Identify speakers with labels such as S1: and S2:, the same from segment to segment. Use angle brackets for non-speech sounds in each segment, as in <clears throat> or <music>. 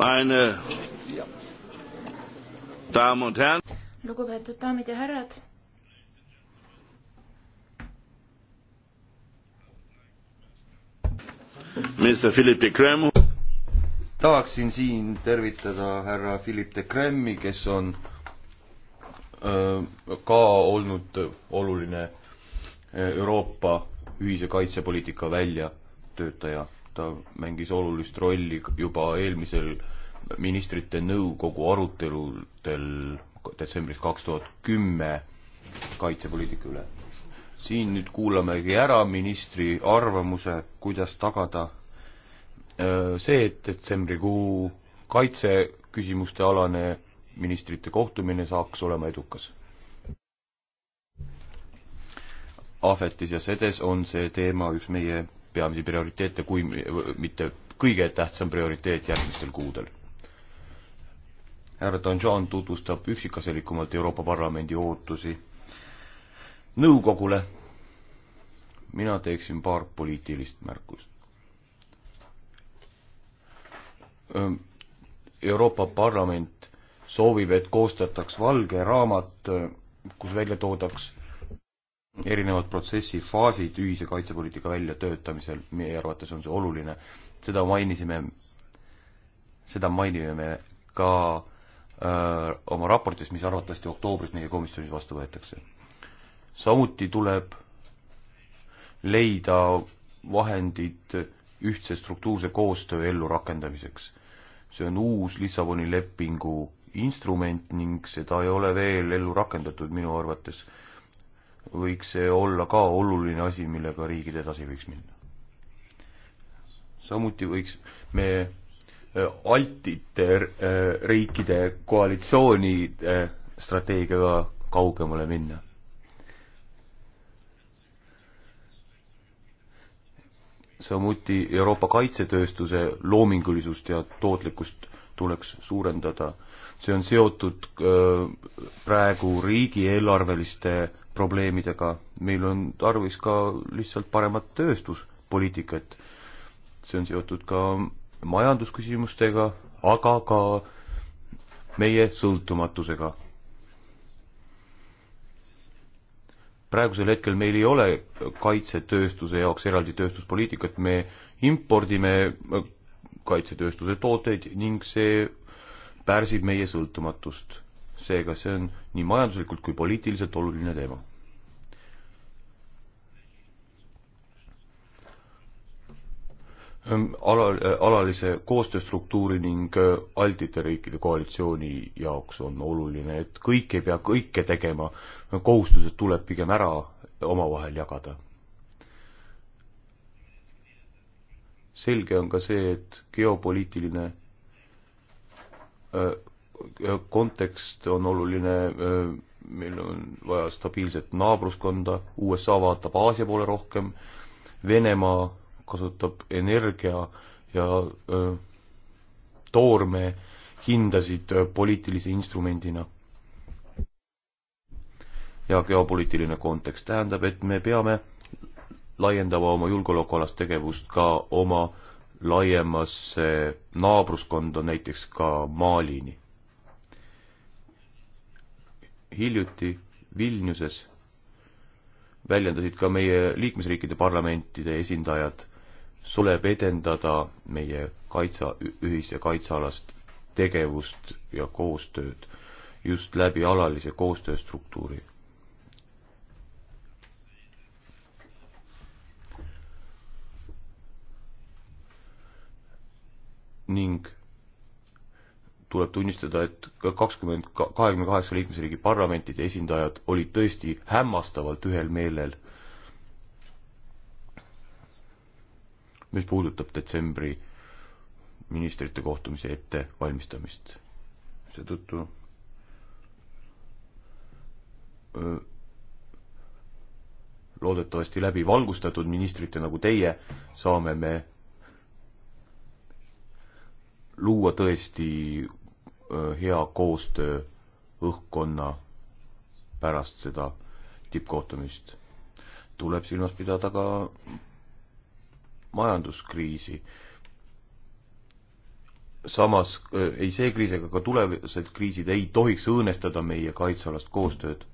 S1: meine Damen und Herren.
S2: lugupeetud daamid ja härrad.
S3: minister
S1: Philip de Kreml.
S3: tahaksin siin tervitada härra Philip de Kremli, kes on öö, ka olnud oluline Euroopa ühise kaitsepoliitika väljatöötaja ta mängis olulist rolli juba eelmisel ministrite nõukogu aruteludel detsembris kaks tuhat kümme kaitsepoliitika üle. siin nüüd kuulamegi ära ministri arvamuse, kuidas tagada see, et detsembrikuu kaitseküsimuste alane ministrite kohtumine saaks olema edukas Ahvetis ja Sedes on see teema üks meie peamisi prioriteete, kui mitte kõige tähtsam prioriteet järgmistel kuudel. härra Danjan tutvustab üksikasjalikumalt Euroopa Parlamendi ootusi nõukogule. mina teeksin paar poliitilist märkust. Euroopa Parlament soovib, et koostataks valge raamat, kus välja toodaks erinevad protsessi faasid ühise kaitsepoliitika väljatöötamisel, meie arvates on see oluline. seda mainisime, seda mainime me ka öö, äh, oma raportis, mis arvatavasti oktoobris meie komisjonis vastu võetakse. samuti tuleb leida vahendid ühtse struktuurse koostöö ellurakendamiseks. see on uus Lissaboni lepingu instrument ning seda ei ole veel ellu rakendatud minu arvates võiks see olla ka oluline asi, millega riigid edasi võiks minna. samuti võiks me äh, altite äh, riikide koalitsiooni äh, strateegiaga kaugemale minna samuti Euroopa kaitsetööstuse loomingulisust ja tootlikkust tuleks suurendada see on seotud äh, praegu riigieelarveliste probleemidega, meil on tarvis ka lihtsalt paremat tööstuspoliitikat. see on seotud ka majandusküsimustega, aga ka meie sõltumatusega. praegusel hetkel meil ei ole kaitsetööstuse jaoks eraldi tööstuspoliitikat, me impordime kaitsetööstuse tooteid ning see pärsib meie sõltumatust. seega see on nii majanduslikult kui poliitiliselt oluline teema. Ehm, ala, alalise koostööstruktuuri ning äh, altide riikide koalitsiooni jaoks on oluline, et kõik ei pea kõike tegema, kohustused tuleb pigem ära omavahel jagada selge on ka see, et geopoliitiline Äh, kontekst on oluline, äh, meil on vaja stabiilset naabruskonda, USA vaatab Aasia poole rohkem, Venemaa kasutab energia ja äh, toorme hindasid poliitilise instrumendina. ja geopoliitiline kontekst tähendab, et me peame laiendama oma julgeolekualast tegevust ka oma äh, laiemasse naabruskonda, näiteks ka Malini. hiljuti Vilniuses väljendasid ka meie liikmesriikide parlamentide esindajad, tuleb edendada meie kaitsa, ühise kaitsealast tegevust ja koostööd just läbi alalise koostööstruktuuri ning tuleb tunnistada, et ka kakskümmend, kahekümne kaheksa liikmesriigi parlamentide esindajad olid tõesti hämmastavalt ühel meelel, mis puudutab detsembri ministrite kohtumise ettevalmistamist. seetõttu loodetavasti läbi valgustatud ministrite nagu teie saame me luua tõesti hea koostöö õhkkonna pärast seda tippkohtumist. tuleb silmas pidada ka majanduskriisi. samas ei see kriis ega ka tulevased kriisid ei tohiks õõnestada meie kaitsealast koostööd.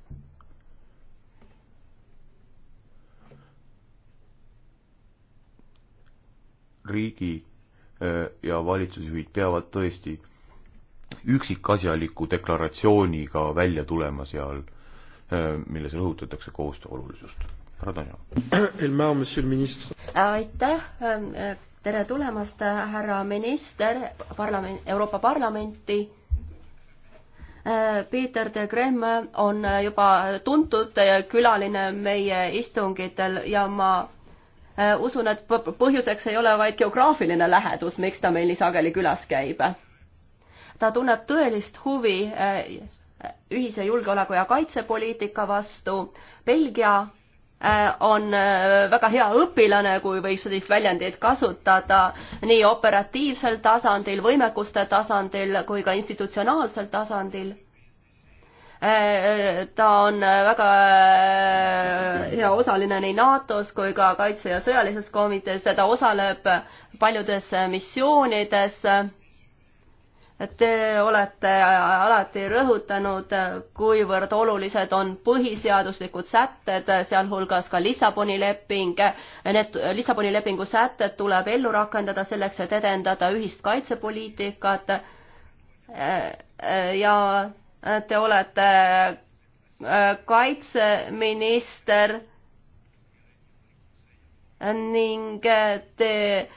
S3: riigi Äh, ja valitsusjuhid peavad tõesti üksikasjaliku deklaratsiooniga välja tulema seal, äh, milles
S1: rõhutatakse koostöö olulisust. härra Tanel.
S2: aitäh,
S4: tere tulemast, härra minister, parlament, Euroopa Parlamenti. Peeter de Gremm on juba tuntud külaline meie istungitel ja ma Äh, usun, et põhjuseks ei ole vaid geograafiline lähedus, miks ta meil nii sageli külas käib. ta tunneb tõelist huvi äh, ühise julgeoleku ja kaitsepoliitika vastu. Belgia äh, on väga hea õpilane, kui võib sellist väljendit kasutada, nii operatiivsel tasandil, võimekuste tasandil kui ka institutsionaalsel tasandil Äh, äh, ta on äh, väga hea osaline nii NATO-s kui ka Kaitse- ja Sõjalises Komitees, ta osaleb paljudes missioonides. Te olete alati rõhutanud, kuivõrd olulised on põhiseaduslikud sätted, sealhulgas ka Lissaboni leping. Need Lissaboni lepingu sätted tuleb ellu rakendada selleks, et edendada ühist kaitsepoliitikat ja te olete äh, kaitseminister ning äh, te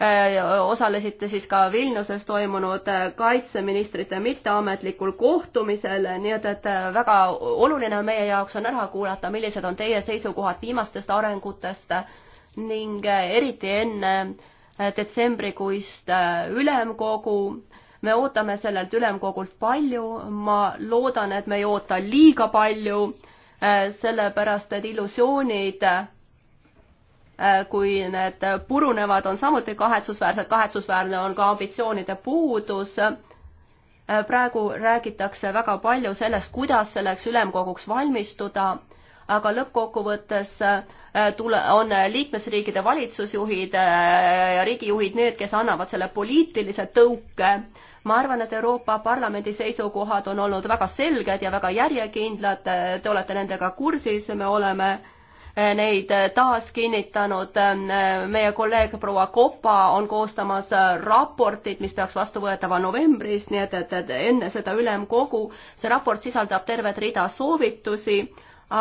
S4: äh, osalesite siis ka Vilniuses toimunud kaitseministrite mitteametlikul kohtumisel, nii et, et väga oluline on meie jaoks on ära kuulata, millised on teie seisukohad viimastest arengutest ning eriti enne detsembrikuist ülemkogu äh, me ootame sellelt ülemkogult palju, ma loodan, et me ei oota liiga palju, äh, sellepärast et illusioonid äh, kui need purunevad, on samuti kahetsusväärsed, kahetsusväärne on ka ambitsioonide puudus. Äh, praegu räägitakse väga palju sellest, kuidas selleks ülemkoguks valmistuda, aga lõppkokkuvõttes tule, on liikmesriikide valitsusjuhid ja riigijuhid need, kes annavad selle poliitilise tõuke ma arvan, et Euroopa Parlamendi seisukohad on olnud väga selged ja väga järjekindlad, te olete nendega kursis, me oleme eh, neid eh, taas kinnitanud, eh, meie kolleeg proua Kopa on koostamas raportit, mis peaks vastu võetama novembris, nii et, et, et enne seda ülemkogu, see raport sisaldab tervet rida soovitusi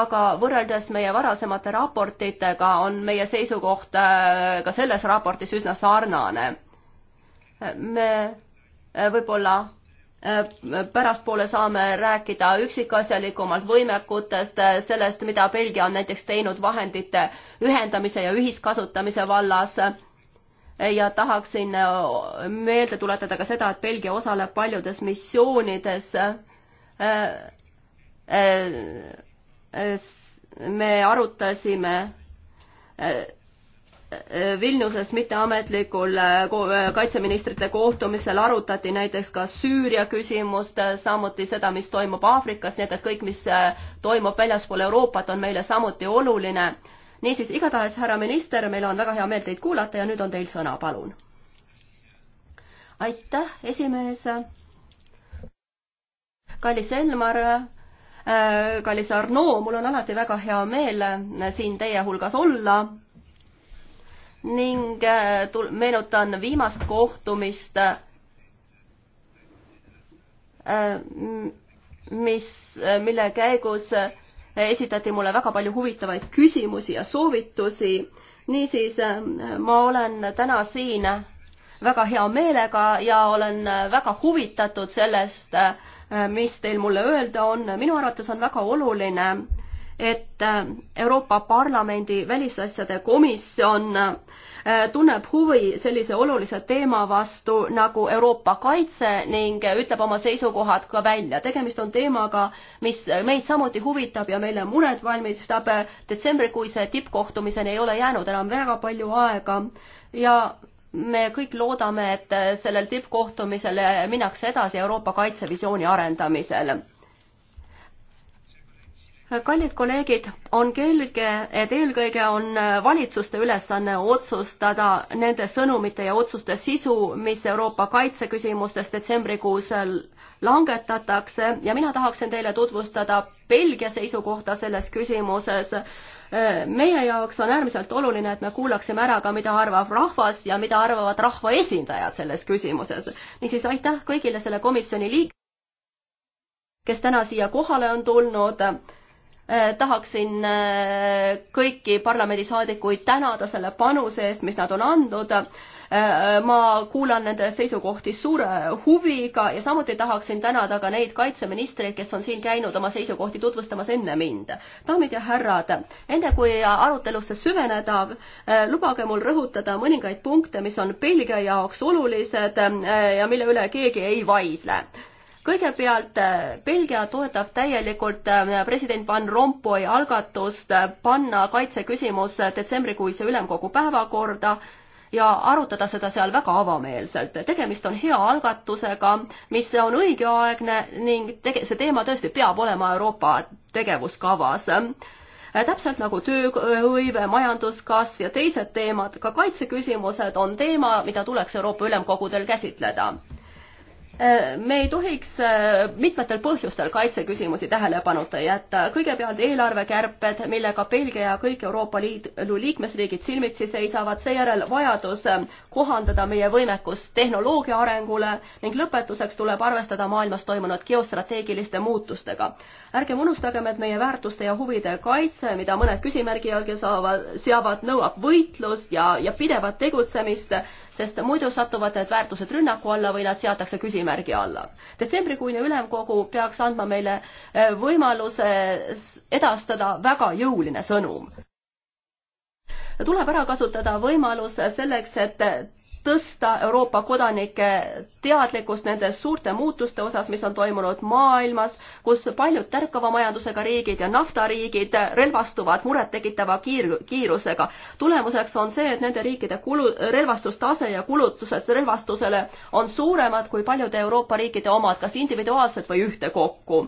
S4: aga võrreldes meie varasemate raportitega on meie seisukoht ka selles raportis üsna sarnane. me Äh, võib-olla äh, pärastpoole saame rääkida üksikasjalikumalt võimekutest, äh, sellest, mida Belgia on näiteks teinud vahendite ühendamise ja ühiskasutamise vallas. ja tahaksin meelde tuletada ka seda, et Belgia osaleb paljudes missioonides. me arutasime Vilniuses mitteametlikul äh, äh, kaitseministrite kohtumisel arutati näiteks ka Süüria küsimust, samuti seda, mis toimub Aafrikas, nii et, et kõik, mis äh, toimub väljaspool Euroopat, on meile samuti oluline. niisiis, igatahes, härra minister, meil on väga hea meel teid kuulata ja nüüd on teil sõna, palun. aitäh, esimees. kallis Elmar kallis Arno, mul on alati väga hea meel siin teie hulgas olla ning äh, meenutan viimast kohtumist, äh, mis, äh, mille käigus esitati mulle väga palju huvitavaid küsimusi ja soovitusi. niisiis, ma olen täna siin väga hea meelega ja olen väga huvitatud sellest, mis teil mulle öelda on. minu arvates on väga oluline äh, et äh, Euroopa Parlamendi välisasjade komisjon äh, tunneb huvi sellise olulise teema vastu nagu Euroopa kaitse ning ütleb oma seisukohad ka välja. tegemist on teemaga, mis meid samuti huvitab ja meile muret valmistab. detsembrikuise tippkohtumiseni ei ole jäänud enam väga palju aega ja me kõik loodame, et sellel tippkohtumisel minnakse edasi Euroopa kaitsevisiooni arendamisel kallid kolleegid, on kelge, et eelkõige on valitsuste ülesanne otsustada nende sõnumite ja otsuste sisu, mis Euroopa kaitseküsimustes detsembrikuus langetatakse ja mina tahaksin teile tutvustada Belgia seisukohta selles küsimuses. meie jaoks on äärmiselt oluline, et me kuulaksime ära ka, mida arvab rahvas ja mida arvavad rahvaesindajad selles küsimuses. niisiis aitäh kõigile selle komisjoni liik-, kes täna siia kohale on tulnud Äh, tahaksin äh, kõiki parlamendisaadikuid tänada selle panuse eest, mis nad on andnud. Äh, ma kuulan nende seisukohti suure huviga ja samuti tahaksin tänada ka neid kaitseministreid, kes on siin käinud oma seisukohti tutvustamas enne mind. daamid ja härrad, enne kui arutelusse süveneda, lubage mul rõhutada mõningaid punkte, mis on Belgia jaoks olulised ja mille üle keegi ei vaidle kõigepealt äh, Belgia toetab täielikult äh, president Van Rompuy algatust äh, panna kaitseküsimus detsembrikuise ülemkogu päevakorda ja arutada seda seal väga avameelselt. tegemist on hea algatusega, mis on õigeaegne ning tege-, see teema tõesti peab olema Euroopa tegevuskavas täpselt nagu tööhõive, majanduskasv ja teised teemad, ka kaitseküsimused on teema, mida tuleks Euroopa Ülemkogudel käsitleda Äh, me ei tohiks äh, mitmetel põhjustel kaitseküsimusi tähelepanuta jätta. kõigepealt eelarvekärped, millega Belgia ja kõik Euroopa Liidu liikmesriigid silmitsi seisavad, seejärel vajadus äh, kohandada meie võimekust tehnoloogia arengule ning lõpetuseks tuleb arvestada maailmas toimunud geostrateegiliste muutustega ärgem unustagem, et meie väärtuste ja huvide kaitse, mida mõned küsimärgi all saavad, seavad, nõuab võitlust ja, ja pidevat tegutsemist, sest muidu satuvad need väärtused rünnaku alla või nad seatakse küsimärgi alla. detsembrikuine ülemkogu peaks andma meile eh, võimaluse edastada väga jõuline sõnum tuleb ära kasutada võimalus selleks, et tõsta Euroopa kodanike teadlikkust nende suurte muutuste osas, mis on toimunud maailmas, kus paljud tärkava majandusega riigid ja naftariigid relvastuvad murettekitava kiir-, kiirusega. tulemuseks on see, et nende riikide kulu, relvastustase ja kulutused relvastusele on suuremad kui paljude Euroopa riikide omad, kas individuaalselt või ühtekokku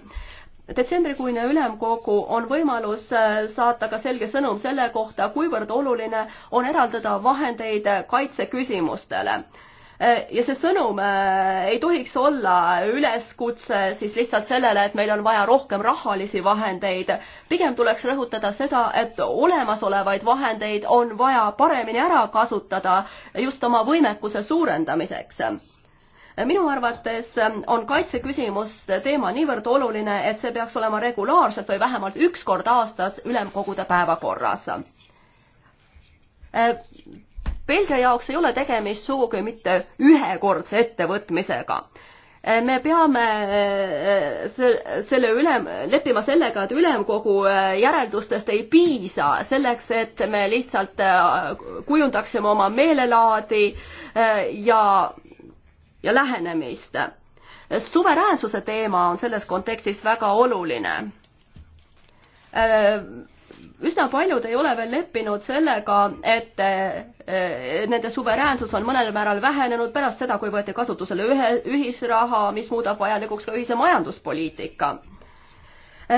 S4: detsembrikuine ülemkogu on võimalus äh, saata ka selge sõnum selle kohta, kuivõrd oluline on eraldada vahendeid kaitseküsimustele. Äh, ja see sõnum äh, ei tohiks olla üleskutse siis lihtsalt sellele, et meil on vaja rohkem rahalisi vahendeid. pigem tuleks rõhutada seda, et olemasolevaid vahendeid on vaja paremini ära kasutada just oma võimekuse suurendamiseks minu arvates on kaitseküsimus teema niivõrd oluline, et see peaks olema regulaarselt või vähemalt üks kord aastas ülemkogude päevakorras. Äh, Belgia jaoks ei ole tegemist sugugi mitte ühekordse ettevõtmisega äh, me peame äh, selle ülem, leppima sellega, et ülemkogu järeldustest ei piisa selleks, et me lihtsalt kujundaksime oma meelelaadi ja ja lähenemist. suveräänsuse teema on selles kontekstis väga oluline äh, üsna paljud ei ole veel leppinud sellega, et äh, nende suveräänsus on mõnel määral vähenenud pärast seda, kui võeti kasutusele ühe, ühisraha, mis muudab vajalikuks ka ühise majanduspoliitika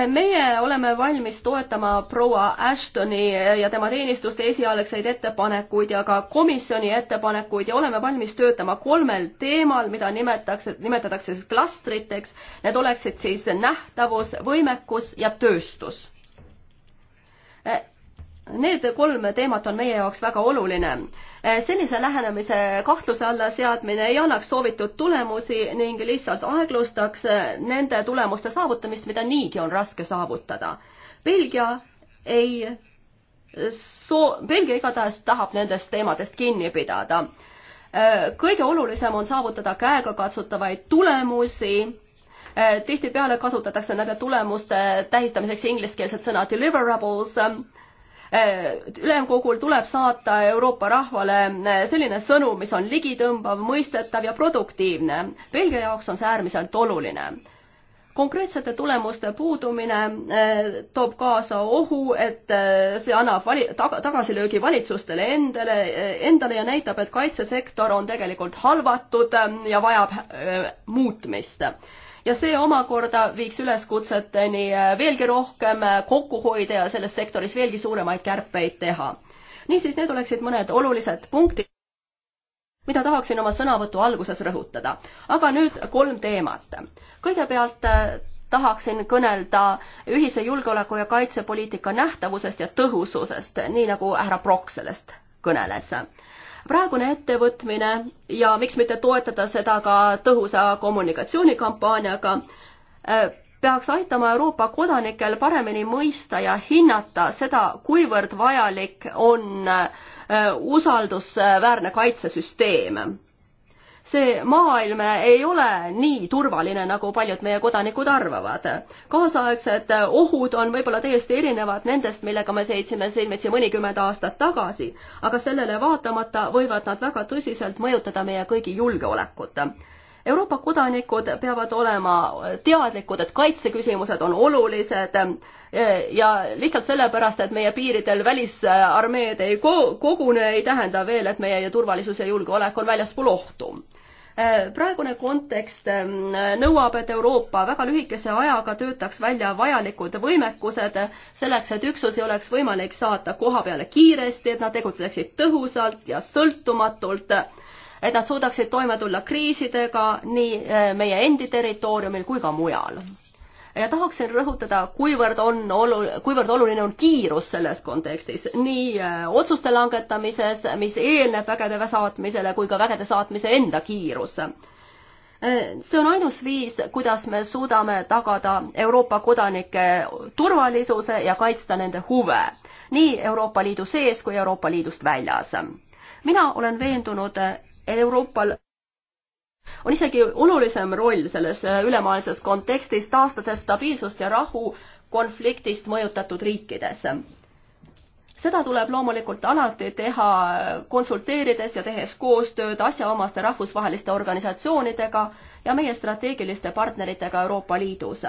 S4: meie oleme valmis toetama proua Ashtoni ja tema teenistuste esialgseid ettepanekuid ja ka komisjoni ettepanekuid ja oleme valmis töötama kolmel teemal, mida nimetatakse, nimetatakse siis klastriteks. Need oleksid siis nähtavus, võimekus ja tööstus. Need kolm teemat on meie jaoks väga oluline Eh, sellise lähenemise kahtluse alla seadmine ei annaks soovitud tulemusi ning lihtsalt aeglustaks eh, nende tulemuste saavutamist, mida niigi on raske saavutada. Belgia ei soo-, Belgia igatahes tahab nendest teemadest kinni pidada. Eh, kõige olulisem on saavutada käegakatsutavaid tulemusi, tihtipeale kasutatakse nende tulemuste tähistamiseks ingliskeelset sõna deliverables Äh, ülemkogul tuleb saata Euroopa rahvale äh, selline sõnum, mis on ligitõmbav, mõistetav ja produktiivne. Belgia jaoks on see äärmiselt oluline. konkreetsete tulemuste puudumine äh, toob kaasa ohu, et see annab vali-, taga, tagasilöögi valitsustele endale, endale ja näitab, et kaitsesektor on tegelikult halvatud ja vajab muutmist ja see omakorda viiks üleskutseteni eh, veelgi rohkem eh, kokku hoida ja selles sektoris veelgi suuremaid kärpeid teha. niisiis, need oleksid mõned olulised punktid, mida tahaksin oma sõnavõtu alguses rõhutada. aga nüüd kolm teemat. kõigepealt eh, tahaksin kõnelda ühise julgeoleku ja kaitsepoliitika nähtavusest ja tõhususest, nii nagu härra Brock sellest kõneles praegune ettevõtmine ja miks mitte toetada seda ka tõhusa kommunikatsioonikampaaniaga, äh, peaks aitama Euroopa kodanikel paremini mõista ja hinnata seda, kuivõrd vajalik on äh, usaldusväärne kaitsesüsteem see maailm ei ole nii turvaline, nagu paljud meie kodanikud arvavad. kaasaegsed ohud on võib-olla täiesti erinevad nendest, millega me seitsime silmitsi mõnikümmend aastat tagasi, aga sellele vaatamata võivad nad väga tõsiselt mõjutada meie kõigi julgeolekut Euroopa kodanikud peavad olema teadlikud, et kaitseküsimused on olulised ja lihtsalt sellepärast, et meie piiridel välisarmeed ei kogune, ei tähenda veel, et meie turvalisus ja julgeolek on väljaspool ohtu praegune kontekst ähm, nõuab, et Euroopa väga lühikese ajaga töötaks välja vajalikud võimekused selleks, et üksusi oleks võimalik saata koha peale kiiresti, et nad tegutseksid tõhusalt ja sõltumatult, et nad suudaksid toime tulla kriisidega nii äh, meie endi territooriumil kui ka mujal ja tahaksin rõhutada, kuivõrd on olu-, kuivõrd oluline on kiirus selles kontekstis, nii äh, otsuste langetamises, mis eelneb vägede saatmisele, kui ka vägede saatmise enda kiirus. Äh, see on ainus viis, kuidas me suudame tagada Euroopa kodanike turvalisuse ja kaitsta nende huve nii Euroopa Liidu sees kui Euroopa Liidust väljas. mina olen veendunud, Euroopal on isegi olulisem roll selles äh, ülemaailmses kontekstis, taastades stabiilsust ja rahu konfliktist mõjutatud riikides. seda tuleb loomulikult alati teha äh, konsulteerides ja tehes koostööd asjaomaste rahvusvaheliste organisatsioonidega ja meie strateegiliste partneritega Euroopa Liidus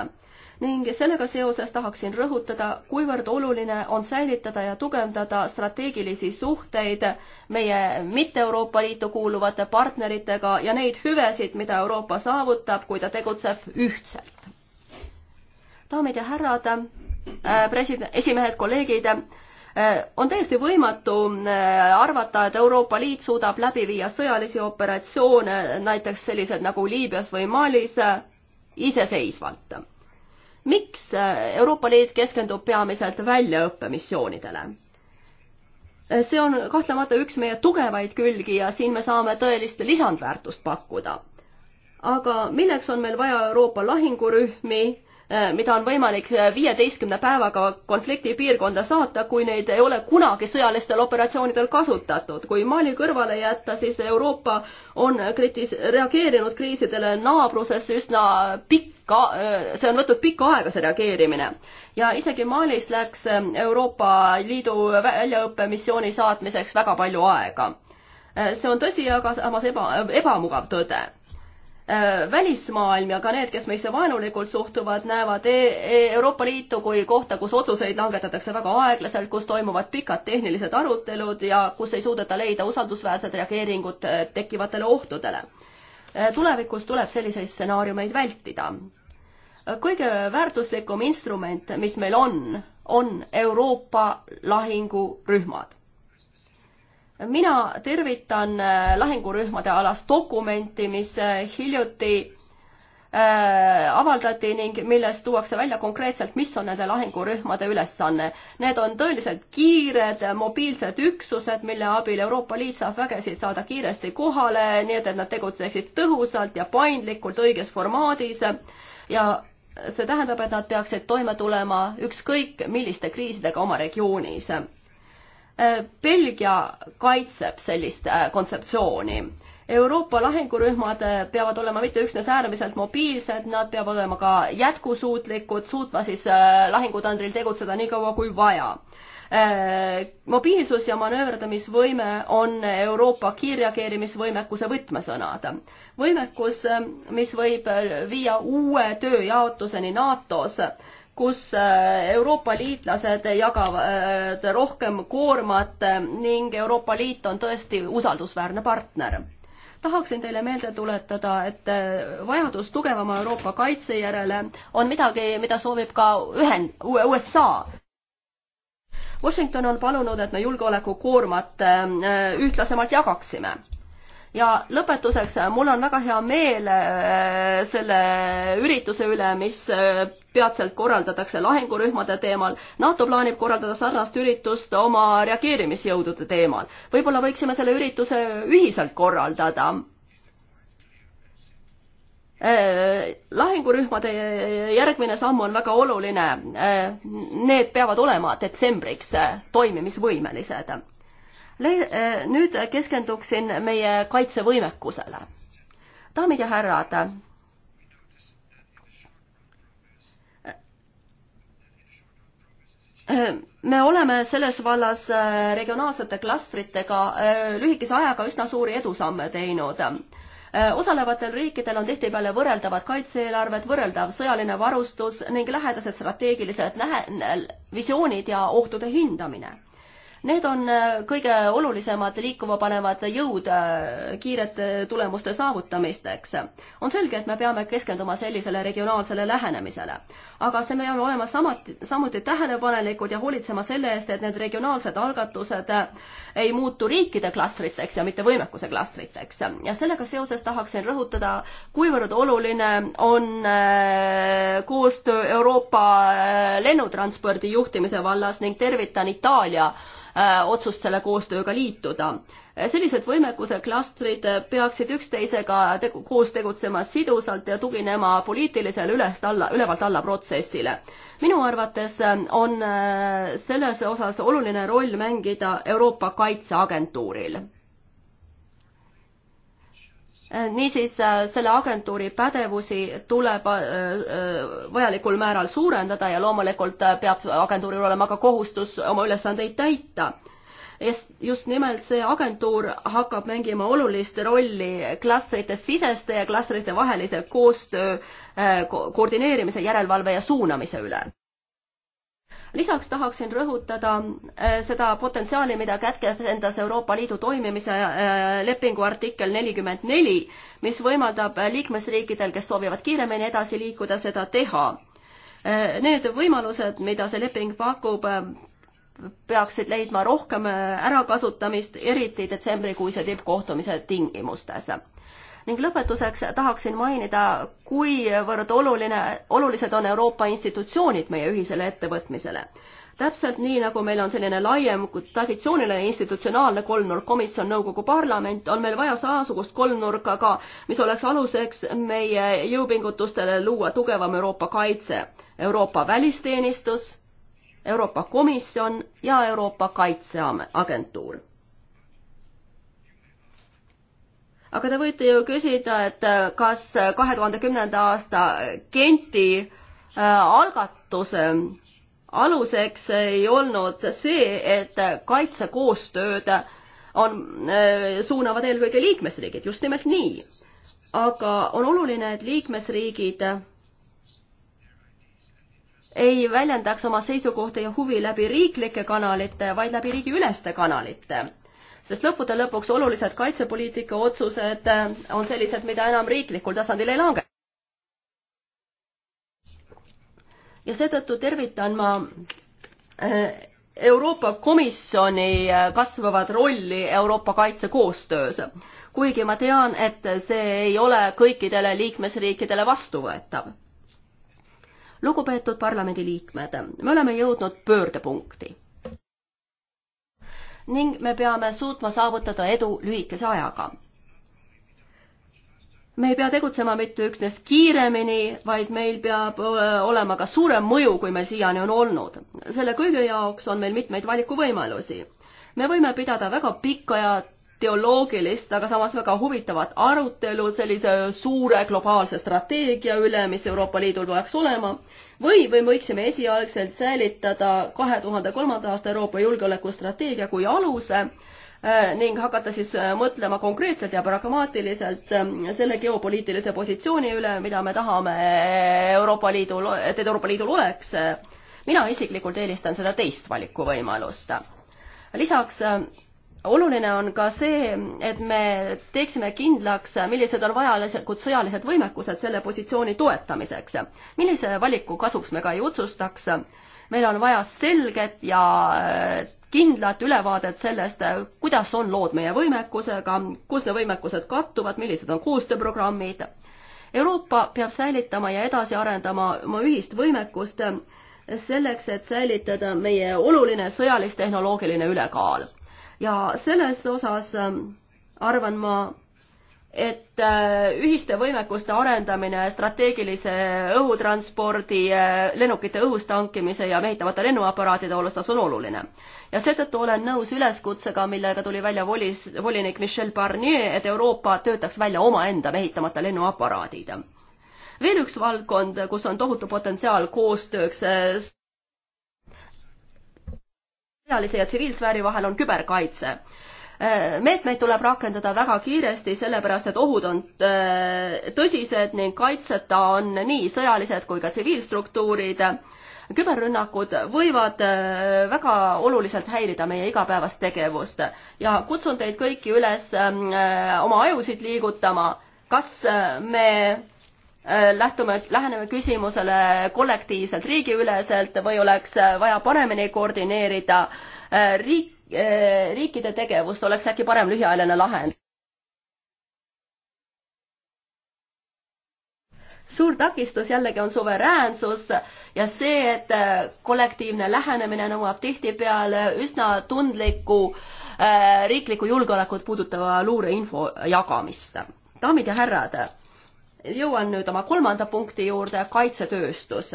S4: ning sellega seoses tahaksin rõhutada, kuivõrd oluline on säilitada ja tugevdada strateegilisi suhteid meie mitte Euroopa Liitu kuuluvate partneritega ja neid hüvesid, mida Euroopa saavutab, kui ta tegutseb
S1: ühtselt.
S4: daamid ja härrad, äh, president, esimehed, kolleegid äh, on täiesti võimatu äh, arvata, et Euroopa Liit suudab läbi viia sõjalisi operatsioone, näiteks sellised nagu Liibüas või Malis, iseseisvalt miks äh, Euroopa Liit keskendub peamiselt väljaõppemissioonidele? Äh, see on kahtlemata üks meie tugevaid külgi ja siin me saame tõelist lisandväärtust pakkuda. aga milleks on meil vaja Euroopa lahingurühmi, Äh, mida on võimalik äh, viieteistkümne päevaga konfliktipiirkonda saata, kui neid ei ole kunagi sõjalistel operatsioonidel kasutatud. kui Mali kõrvale jätta, siis Euroopa on kritis-, reageerinud kriisidele naabruses üsna pikka, äh, see on võtnud pikka aega, see reageerimine. ja isegi Malis läks Euroopa Liidu väljaõppemissiooni saatmiseks väga palju aega see on tõsi, aga samas eba, ebamugav tõde Äh, välismaailm ja ka need, kes meisse vaenulikult suhtuvad, näevad e-, e-, Euroopa Liitu kui kohta, kus otsuseid langetatakse väga aeglaselt, kus toimuvad pikad tehnilised arutelud ja kus ei suudeta leida usaldusväärset reageeringut äh, tekkivatele ohtudele. Äh, tulevikus tuleb selliseid stsenaariumeid vältida. kõige väärtuslikum instrument, mis meil on, on Euroopa lahingurühmad mina tervitan äh, lahingurühmade alast dokumenti, mis äh, hiljuti äh, avaldati ning milles tuuakse välja konkreetselt, mis on nende lahingurühmade ülesanne. Need on tõeliselt kiired mobiilsed üksused, mille abil Euroopa Liit saab vägesid saada kiiresti kohale, nii et, et nad tegutseksid tõhusalt ja paindlikult õiges formaadis ja see tähendab, et nad peaksid toime tulema ükskõik milliste kriisidega oma regioonis Äh, Belgia kaitseb sellist äh, kontseptsiooni. Euroopa lahingurühmad äh, peavad olema mitte üksnes äärmiselt mobiilsed, nad peavad olema ka jätkusuutlikud, suutma siis lahingutandril tegutseda nii kaua kui vaja mobiilsus ja manööverdamisvõime on Euroopa kiirreageerimisvõimekuse võtmesõnad. võimekus, mis võib viia uue tööjaotuseni NATO-s kus äh, Euroopa liitlased jagavad äh, rohkem koormat äh, ning Euroopa Liit on tõesti usaldusväärne partner. tahaksin teile meelde tuletada, et vajadus tugevama Euroopa kaitse järele on midagi, mida soovib ka ühen-, USA. Washington on palunud, et me julgeolekukoormat ühtlasemalt jagaksime ja lõpetuseks, mul on väga hea meel äh, selle ürituse üle, mis äh, peatselt korraldatakse lahingurühmade teemal. NATO plaanib korraldada sarnast üritust oma reageerimisjõudude teemal. võib-olla võiksime selle ürituse ühiselt korraldada äh, lahingurühmade järgmine samm on väga oluline. Need peavad olema detsembriks toimimisvõimelised Äh, nüüd keskenduksin meie kaitsevõimekusele. daamid ja härrad, äh, me oleme selles vallas äh, regionaalsete klastritega lühikese ajaga üsna suuri edusamme teinud. osalevatel riikidel on tihtipeale võrreldavad kaitse-eelarved, võrreldav sõjaline varustus ning lähedased strateegilised nähe-, visioonid ja ohtude hindamine Need on äh, kõige olulisemad liikuma panevad jõud äh, kiirete äh, tulemuste saavutamiseks. on selge, et me peame keskenduma sellisele regionaalsele lähenemisele, aga see, me peame olema samuti, samuti tähelepanelikud ja hoolitsema selle eest, et need regionaalsed algatused ei muutu riikide klastriteks ja mitte võimekuse klastriteks. ja sellega seoses tahaksin rõhutada, kuivõrd oluline on koostöö Euroopa lennutranspordi juhtimise vallas ning tervitan Itaalia Äh, otsust selle koostööga liituda. sellised võimekuse klastrid peaksid üksteisega tegu, koos tegutsema sidusalt ja tuginema poliitilisele ülest alla, ülevalt alla protsessile. minu arvates on äh, selles osas oluline roll mängida Euroopa Kaitseagentuuril Äh, niisiis äh, selle agentuuri pädevusi tuleb äh, vajalikul määral suurendada ja loomulikult peab agentuuril olema ka kohustus oma ülesandeid täita. just nimelt see agentuur hakkab mängima olulist rolli klastrite siseste ja klastrite vahelise koostöö koordineerimise, järelevalve ja suunamise üle lisaks tahaksin rõhutada äh, seda potentsiaali, mida kätkeb endas Euroopa Liidu toimimise äh, lepingu artikkel nelikümmend neli, mis võimaldab äh, liikmesriikidel, kes soovivad kiiremini edasi liikuda, seda teha. Need võimalused, mida see leping pakub, peaksid leidma rohkem ärakasutamist, eriti detsembrikuise tippkohtumise tingimustes ning lõpetuseks tahaksin mainida, kuivõrd oluline, olulised on Euroopa institutsioonid meie ühisele ettevõtmisele. täpselt nii, nagu meil on selline laiem traditsiooniline institutsionaalne kolmnurk, komisjon, nõukogu, parlament, on meil vaja samasugust kolmnurka ka, mis oleks aluseks meie jõupingutustele luua tugevam Euroopa kaitse. Euroopa välisteenistus, Euroopa Komisjon ja Euroopa Kaitseagentuur aga te võite ju küsida, et äh, kas äh, kahe tuhande kümnenda aasta Genti äh, algatuse aluseks ei olnud see, et kaitsekoostööd on, suunavad eelkõige liikmesriigid, just nimelt nii. aga on oluline, et liikmesriigid ei väljendaks oma seisukohti ja huvi läbi riiklike kanalite, vaid läbi riigiüleste kanalite sest lõppude lõpuks olulised kaitsepoliitika otsused äh, on sellised, mida enam riiklikul tasandil ei lange. ja seetõttu tervitan ma äh, Euroopa Komisjoni äh, kasvavat rolli Euroopa kaitsekoostöös, kuigi ma tean, et see ei ole kõikidele liikmesriikidele vastuvõetav. lugupeetud parlamendiliikmed, me oleme jõudnud pöördepunkti ning me peame suutma saavutada edu lühikese ajaga. me ei pea tegutsema mitte üksnes kiiremini, vaid meil peab olema ka suurem mõju, kui meil siiani on olnud. selle kõige jaoks on meil mitmeid valikuvõimalusi. me võime pidada väga pikka ja teoloogilist, aga samas väga huvitavat arutelu sellise suure globaalse strateegia üle, mis Euroopa Liidul peaks olema, või, või võiksime esialgselt säilitada kahe tuhande kolmanda aasta Euroopa julgeolekustrateegia kui aluse äh, ning hakata siis äh, mõtlema konkreetselt ja pragmaatiliselt äh, selle geopoliitilise positsiooni üle, mida me tahame Euroopa Liidul, et Euroopa Liidul oleks. mina isiklikult eelistan seda teist valikuvõimalust. lisaks oluline on ka see, et me teeksime kindlaks, millised on vajalikud sõjalised võimekused selle positsiooni toetamiseks. millise valiku kasuks me ka ei otsustaks, meil on vaja selget ja äh, kindlat ülevaadet sellest, kuidas on lood meie võimekusega, kus need võimekused kattuvad, millised on koostööprogrammid. Euroopa peab säilitama ja edasi arendama oma ühist võimekust selleks, et säilitada meie oluline sõjalistehnoloogiline ülekaal ja selles osas ähm, arvan ma, et äh, ühiste võimekuste arendamine strateegilise õhutranspordi, äh, lennukite õhust tankimise ja mehitavate lennuaparaatide osas on oluline. ja seetõttu olen nõus üleskutsega, millega tuli välja volis, volinik Michel Barnier, et Euroopa töötaks välja omaenda mehitamata lennuaparaadid. veel üks valdkond, kus on tohutu potentsiaal koostööks äh, sõjalise ja tsiviilsfääri vahel on küberkaitse. Äh, meetmeid tuleb rakendada väga kiiresti, sellepärast et ohud on äh, tõsised ning kaitseta on nii sõjalised kui ka tsiviilstruktuurid. küberrünnakud võivad äh, väga oluliselt häirida meie igapäevast tegevust ja kutsun teid kõiki üles ähm, oma ajusid liigutama, kas me Äh, lähtume, läheneme küsimusele kollektiivselt, riigiüleselt või oleks äh, vaja paremini koordineerida äh, riik, riikide tegevust, oleks äkki parem lühiajaline lahend? suur takistus jällegi on suveräänsus ja see, et kollektiivne lähenemine nõuab tihtipeale üsna tundlikku riiklikku julgeolekut puudutava luureinfo jagamist. daamid ja härrad jõuan nüüd oma kolmanda punkti juurde, kaitsetööstus.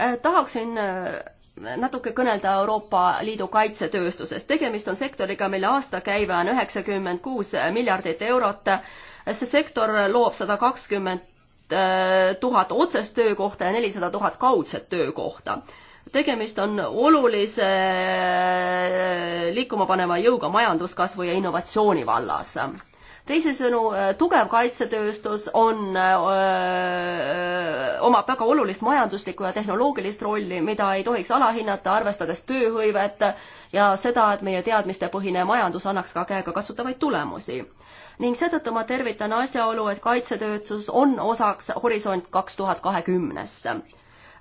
S4: Äh, tahaksin äh, natuke kõnelda Euroopa Liidu kaitsetööstusest. tegemist on sektoriga, mille aastakäive on üheksakümmend kuus miljardit eurot. see sektor loob sada kakskümmend äh, tuhat otsest töökohta ja nelisada tuhat kaudset töökohta tegemist on olulise äh, liikuma paneva jõuga majanduskasvu ja innovatsiooni vallas. teisisõnu, äh, tugev kaitsetööstus on, äh, omab väga olulist majanduslikku ja tehnoloogilist rolli, mida ei tohiks alahinnata, arvestades tööhõivet ja seda, et meie teadmistepõhine majandus annaks ka käegakatsutavaid tulemusi ning seetõttu ma tervitan asjaolu, et kaitsetöötus on osaks Horisont kaks tuhat kahekümnest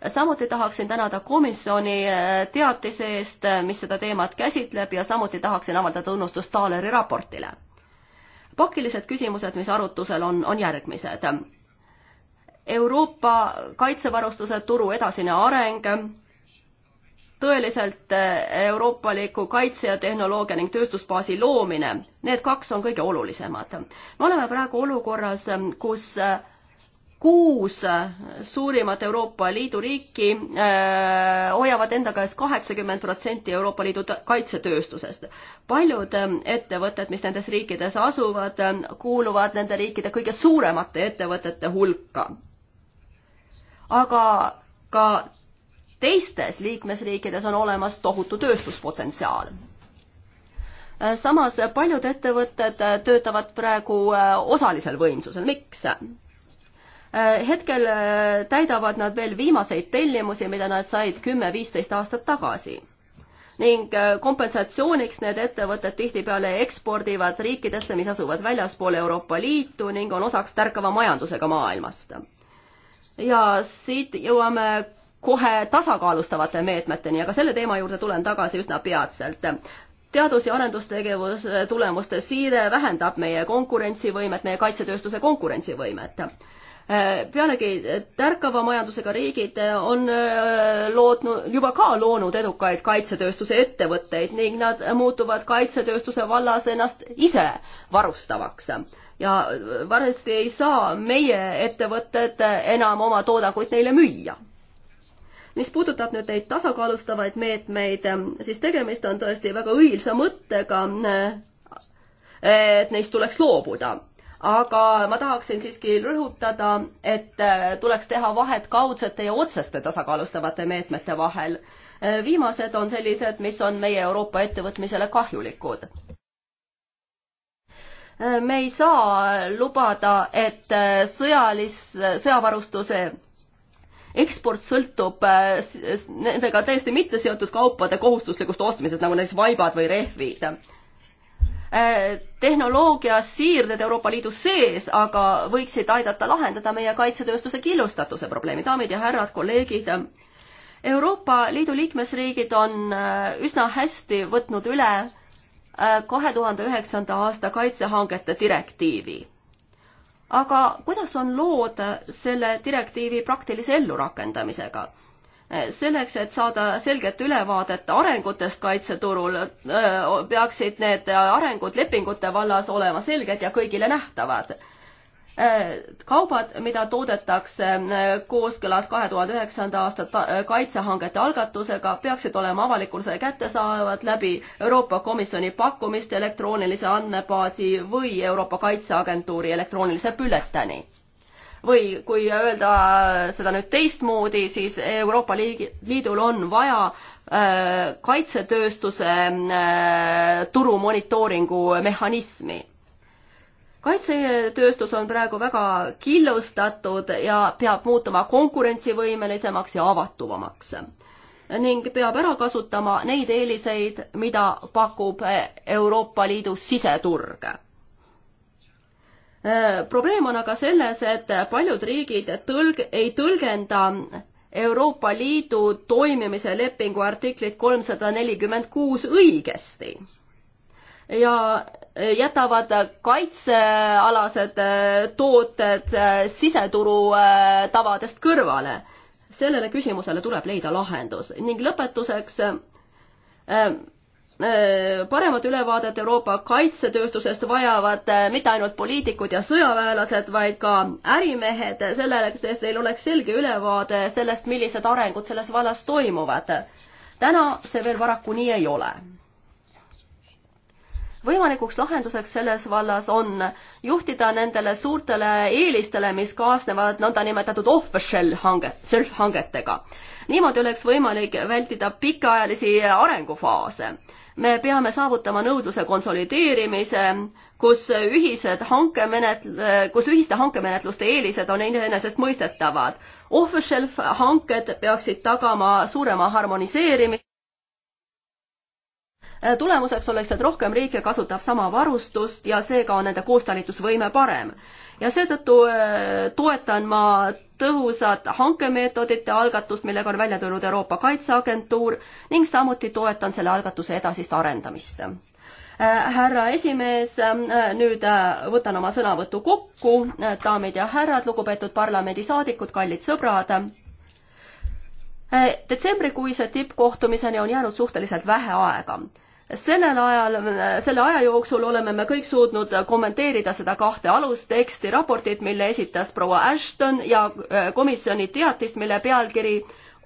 S4: samuti tahaksin tänada komisjoni eh, teatise eest, eh, mis seda teemat käsitleb ja samuti tahaksin avaldada tunnustust Taaleri raportile. pakilised küsimused, mis arutusel on, on järgmised. Euroopa kaitsevarustuse turu edasine areng, tõeliselt eh, euroopaliku kaitse ja tehnoloogia ning tööstusbaasi loomine, need kaks on kõige olulisemad. me oleme praegu olukorras, kus kuus suurimat Euroopa Liidu riiki äh, hoiavad enda käes kaheksakümmend protsenti Euroopa Liidu kaitsetööstusest. paljud äh, ettevõtted, mis nendes riikides asuvad, äh, kuuluvad nende riikide kõige suuremate ettevõtete hulka. aga ka teistes liikmesriikides on olemas tohutu tööstuspotentsiaal äh, samas paljud ettevõtted töötavad praegu osalisel võimsusel, miks? Äh, hetkel äh, täidavad nad veel viimaseid tellimusi, mida nad said kümme-viisteist aastat tagasi ning äh, kompensatsiooniks need ettevõtted tihtipeale ekspordivad riikidesse, mis asuvad väljaspool Euroopa Liitu ning on osaks tärkava majandusega maailmast. ja siit jõuame kohe tasakaalustavate meetmeteni, aga selle teema juurde tulen tagasi üsna peatselt teadus- ja arendustegevuse tulemuste siire vähendab meie konkurentsivõimet, meie kaitsetööstuse konkurentsivõimet pealegi tärkava majandusega riigid on äh, loodnud, juba ka loonud edukaid kaitsetööstuse ettevõtteid ning nad muutuvad kaitsetööstuse vallas ennast ise varustavaks ja varsti ei saa meie ettevõtted enam oma toodangut neile müüa mis puudutab nüüd neid tasakaalustavaid meetmeid, siis tegemist on tõesti väga õilsa mõttega, äh, et neist tuleks loobuda aga ma tahaksin siiski rõhutada, et äh, tuleks teha vahet kaudsete ja otseste tasakaalustavate meetmete vahel. Äh, viimased on sellised, mis on meie Euroopa ettevõtmisele kahjulikud äh, me ei saa lubada, et sõjalis-, sõjavarustuse eksport sõltub nendega täiesti mitte seotud kaupade kohustuslikust ostmisest, nagu näiteks vaibad või rehvid. Äh, tehnoloogiasiirded Euroopa Liidu sees, aga võiksid aidata lahendada meie kaitsetööstuse killustatuse probleemi. daamid ja härrad, kolleegid, Euroopa Liidu liikmesriigid on äh, üsna hästi võtnud üle äh, kahe tuhande üheksanda aasta kaitsehangete direktiivi. aga kuidas on lood selle direktiivi praktilise ellurakendamisega? selleks, et saada selget ülevaadet arengutest kaitseturul, peaksid need arengud lepingute vallas olema selged ja kõigile nähtavad. kaubad, mida toodetakse kooskõlas kahe tuhande üheksanda aasta kaitsehangete algatusega, peaksid olema avalikkusele kättesaadavad läbi Euroopa Komisjoni pakkumist elektroonilise andmebaasi või Euroopa Kaitseagentuuri elektroonilise bülletääni või kui öelda seda nüüd teistmoodi, siis Euroopa Liidul on vaja äh, kaitsetööstuse äh, turu monitooringu mehhanismi kaitsetööstus on praegu väga killustatud ja peab muutuma konkurentsivõimelisemaks ja avatuvamaks ning peab ära kasutama neid eeliseid, mida pakub Euroopa Liidu siseturg Äh, probleem on aga selles, et paljud riigid tõlg-, ei tõlgenda Euroopa Liidu toimimise lepingu artiklit kolmsada nelikümmend kuus õigesti ja jätavad kaitsealased äh, tooted äh, siseturu tavadest kõrvale. sellele küsimusele tuleb leida lahendus ning lõpetuseks Äh, paremat ülevaadet Euroopa kaitsetööstusest vajavad äh, mitte ainult poliitikud ja sõjaväelased, vaid ka ärimehed, selleks, et neil oleks selge ülevaade sellest, millised arengud selles vallas toimuvad. täna see veel paraku nii ei ole võimalikuks lahenduseks selles vallas on juhtida nendele suurtele eelistele, mis kaasnevad nõndanimetatud off-the-shelf hange, self-hangetega niimoodi oleks võimalik vältida pikaajalisi arengufaase. me peame saavutama nõudluse konsolideerimise, kus ühised hankemenet-, kus ühiste hankemenetluste eelised on enesestmõistetavad. Off-the-shelf hanked peaksid tagama suurema harmoniseerimise tulemuseks oleks, et rohkem riike kasutab sama varustust ja seega on nende koostalitusvõime parem ja seetõttu äh, toetan ma tõhusat hankemeetodite algatust, millega on välja tulnud Euroopa Kaitseagentuur ning samuti toetan selle algatuse edasist arendamist. Äh, härra esimees, äh, nüüd võtan oma sõnavõtu kokku, daamid ja härrad, lugupeetud parlamendisaadikud, kallid sõbrad detsembrikuise tippkohtumiseni on jäänud suhteliselt vähe aega sellel ajal, selle aja jooksul oleme me kõik suutnud kommenteerida seda kahte alusteksti raportit, mille esitas proua Ashton ja äh, komisjoni teatist, mille pealkiri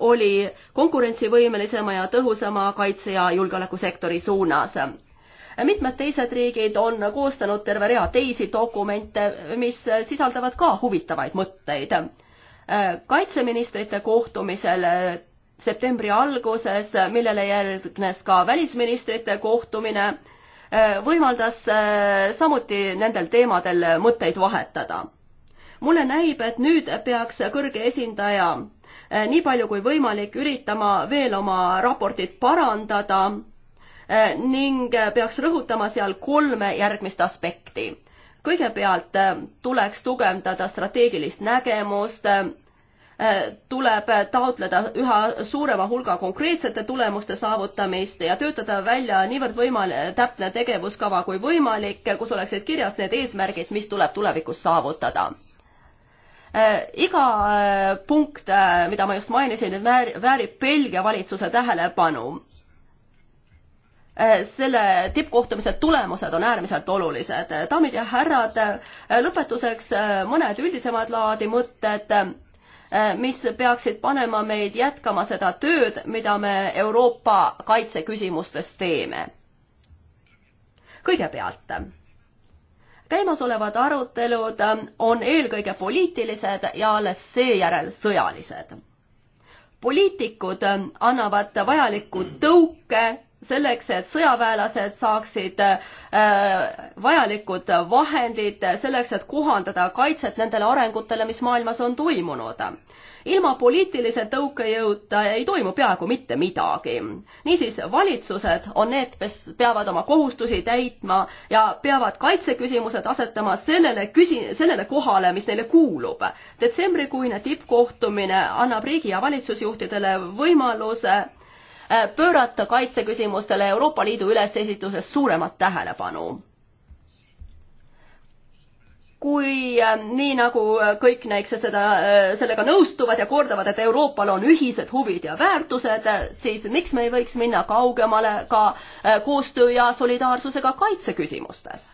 S4: oli konkurentsivõimelisema ja tõhusama kaitse- ja julgeolekusektori suunas. mitmed teised riigid on koostanud terve rea teisi dokumente, mis sisaldavad ka huvitavaid mõtteid. Äh, kaitseministrite kohtumisel septembri alguses, millele järgnes ka välisministrite kohtumine, äh, võimaldas äh, samuti nendel teemadel mõtteid vahetada. mulle näib, et nüüd peaks kõrge esindaja äh, nii palju kui võimalik üritama veel oma raportit parandada ning peaks rõhutama seal kolme järgmist aspekti. kõigepealt tuleks tugevdada strateegilist nägemust Äh, tuleb taotleda üha suurema hulga konkreetsete tulemuste saavutamist ja töötada välja niivõrd võimal-, täpne tegevuskava kui võimalik, kus oleksid kirjas need eesmärgid, mis tuleb tulevikus saavutada äh, iga äh, punkt, mida ma just mainisin, väärib Belgia valitsuse tähelepanu. selle tippkohtumise tulemused on äärmiselt olulised. daamid ja härrad, lõpetuseks mõned üldisemad laadi mõtted Äh, mis peaksid panema meid jätkama seda tööd, mida me Euroopa kaitseküsimustes teeme. kõigepealt, käimasolevad arutelud on eelkõige poliitilised ja alles seejärel sõjalised. poliitikud annavad vajaliku tõuke selleks, et sõjaväelased saaksid äh, vajalikud vahendid selleks, et kohandada kaitset nendele arengutele, mis maailmas on toimunud. ilma poliitilise tõukejõuta ei toimu peaaegu mitte midagi. niisiis, valitsused on need, kes peavad oma kohustusi täitma ja peavad kaitseküsimused asetama sellele küsi-, sellele kohale, mis neile kuulub. detsembrikuine tippkohtumine annab riigi ja valitsusjuhtidele võimaluse Äh, pöörata kaitseküsimustele Euroopa Liidu ülesesituses suuremat tähelepanu. kui äh, nii, nagu äh, kõik näikse seda, sellega nõustuvad ja kordavad, et Euroopal on ühised huvid ja väärtused, siis miks me ei võiks minna kaugemale ka koostöö ja solidaarsusega kaitseküsimustes?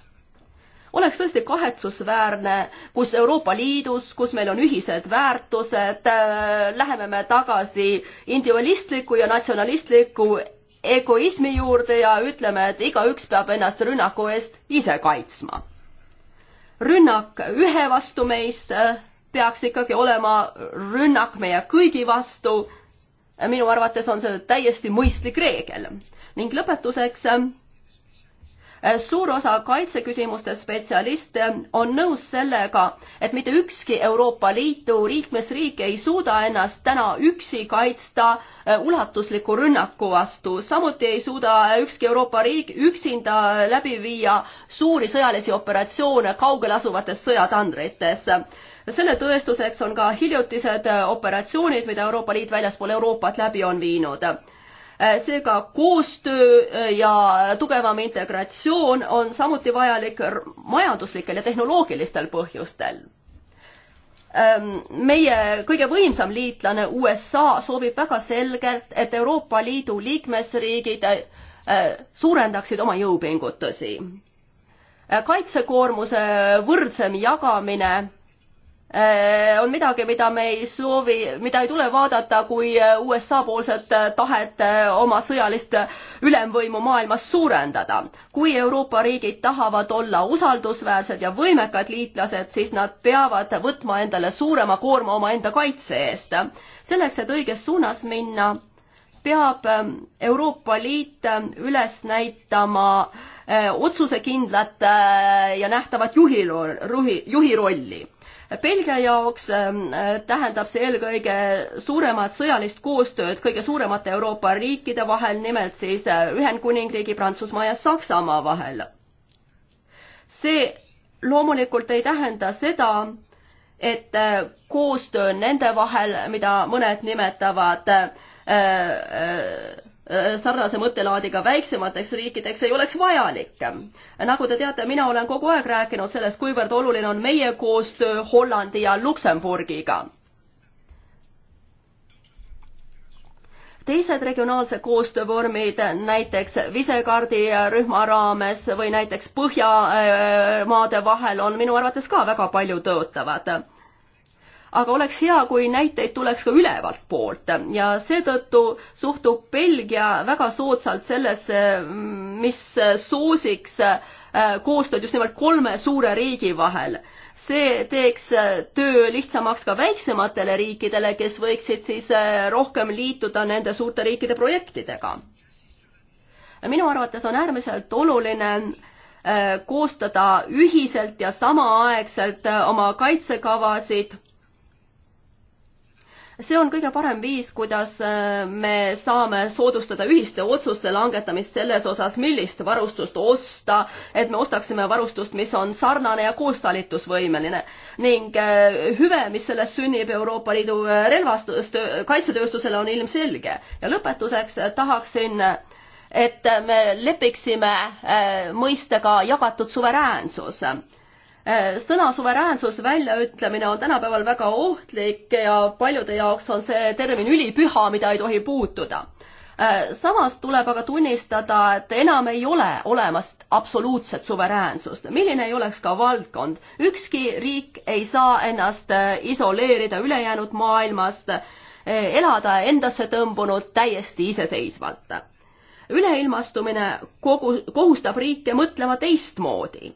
S4: oleks tõesti kahetsusväärne, kus Euroopa Liidus, kus meil on ühised väärtused, äh, läheme me tagasi individualistliku ja natsionalistliku egoismi juurde ja ütleme, et igaüks peab ennast rünnaku eest ise kaitsma. rünnak ühe vastu meist äh, peaks ikkagi olema rünnak meie kõigi vastu. minu arvates on see täiesti mõistlik reegel. ning lõpetuseks äh, suur osa kaitseküsimuste spetsialiste on nõus sellega, et mitte ükski Euroopa Liidu liikmesriik ei suuda ennast täna üksi kaitsta äh, ulatusliku rünnaku vastu. samuti ei suuda ükski Euroopa riik üksinda läbi viia suuri sõjalisi operatsioone kaugel asuvates sõjatandrites selle tõestuseks on ka hiljutised äh, operatsioonid, mida Euroopa Liit väljaspool Euroopat läbi on viinud Äh, seega koostöö äh, ja tugevam integratsioon on samuti vajalik majanduslikel ja tehnoloogilistel põhjustel. Ähm, meie kõige võimsam liitlane USA soovib väga selgelt, et Euroopa Liidu liikmesriigid äh, suurendaksid oma jõupingutusi. kaitsekoormuse võrdsem jagamine Äh, on midagi, mida me ei soovi, mida ei tule vaadata kui äh, USA-poolset äh, tahet oma sõjalist ülemvõimu maailmas suurendada. kui Euroopa riigid tahavad olla usaldusväärsed ja võimekad liitlased, siis nad peavad võtma endale suurema koorma omaenda kaitse eest. selleks, et õiges suunas minna, peab ähm, Euroopa Liit ähm, üles näitama otsusekindlat ja nähtavat juhi, juhi rolli Belgia jaoks ähm, äh, tähendab see eelkõige suuremat sõjalist koostööd kõige suuremate Euroopa riikide vahel, nimelt siis äh, Ühendkuningriigi, Prantsusmaa ja Saksamaa vahel. see loomulikult ei tähenda seda, et äh, koostöö nende vahel, mida mõned nimetavad äh, äh, Äh, sarnase mõttelaadiga väiksemateks riikideks ei oleks vajalik. nagu te teate, mina olen kogu aeg rääkinud sellest, kuivõrd oluline on meie koostöö Hollandi ja Luksemburgiga. teised regionaalse koostöövormid, näiteks Visekaardi rühma raames või näiteks Põhjamaade vahel on minu arvates ka väga palju tõotavad aga oleks hea, kui näiteid tuleks ka ülevalt poolt ja seetõttu suhtub Belgia väga soodsalt sellesse, mis soosiks äh, koostööd just nimelt kolme suure riigi vahel. see teeks äh, töö lihtsamaks ka väiksematele riikidele, kes võiksid siis äh, rohkem liituda nende suurte riikide projektidega. minu arvates on äärmiselt oluline koostada ühiselt ja samaaegselt oma kaitsekavasid see on kõige parem viis, kuidas äh, me saame soodustada ühiste otsuste langetamist selles osas, millist varustust osta, et me ostaksime varustust, mis on sarnane ja koostalitusvõimeline ning äh, hüve, mis sellest sünnib Euroopa Liidu äh, relvastust, kaitsetööstusele on ilmselge. ja lõpetuseks tahaksin et me lepiksime mõistega jagatud suveräänsus Äh, sõna suveräänsus väljaütlemine on tänapäeval väga ohtlik ja paljude jaoks on see termin ülipüha, mida ei tohi puutuda. Äh, samas tuleb aga tunnistada, et enam ei ole olemas absoluutset suveräänsust, milline ei oleks ka valdkond. ükski riik ei saa ennast äh, isoleerida ülejäänud maailmast, elada endasse tõmbunud täiesti iseseisvalt. üleilmastumine kogu, kohustab riike mõtlema teistmoodi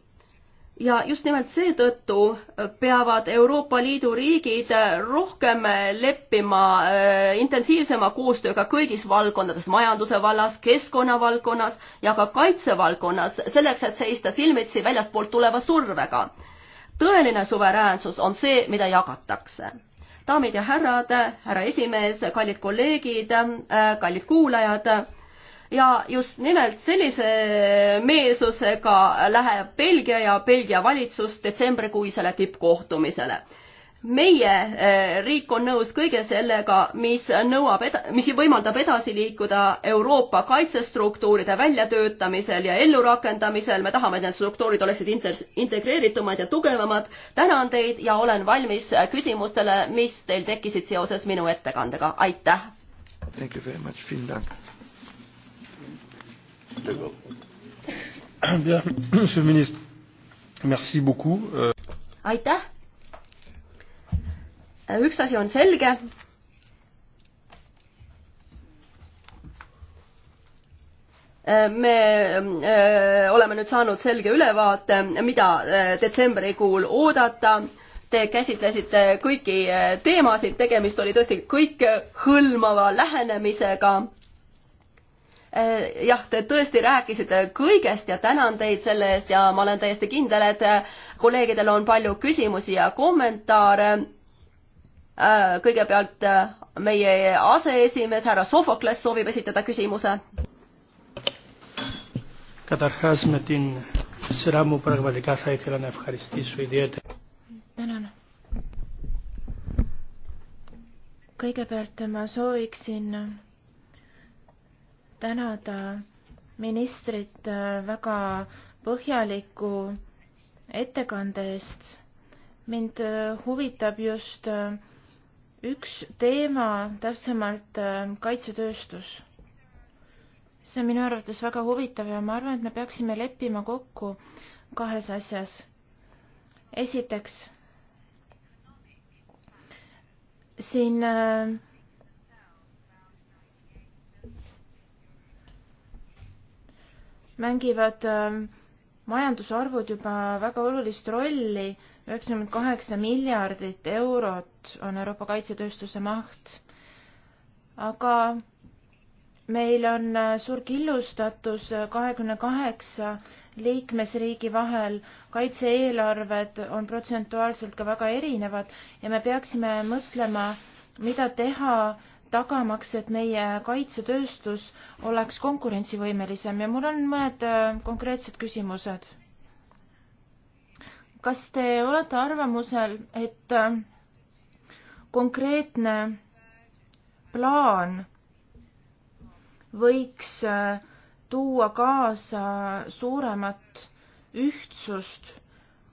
S4: ja just nimelt seetõttu peavad Euroopa Liidu riigid rohkem leppima äh, intensiivsema koostööga kõigis valdkondades, majanduse vallas, keskkonna valdkonnas ja ka kaitsevaldkonnas, selleks et seista silmitsi väljastpoolt tuleva survega. tõeline suveräänsus on see, mida jagatakse. daamid ja härrad, härra esimees, kallid kolleegid, äh, kallid kuulajad ja just nimelt sellise meelsusega läheb Belgia ja Belgia valitsus detsembrikuisele tippkohtumisele. meie eh, riik on nõus kõige sellega, mis nõuab, mis võimaldab edasi liikuda Euroopa kaitsestruktuuride väljatöötamisel ja ellurakendamisel. me tahame, et need struktuurid oleksid integreeritumad ja tugevamad. tänan teid ja olen valmis eh, küsimustele, mis teil tekkisid seoses minu ettekandega. aitäh!
S1: Thank you very much, Finn Dank. De Gaulle. <coughs> Bien, <coughs> monsieur le ministre, merci beaucoup. Euh,
S4: aitäh. Äh, üks asi on selge. Äh, me äh, oleme nüüd saanud selge ülevaate, mida detsembrikuul oodata te käsitlesite kõiki teemasid, tegemist oli tõesti kõikehõlmava lähenemisega Eh, jah, te tõesti rääkisite kõigest ja tänan teid selle eest ja ma olen täiesti kindel, et eh, kolleegidel on palju küsimusi ja kommentaare. Eh, kõigepealt meie aseesimees härra Sofokles soovib esitada küsimuse.
S2: tänan. kõigepealt ma sooviksin tänada ministrit äh, väga põhjaliku ettekande eest. mind äh, huvitab just äh, üks teema, täpsemalt kaitsetööstus. see on minu arvates väga huvitav ja ma arvan, et me peaksime leppima kokku kahes asjas. esiteks, siin äh, mängivad ähm, majandusarvud juba väga olulist rolli. üheksakümmend kaheksa miljardit eurot on Euroopa kaitsetööstuse maht. aga meil on äh, suur killustatus äh, kahekümne kaheksa liikmesriigi vahel, kaitse-eelarved on protsentuaalselt ka väga erinevad ja me peaksime mõtlema, mida teha tagamaks, et meie kaitsetööstus oleks konkurentsivõimelisem ja mul on mõned äh, konkreetsed küsimused. kas te olete arvamusel, et äh, konkreetne plaan võiks äh, tuua kaasa suuremat ühtsust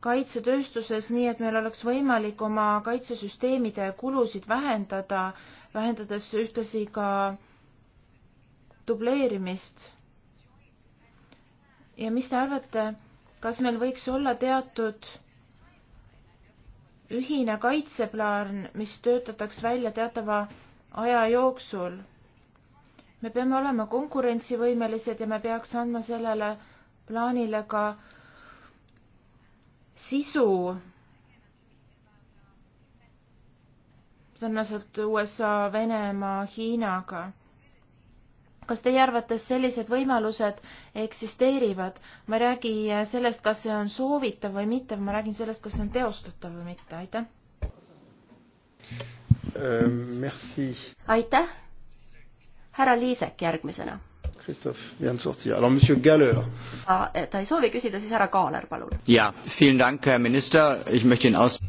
S2: kaitsetööstuses, nii et meil oleks võimalik oma kaitsesüsteemide kulusid vähendada vähendades ühtlasi ka dubleerimist. ja mis te arvate, kas meil võiks olla teatud ühine kaitseplaan, mis töötataks välja teatava aja jooksul? me peame olema konkurentsivõimelised ja me peaks andma sellele plaanile ka sisu sarnaselt USA, Venemaa, Hiinaga. kas teie arvates sellised võimalused eksisteerivad? ma ei räägi sellest, kas see on soovitav või mitte, ma räägin sellest, kas see on teostatav või mitte, aitäh
S1: euh,.
S2: aitäh.
S4: härra Liisek järgmisena.
S1: Christophe vient sortir. Alors Monsieur Galler.
S4: Ta ei
S2: soovi küsida, siis härra Kaaler, palun.
S1: jaa, vielen Dank, Herr Minister, ich möchte Ihnen aus-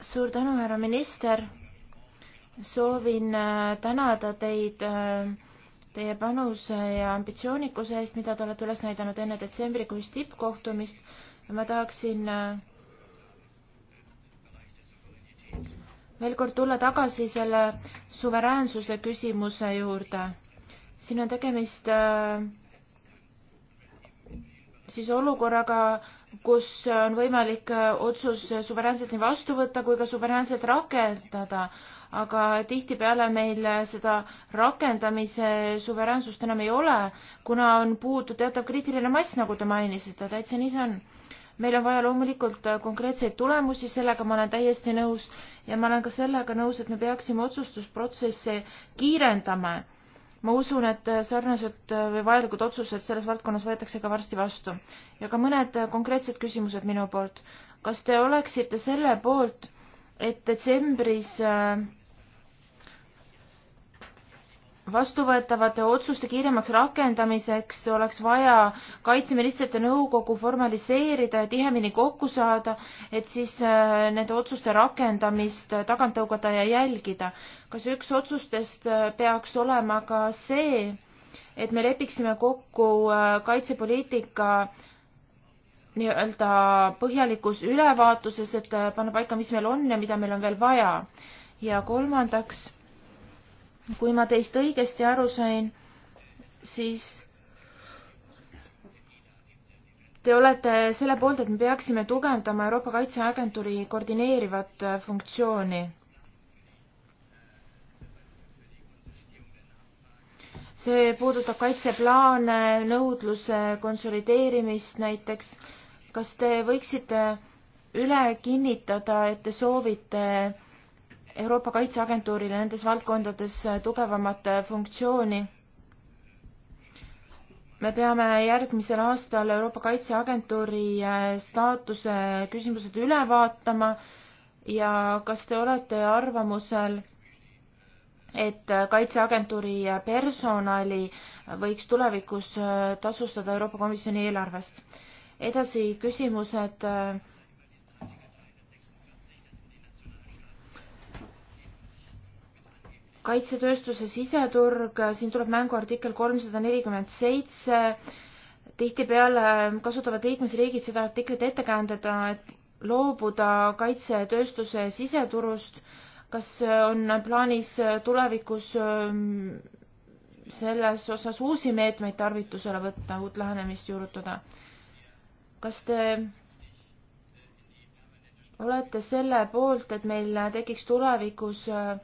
S2: suur tänu, härra minister soovin äh, tänada teid äh, teie panuse ja ambitsioonikuse eest, mida te olete üles näidanud enne detsembrikuist tippkohtumist. ma tahaksin äh, veel kord tulla tagasi selle suveräänsuse küsimuse juurde. siin on tegemist siis olukorraga, kus on võimalik otsus suveräänselt nii vastu võtta kui ka suveräänselt rakendada aga tihtipeale meil seda rakendamise suveräänsust enam ei ole, kuna on puudu teatav kriitiline mass, nagu te mainisite, täitsa nii see on. meil on vaja loomulikult konkreetseid tulemusi, sellega ma olen täiesti nõus ja ma olen ka sellega nõus, et me peaksime otsustusprotsessi kiirendama. ma usun, et sarnased või vajalikud otsused selles valdkonnas võetakse ka varsti vastu. ja ka mõned konkreetsed küsimused minu poolt. kas te oleksite selle poolt, et detsembris äh, vastuvõetavate otsuste kiiremaks rakendamiseks oleks vaja kaitseministrite nõukogu formaliseerida ja tihemini kokku saada, et siis äh, nende otsuste rakendamist tagant tõugata ja jälgida. kas üks otsustest äh, peaks olema ka see, et me lepiksime kokku kaitsepoliitika nii-öelda põhjalikus ülevaatuses, et äh, panna paika, mis meil on ja mida meil on veel vaja. ja kolmandaks, kui ma teist õigesti aru sain, siis te olete selle poolt, et me peaksime tugevdama Euroopa Kaitseagentuuri koordineerivat äh, funktsiooni. see puudutab kaitseplaane, nõudluse konsolideerimist näiteks kas te võiksite üle kinnitada, et te soovite Euroopa Kaitseagentuurile nendes valdkondades tugevamat funktsiooni? me peame järgmisel aastal Euroopa Kaitseagentuuri äh, staatuse küsimused üle vaatama ja kas te olete arvamusel, et Kaitseagentuuri personali võiks tulevikus äh, tasustada Euroopa Komisjoni eelarvest? edasi küsimused äh, kaitsetööstuse siseturg, siin tuleb mängu artikkel kolmsada nelikümmend seitse. tihtipeale kasutavad liikmesriigid seda artiklit ettekäändena, et loobuda kaitsetööstuse siseturust. kas on plaanis tulevikus ähm, selles osas uusi meetmeid tarvitusele võtta, uut lähenemist juurutada? kas te olete selle poolt, et meil tekiks tulevikus äh,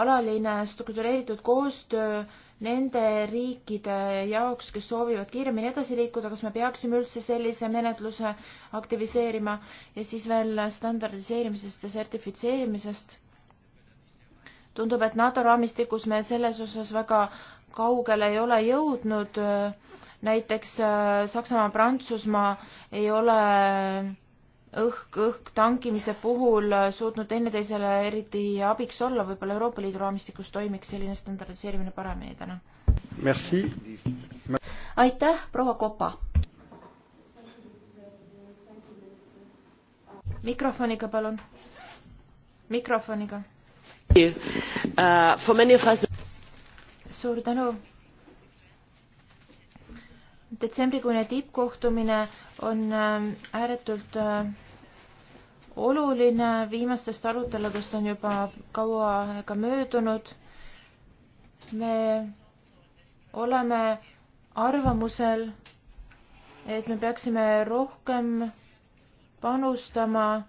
S2: alaline struktureeritud koostöö nende riikide jaoks, kes soovivad kiiremini edasi liikuda, kas me peaksime üldse sellise menetluse aktiviseerima ja siis veel standardiseerimisest ja sertifitseerimisest? tundub, et NATO raamistikus me selles osas väga kaugele ei ole jõudnud äh, näiteks äh, Saksamaa, Prantsusmaa ei ole õhk, õhk tankimise puhul äh, suutnud teineteisele eriti abiks olla, võib-olla Euroopa Liidu raamistikus toimiks selline standardiseerimine paremini täna. aitäh, proua Kopa. mikrofoniga, palun. mikrofoniga. Uh, suur tänu detsembrikuine tippkohtumine on ähm, ääretult äh, oluline, viimastest aruteludest on juba kaua aega möödunud. me oleme arvamusel, et me peaksime rohkem panustama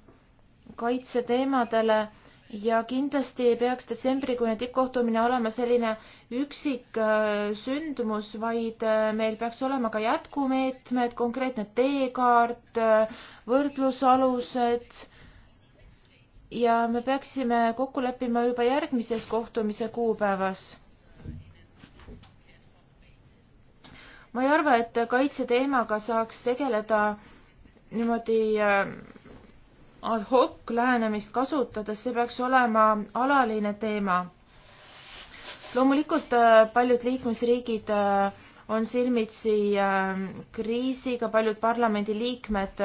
S2: kaitseteemadele ja kindlasti ei peaks detsembrikuine tippkohtumine olema selline üksik äh, sündmus, vaid äh, meil peaks olema ka jätkumeetmed, konkreetne teekaart, äh, võrdlusalused ja me peaksime kokku leppima juba järgmises kohtumise kuupäevas. ma ei arva, et kaitseteemaga saaks tegeleda niimoodi ad hoc lähenemist kasutades, see peaks olema alaline teema. loomulikult äh, paljud liikmesriigid äh, on silmitsi äh, kriisiga, paljud parlamendiliikmed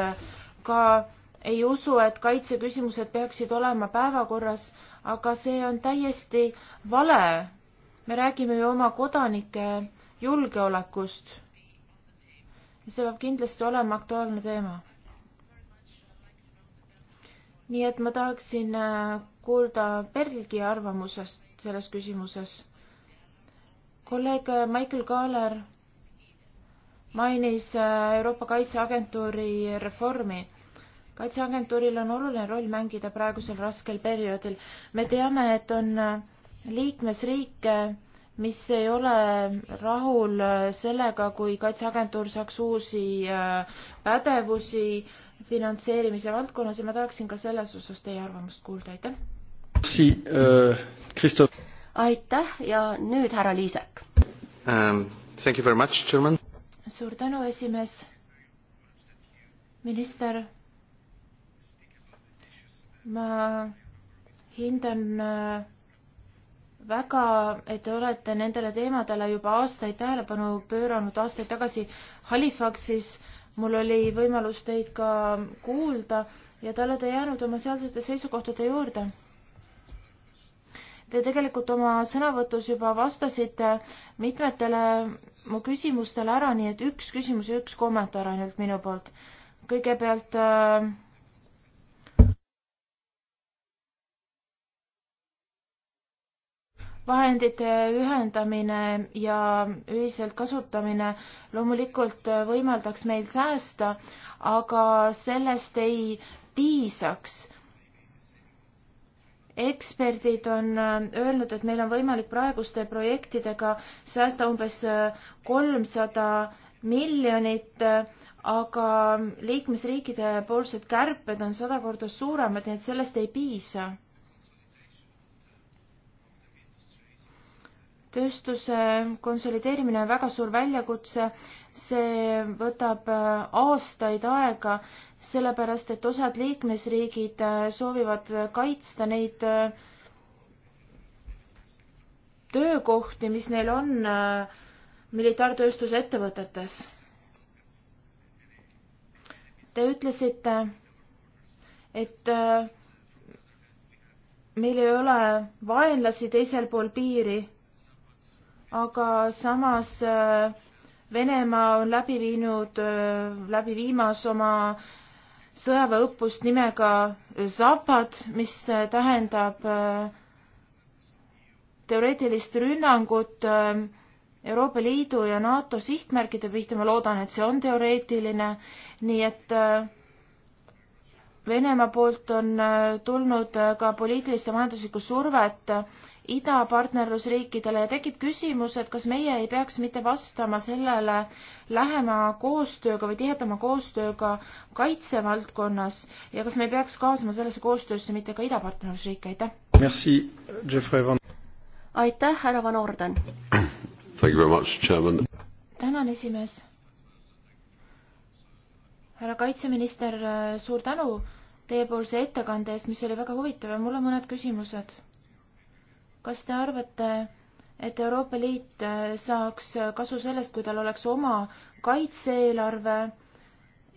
S2: ka ei usu, et kaitseküsimused peaksid olema päevakorras, aga see on täiesti vale. me räägime ju oma kodanike julgeolekust. see peab kindlasti olema aktuaalne teema nii et ma tahaksin äh, kuulda Belgia arvamusest selles küsimuses. kolleeg äh, Michael Kaaler mainis äh, Euroopa Kaitseagentuuri reformi. kaitseagentuuril on oluline roll mängida praegusel raskel perioodil. me teame, et on liikmesriike, mis ei ole rahul sellega, kui Kaitseagentuur saaks uusi pädevusi finantseerimise valdkonnas ja ma tahaksin ka selles osas teie arvamust kuulda, aitäh.
S1: Si- äh,, Kristof.
S2: aitäh ja nüüd härra Liisek
S1: um,. Thank you very much, German.
S2: suur tänu, esimees. minister, ma hindan äh, väga, et te olete nendele teemadele juba aastaid tähelepanu pööranud, aastaid tagasi Halifaxis äh, mul oli võimalus teid ka kuulda ja te olete jäänud oma sealsete seisukohtade juurde. Te tegelikult oma sõnavõtus juba vastasite mitmetele mu küsimustele ära, nii et üks küsimus ja üks kommentaar ainult minu poolt. kõigepealt äh, vahendite ühendamine ja ühiselt kasutamine loomulikult võimaldaks meil säästa, aga sellest ei piisaks. eksperdid on öelnud, et meil on võimalik praeguste projektidega säästa umbes kolmsada miljonit, aga liikmesriikide poolsed kärped on sada korda suuremad, nii et sellest ei piisa tööstuse konsolideerimine on väga suur väljakutse, see võtab äh, aastaid aega, sellepärast et osad liikmesriigid äh, soovivad kaitsta neid äh, töökohti, mis neil on militaartööstuse ettevõtetes. Te ütlesite, et meil ei ole vaenlasi teisel pool piiri aga samas äh, Venemaa on läbi viinud, äh, läbi viimas oma sõjaväeõppust nimega Zapad, mis äh, tähendab teoreetilist rünnangut Euroopa Liidu ja NATO sihtmärkide pihta, ma loodan, et see on teoreetiline, nii et Venemaa poolt on tulnud ka poliitilist ja majanduslikku survet idapartnerlusriikidele ja tekib küsimus, et kas meie ei peaks mitte vastama sellele lähema koostööga või tihedama koostööga kaitsevaldkonnas ja kas me ei peaks kaasama sellesse koostöösse mitte ka idapartnerlusriike, aitäh!
S1: Merci, Jeffrey Van.
S2: aitäh, härra Van Orden!
S1: Thank you very much, chairman!
S2: tänan, esimees! härra kaitseminister, suur tänu teiepoolse ettekande eest, mis oli väga huvitav ja mul on mõned küsimused kas te arvate, et Euroopa Liit äh, saaks äh, kasu sellest, kui tal oleks oma kaitse-eelarve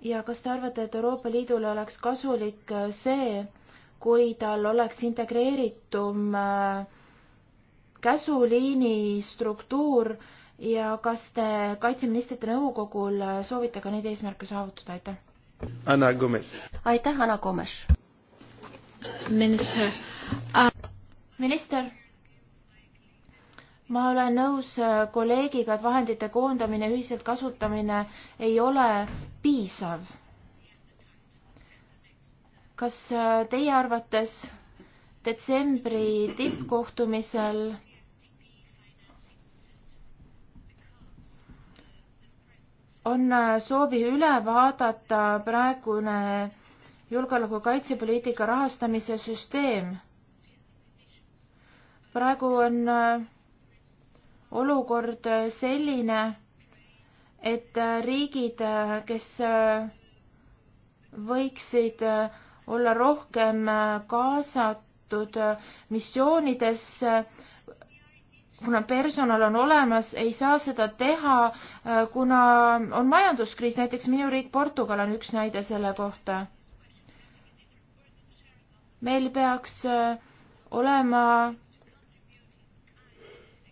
S2: ja kas te arvate, et Euroopa Liidule oleks kasulik äh, see, kui tal oleks integreeritum käsuliini struktuur ja kas te kaitseministrite nõukogul soovite ka neid eesmärke saavutada, aitäh?
S1: Anna Gomes.
S2: aitäh, Anna Gomes. minister. minister ma olen nõus äh, kolleegiga, et vahendite koondamine, ühiselt kasutamine ei ole piisav. kas äh, teie arvates detsembri tippkohtumisel on äh, soovi üle vaadata praegune julgeoleku kaitsepoliitika rahastamise süsteem. praegu on äh, olukord selline, et riigid, kes võiksid olla rohkem kaasatud missioonidesse, kuna personal on olemas, ei saa seda teha, kuna on majanduskriis, näiteks minu riik Portugal on üks näide selle kohta. meil peaks olema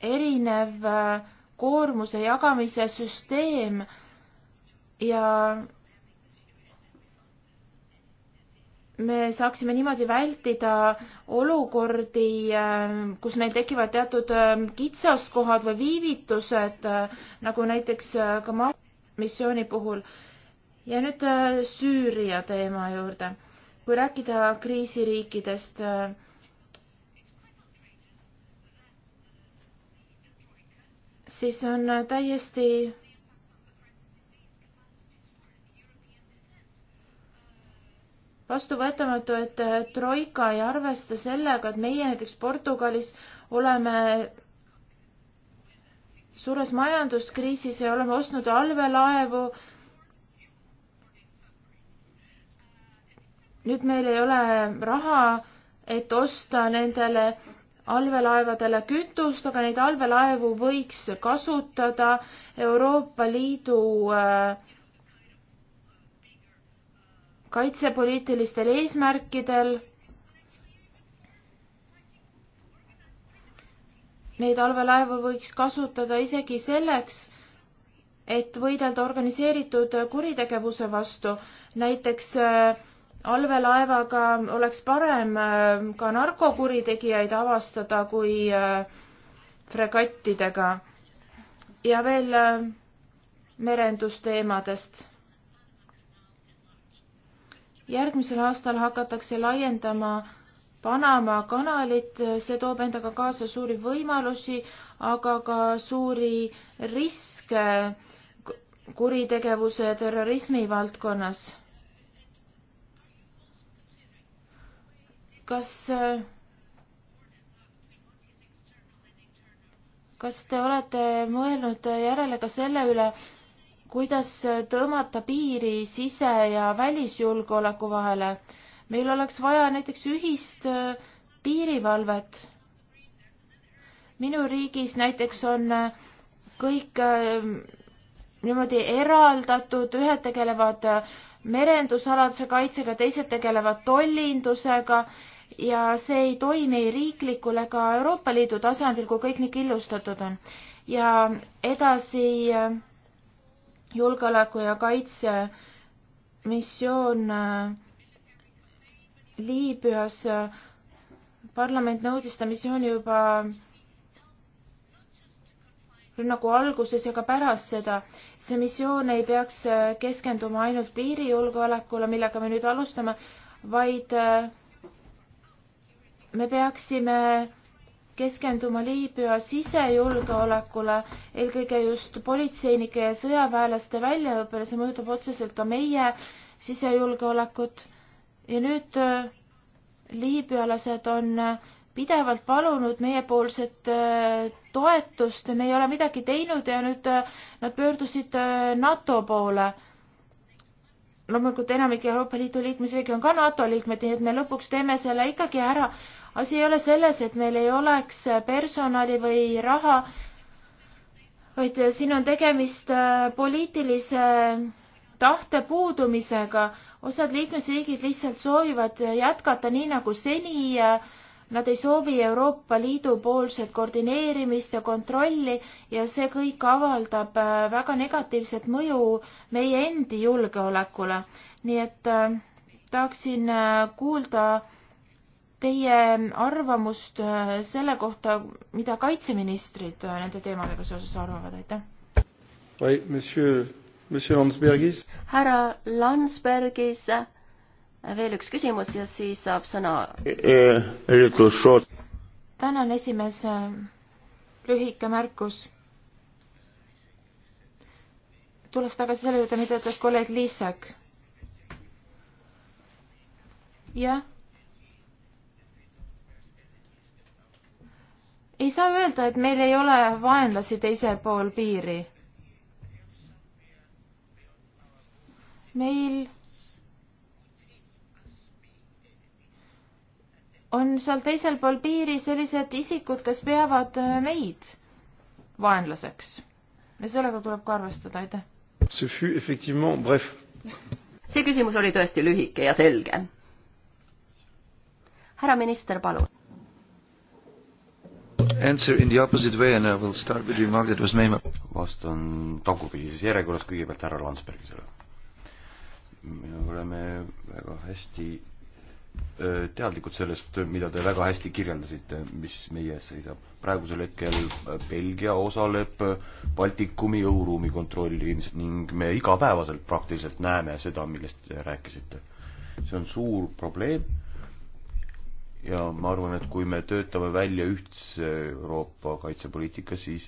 S2: erinev äh, koormuse jagamise süsteem ja me saaksime niimoodi vältida olukordi, äh, kus meil tekivad teatud äh, kitsaskohad või viivitused, nagu näiteks ka missiooni puhul. ja nüüd Süüria teema juurde. kui rääkida kriisiriikidest, siis on täiesti vastuvõetamatu, et Troika ei arvesta sellega, et meie näiteks Portugalis oleme suures majanduskriisis ja oleme ostnud allveelaevu. nüüd meil ei ole raha, et osta nendele allveelaevadele kütust, aga neid allveelaevu võiks kasutada Euroopa Liidu äh, kaitsepoliitilistel eesmärkidel. Neid allveelaevu võiks kasutada isegi selleks, et võidelda organiseeritud kuritegevuse vastu, näiteks äh, allveelaevaga oleks parem äh, ka narkokuritegijaid avastada kui äh, fregattidega. ja veel äh, merendusteemadest. järgmisel aastal hakatakse laiendama Panama kanalit, see toob endaga kaasa suuri võimalusi, aga ka suuri riske kuritegevuse ja terrorismi valdkonnas kas, kas te olete mõelnud järele ka selle üle, kuidas tõmmata piiri sise- ja välisjulgeoleku vahele? meil oleks vaja näiteks ühist äh, piirivalvet. minu riigis näiteks on äh, kõik äh, niimoodi eraldatud, ühed tegelevad merendusaladuse kaitsega, teised tegelevad tollindusega ja see ei toimi riiklikul ega Euroopa Liidu tasandil, kui kõik nii killustatud on. ja edasi äh, julgeoleku ja kaitse missioon äh, Liibüas. Äh, parlament nõudis seda missiooni juba rünnaku alguses ja ka pärast seda. see missioon ei peaks keskenduma ainult piirijulgeolekule, millega me nüüd alustame, vaid me peaksime keskenduma Liibüa sisejulgeolekule, eelkõige just politseinike ja sõjaväelaste väljaõppele, see mõjutab otseselt ka meie sisejulgeolekut. ja nüüd äh, liibüalased on äh, pidevalt palunud meiepoolset äh, toetust ja me ei ole midagi teinud ja nüüd nad pöördusid NATO poole loomulikult enamik Euroopa Liidu liikmesriike on ka NATO liikmed, nii et me lõpuks teeme selle ikkagi ära, asi ei ole selles, et meil ei oleks personali või raha, vaid siin on tegemist äh, poliitilise tahte puudumisega. osad liikmesriigid lihtsalt soovivad jätkata nii nagu seni. Nad ei soovi Euroopa Liidu poolset koordineerimist ja kontrolli ja see kõik avaldab äh, väga negatiivset mõju meie endi julgeolekule. nii et äh, tahaksin kuulda äh, teie arvamust äh, selle kohta, mida kaitseministrid äh, nende teemadega seoses arvavad, aitäh! härra Landsbergis, äh, veel üks küsimus ja siis
S4: saab sõna. Eh, eh,
S1: eh,
S2: tänan, esimees, lühike märkus. tulles tagasi selle juurde, mida ütles kolleeg Liisek. jah ei saa öelda, et meil ei ole vaenlasi teisel pool piiri. meil on seal teisel pool piiri sellised isikud, kes peavad meid vaenlaseks ja sellega tuleb ka arvestada, aitäh. see küsimus oli tõesti lühike ja selge.
S4: härra minister, palun
S1: answer in the
S3: opposite way and I will start with the remark that was made. vastan tagupidises järjekorras kõigepealt härra Landsbergisele. me oleme väga hästi äh, teadlikud sellest, mida te väga hästi kirjeldasite, mis meie ees seisab. praegusel hetkel äh, Belgia osaleb äh, Baltikumi õhuruumi kontrollimisel ning me igapäevaselt praktiliselt näeme seda, millest te rääkisite. see on suur probleem ja ma arvan, et kui me töötame välja ühtse Euroopa kaitsepoliitika, siis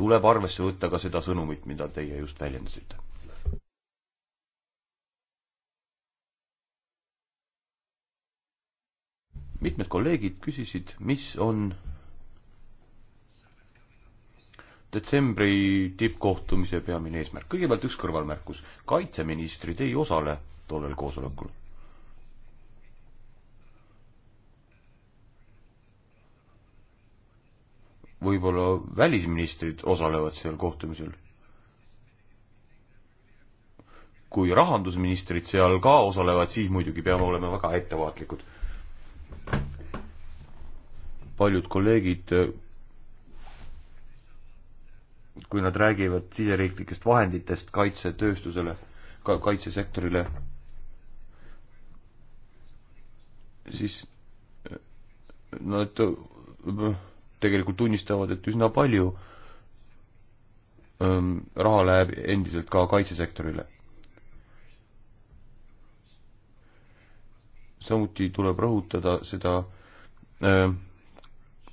S3: tuleb arvesse võtta ka seda sõnumit, mida teie just väljendasite. mitmed kolleegid küsisid, mis on detsembri tippkohtumise peamine eesmärk. kõigepealt üks kõrvalmärkus. kaitseministrid ei osale tollel koosolekul võib-olla välisministrid osalevad seal kohtumisel. kui rahandusministrid seal ka osalevad, siis muidugi peame olema väga ettevaatlikud. paljud kolleegid, kui nad räägivad siseriiklikest vahenditest kaitsetööstusele, ka kaitsesektorile, siis nad no, tegelikult tunnistavad, et üsna palju ähm, raha läheb endiselt ka kaitsesektorile. samuti tuleb rõhutada seda äh,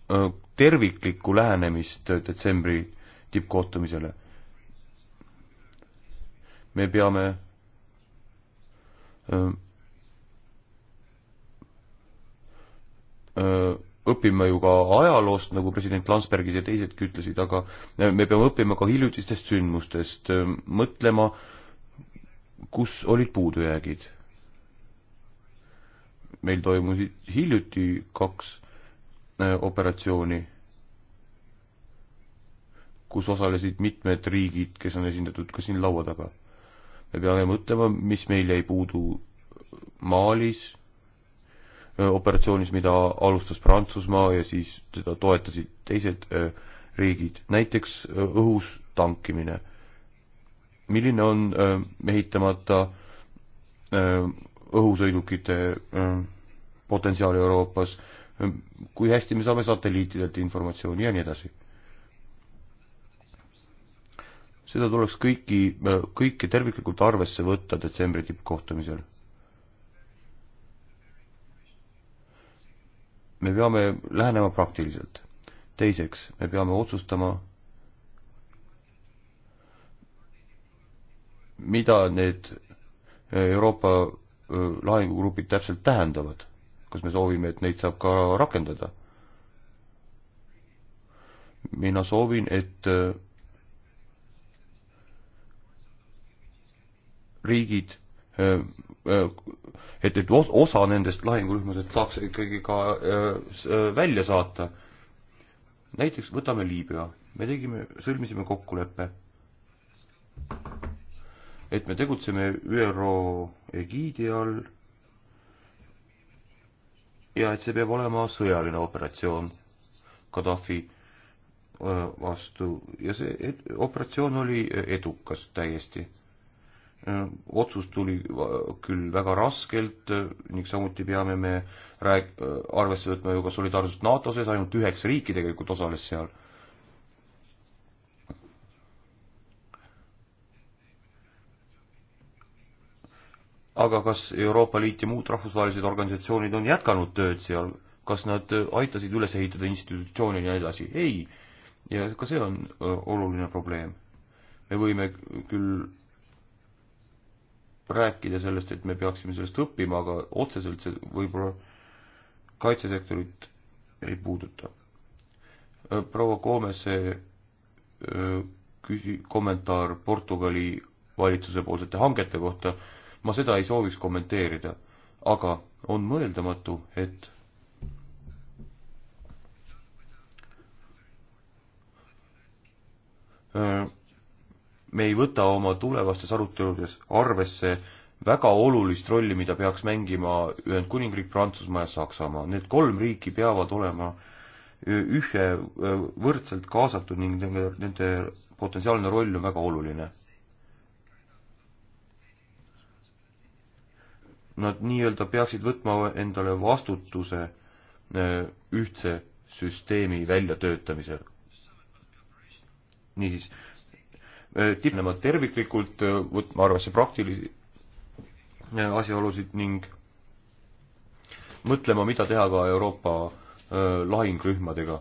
S3: äh, terviklikku lähenemist detsembri tippkohtumisele. me peame ähm, äh, äh, õpime ju ka ajaloost, nagu president Landsbergis ja teisedki ütlesid, aga äh, me peame õppima ka hiljutistest sündmustest, äh, mõtlema, kus olid puudujäägid. meil toimusid hiljuti kaks äh, operatsiooni, kus osalesid mitmed riigid, kes on esindatud ka siin laua taga. me peame mõtlema, mis meil jäi puudu Malis Äh, operatsioonis, mida alustas Prantsusmaa ja siis teda toetasid teised äh, riigid, näiteks äh, õhus tankimine. milline on mehitamata õhusõidukite potentsiaal Euroopas, kui hästi me saame satelliitidelt informatsiooni ja nii edasi? seda tuleks kõiki, kõike terviklikult arvesse võtta detsembri tippkohtumisel me peame lähenema praktiliselt. teiseks, me peame otsustama, mida need äh, Euroopa äh, lahingugrupid täpselt tähendavad. kas me soovime, et neid saab ka rakendada? mina soovin, et äh, riigid Äh, äh, et, et osa nendest lahingurühmadest saaks ikkagi ka äh, välja saata. näiteks võtame Liibüa, me tegime, sõlmisime kokkuleppe, et me tegutseme ÜRO egiidi all ja et see peab olema sõjaline operatsioon Gaddafi vastu ja see operatsioon oli edukas täiesti Äh, otsus tuli äh, küll väga raskelt äh, ning samuti peame me rääk-, arvesse võtma ju ka solidaarsust NATO sees, ainult üheksa riiki tegelikult osales seal. aga kas Euroopa Liit ja muud rahvusvahelised organisatsioonid on jätkanud tööd seal, kas nad aitasid üles ehitada institutsioone ja nii edasi? ei. ja ka see on oluline probleem. me võime küll rääkida sellest, et me peaksime sellest õppima, aga otseselt see võib-olla kaitsesektorit ei puuduta. Äh, proua Koomese äh, küsi-, kommentaar Portugali valitsusepoolsete hangete kohta, ma seda ei sooviks kommenteerida, aga on mõeldamatu, et öö, äh, me ei võta oma tulevastes aruteludes arvesse väga olulist rolli, mida peaks mängima Ühendkuningriik, Prantsusmaa ja Saksamaa. Need kolm riiki peavad olema ühe võrdselt kaasatud ning nende, nende potentsiaalne roll on väga oluline. Nad nii-öelda peaksid võtma endale vastutuse äh, ühtse süsteemi väljatöötamisel. niisiis Äh, tipnema terviklikult, äh, võtma arvesse praktilisi äh, asjaolusid ning mõtlema, mida teha ka Euroopa lahingrühmadega.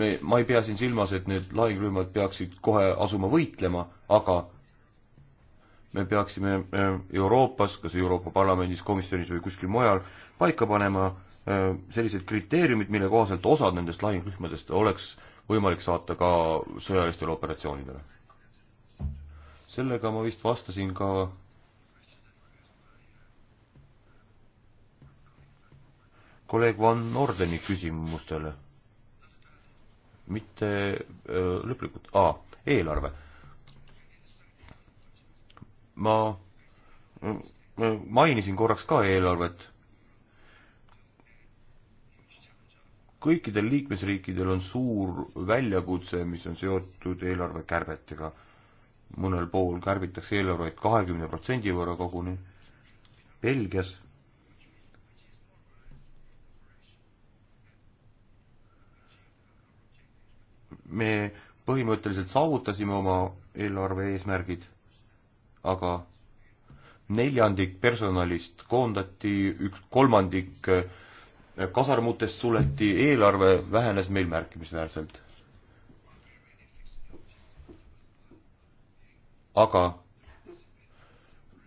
S3: me, ma ei pea siin silmas, et need lahingrühmad peaksid kohe asuma võitlema, aga me peaksime Euroopas, kas Euroopa Parlamendis, komisjonis või kuskil mujal paika panema sellised kriteeriumid, mille kohaselt osad nendest lahingrühmadest oleks äh, võimalik saata ka sõjalistele operatsioonidele. sellega ma vist vastasin ka kolleeg Van Ordeni küsimustele. mitte äh, lõplikult, aa, eelarve. ma mainisin korraks ka eelarvet kõikidel liikmesriikidel on suur väljakutse, mis on seotud eelarvekärbetega. mõnel pool kärbitakse eelarveid kahekümne protsendi võrra koguni. Belgias me põhimõtteliselt saavutasime oma eelarve eesmärgid, aga neljandik personalist koondati, üks kolmandik äh, kasarmutest suleti, eelarve vähenes meil märkimisväärselt. aga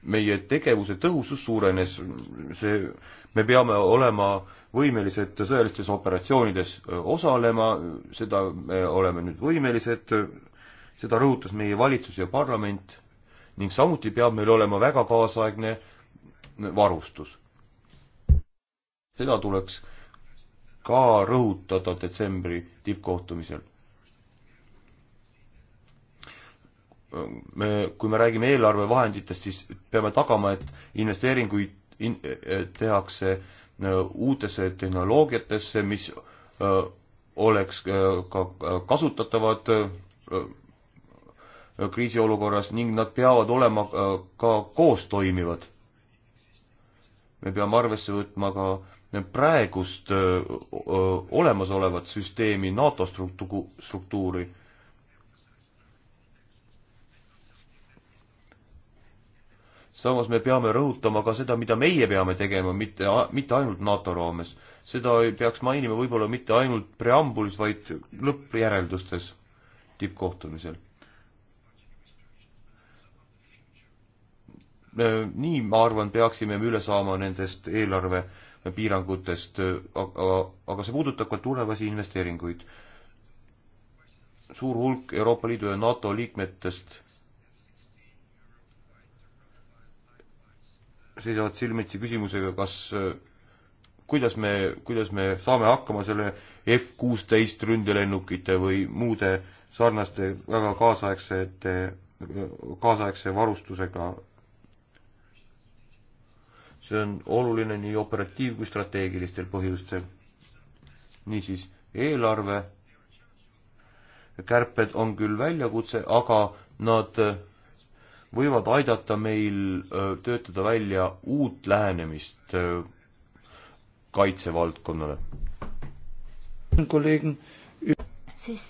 S3: meie tegevuse tõhusus suurenes, see, me peame olema võimelised sõjalistes operatsioonides osalema, seda me oleme nüüd võimelised, seda rõhutas meie valitsus ja parlament ning samuti peab meil olema väga kaasaegne varustus seda tuleks ka rõhutada detsembri tippkohtumisel. me, kui me räägime eelarvevahenditest, siis peame tagama, et investeeringuid in, eh, tehakse eh, uutesse tehnoloogiatesse, mis eh, oleks ka kasutatavad kriisiolukorras ning nad peavad olema ka koostoimivad. me peame arvesse võtma ka praegust öö, olemasolevat süsteemi, NATO struktu-, struktuuri. samas me peame rõhutama ka seda, mida meie peame tegema, mitte, mitte ainult NATO raames. seda ei peaks mainima võib-olla mitte ainult preambulis, vaid lõppjäreldustes tippkohtumisel nii, ma arvan, peaksime me üle saama nendest eelarve piirangutest, aga, aga see puudutab ka tulevasi investeeringuid. suur hulk Euroopa Liidu ja NATO liikmetest seisavad silmitsi küsimusega, kas, kuidas me, kuidas me saame hakkama selle F kuusteist ründelennukite või muude sarnaste väga kaasaegsete, kaasaegse varustusega see on oluline nii operatiiv- kui strateegilistel põhjustel. niisiis, eelarve kärped on küll väljakutse, aga nad äh, võivad aidata meil äh, töötada välja uut lähenemist äh, kaitsevaldkonnale.
S2: siis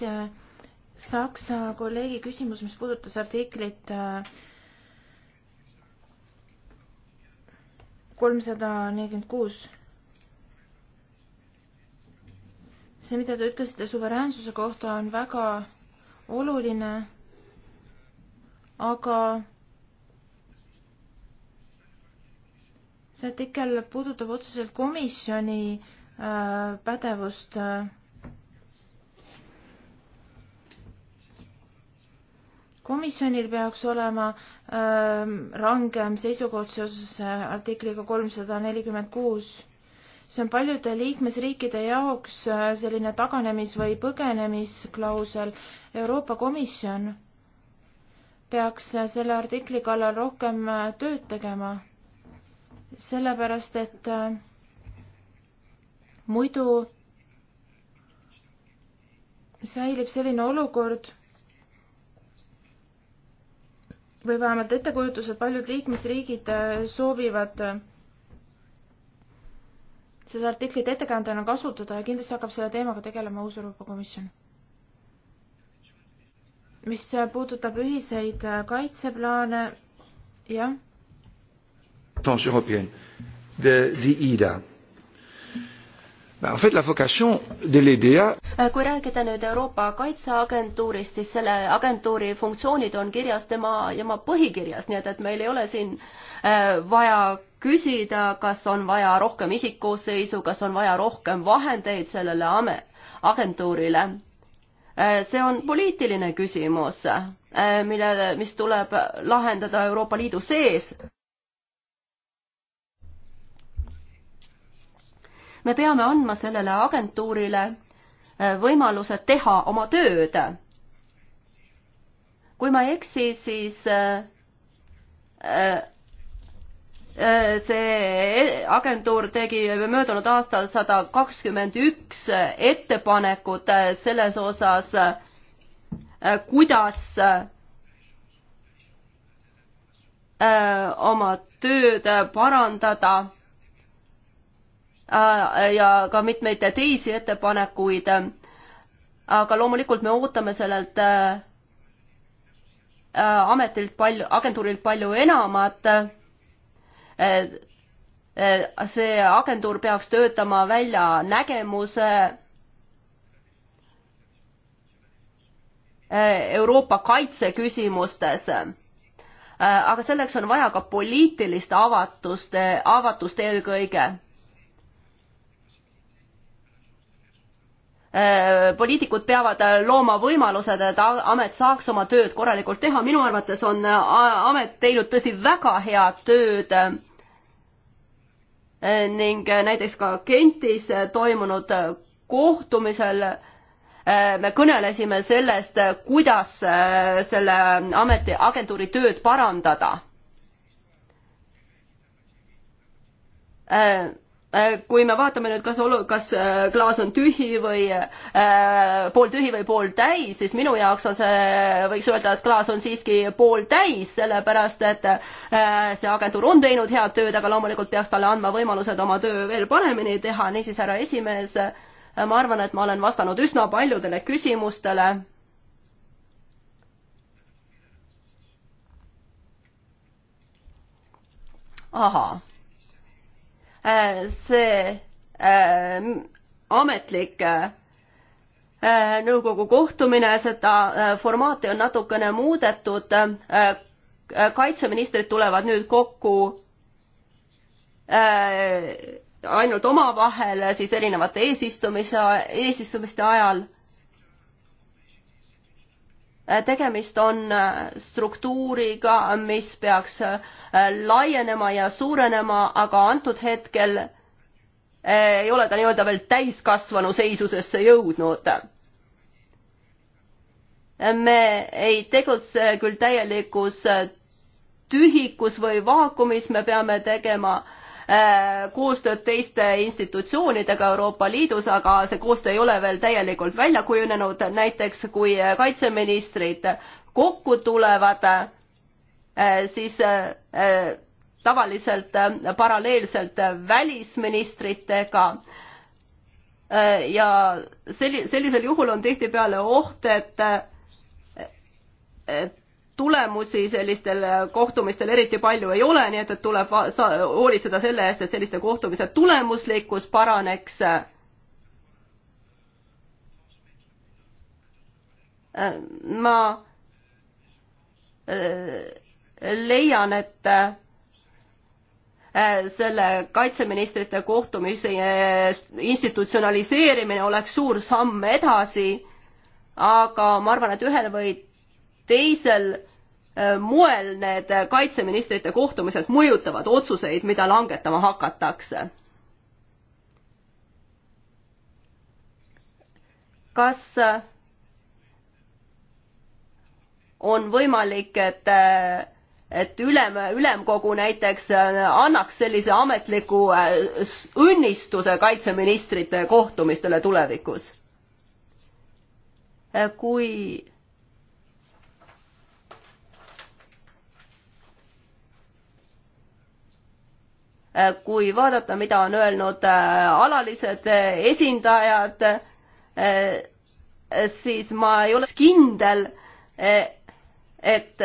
S2: Saksa kolleegi küsimus, mis puudutas artiklit kolmsada nelikümmend kuus. see, mida te ütlesite suveräänsuse kohta, on väga oluline, aga see artikkel puudutab otseselt komisjoni äh, pädevust äh, komisjonil peaks olema äh, rangem seisukoht seoses äh, artikliga kolmsada nelikümmend kuus. see on paljude liikmesriikide jaoks äh, selline taganemis- või põgenemisklausel. Euroopa Komisjon peaks äh, selle artikli kallal rohkem tööd tegema, sellepärast et muidu säilib selline olukord või vähemalt ettekujutus, et paljud liikmesriigid äh, soovivad äh, seda artiklit ettekäändena kasutada ja kindlasti hakkab selle teemaga tegelema uus Euroopa Komisjon. mis äh, puudutab ühiseid kaitseplaane, jah.
S1: De, de IDA. Ben, en fait, la vocation de l'EDA
S2: Äh, kui rääkida
S4: nüüd Euroopa Kaitseagentuurist, siis selle agentuuri funktsioonid on kirjas tema, tema põhikirjas, nii et, et meil ei ole siin äh, vaja küsida, kas on vaja rohkem isikkoosseisu, kas on vaja rohkem vahendeid sellele ame-, agentuurile. Äh, see on poliitiline küsimus, mille, mis tuleb lahendada Euroopa Liidu sees. me peame andma sellele agentuurile võimaluse teha oma tööd. kui ma ei eksi, siis äh, äh, äh, see agentuur tegi möödunud aastal sada kakskümmend üks ettepanekut selles osas, kuidas oma tööd parandada Äh, ja ka mitmeid teisi ettepanekuid. aga loomulikult me ootame sellelt äh, ametilt palju, agentuurilt palju enamat. Äh, see agentuur peaks töötama välja nägemuse Euroopa kaitseküsimustes. aga selleks on vaja ka poliitilist avatust, avatust eelkõige Äh, poliitikud peavad äh, looma võimalused, et amet saaks oma tööd korralikult teha, minu arvates on äh, amet teinud tõesti väga head tööd ning näiteks ka Gentis toimunud kohtumisel me kõnelesime sellest, kuidas selle ameti, agentuuri tööd parandada Äh, kui me vaatame nüüd, kas olu-, kas äh, klaas on tühi või äh, pooltühi või pooltäis, siis minu jaoks on see, võiks öelda, et klaas on siiski pooltäis, sellepärast et äh, see agentuur on teinud head tööd, aga loomulikult peaks talle andma võimalused oma töö veel paremini teha, niisiis, härra esimees, äh, ma arvan, et ma olen vastanud üsna paljudele küsimustele ahah see ähm, ametlik äh, nõukogu kohtumine, seda äh, formaati on natukene muudetud. Äh, kaitseministrid tulevad nüüd kokku ainult omavahel siis erinevate eesistumise, eesistumiste ajal. Äh, tegemist on äh, struktuuriga, mis peaks äh, laienema ja suurenema, aga antud hetkel ei ole ta nii-öelda veel täiskasvanu seisusesse jõudnud. me ei tegutse küll täielikus tühikus või vaakumis, me peame tegema äh, Äh, koostööd teiste institutsioonidega Euroopa Liidus, aga see koostöö ei ole veel täielikult välja kujunenud, näiteks kui äh, kaitseministrid kokku tulevad, äh, siis tavaliselt paralleelselt välisministritega ja selli-, sellisel juhul on tihtipeale oht, et et tulemusi sellistel äh, kohtumistel eriti palju ei ole, nii et, et tuleb hoolitseda selle eest, et selliste kohtumiste tulemuslikkus paraneks. Äh, ma äh, leian, et selle kaitseministrite kohtumise institutsionaliseerimine oleks suur samm edasi, aga ma arvan, et ühel või teisel äh, moel need äh, kaitseministrite kohtumised mõjutavad otsuseid, mida langetama hakatakse. kas äh, on võimalik, et, et ülem, ülemkogu näiteks annaks sellise ametliku õnnistuse kaitseministrite kohtumistele tulevikus? kui Eh, kui vaadata, mida on öelnud eh, alalised eh, esindajad, siis ma ei ole kindel, et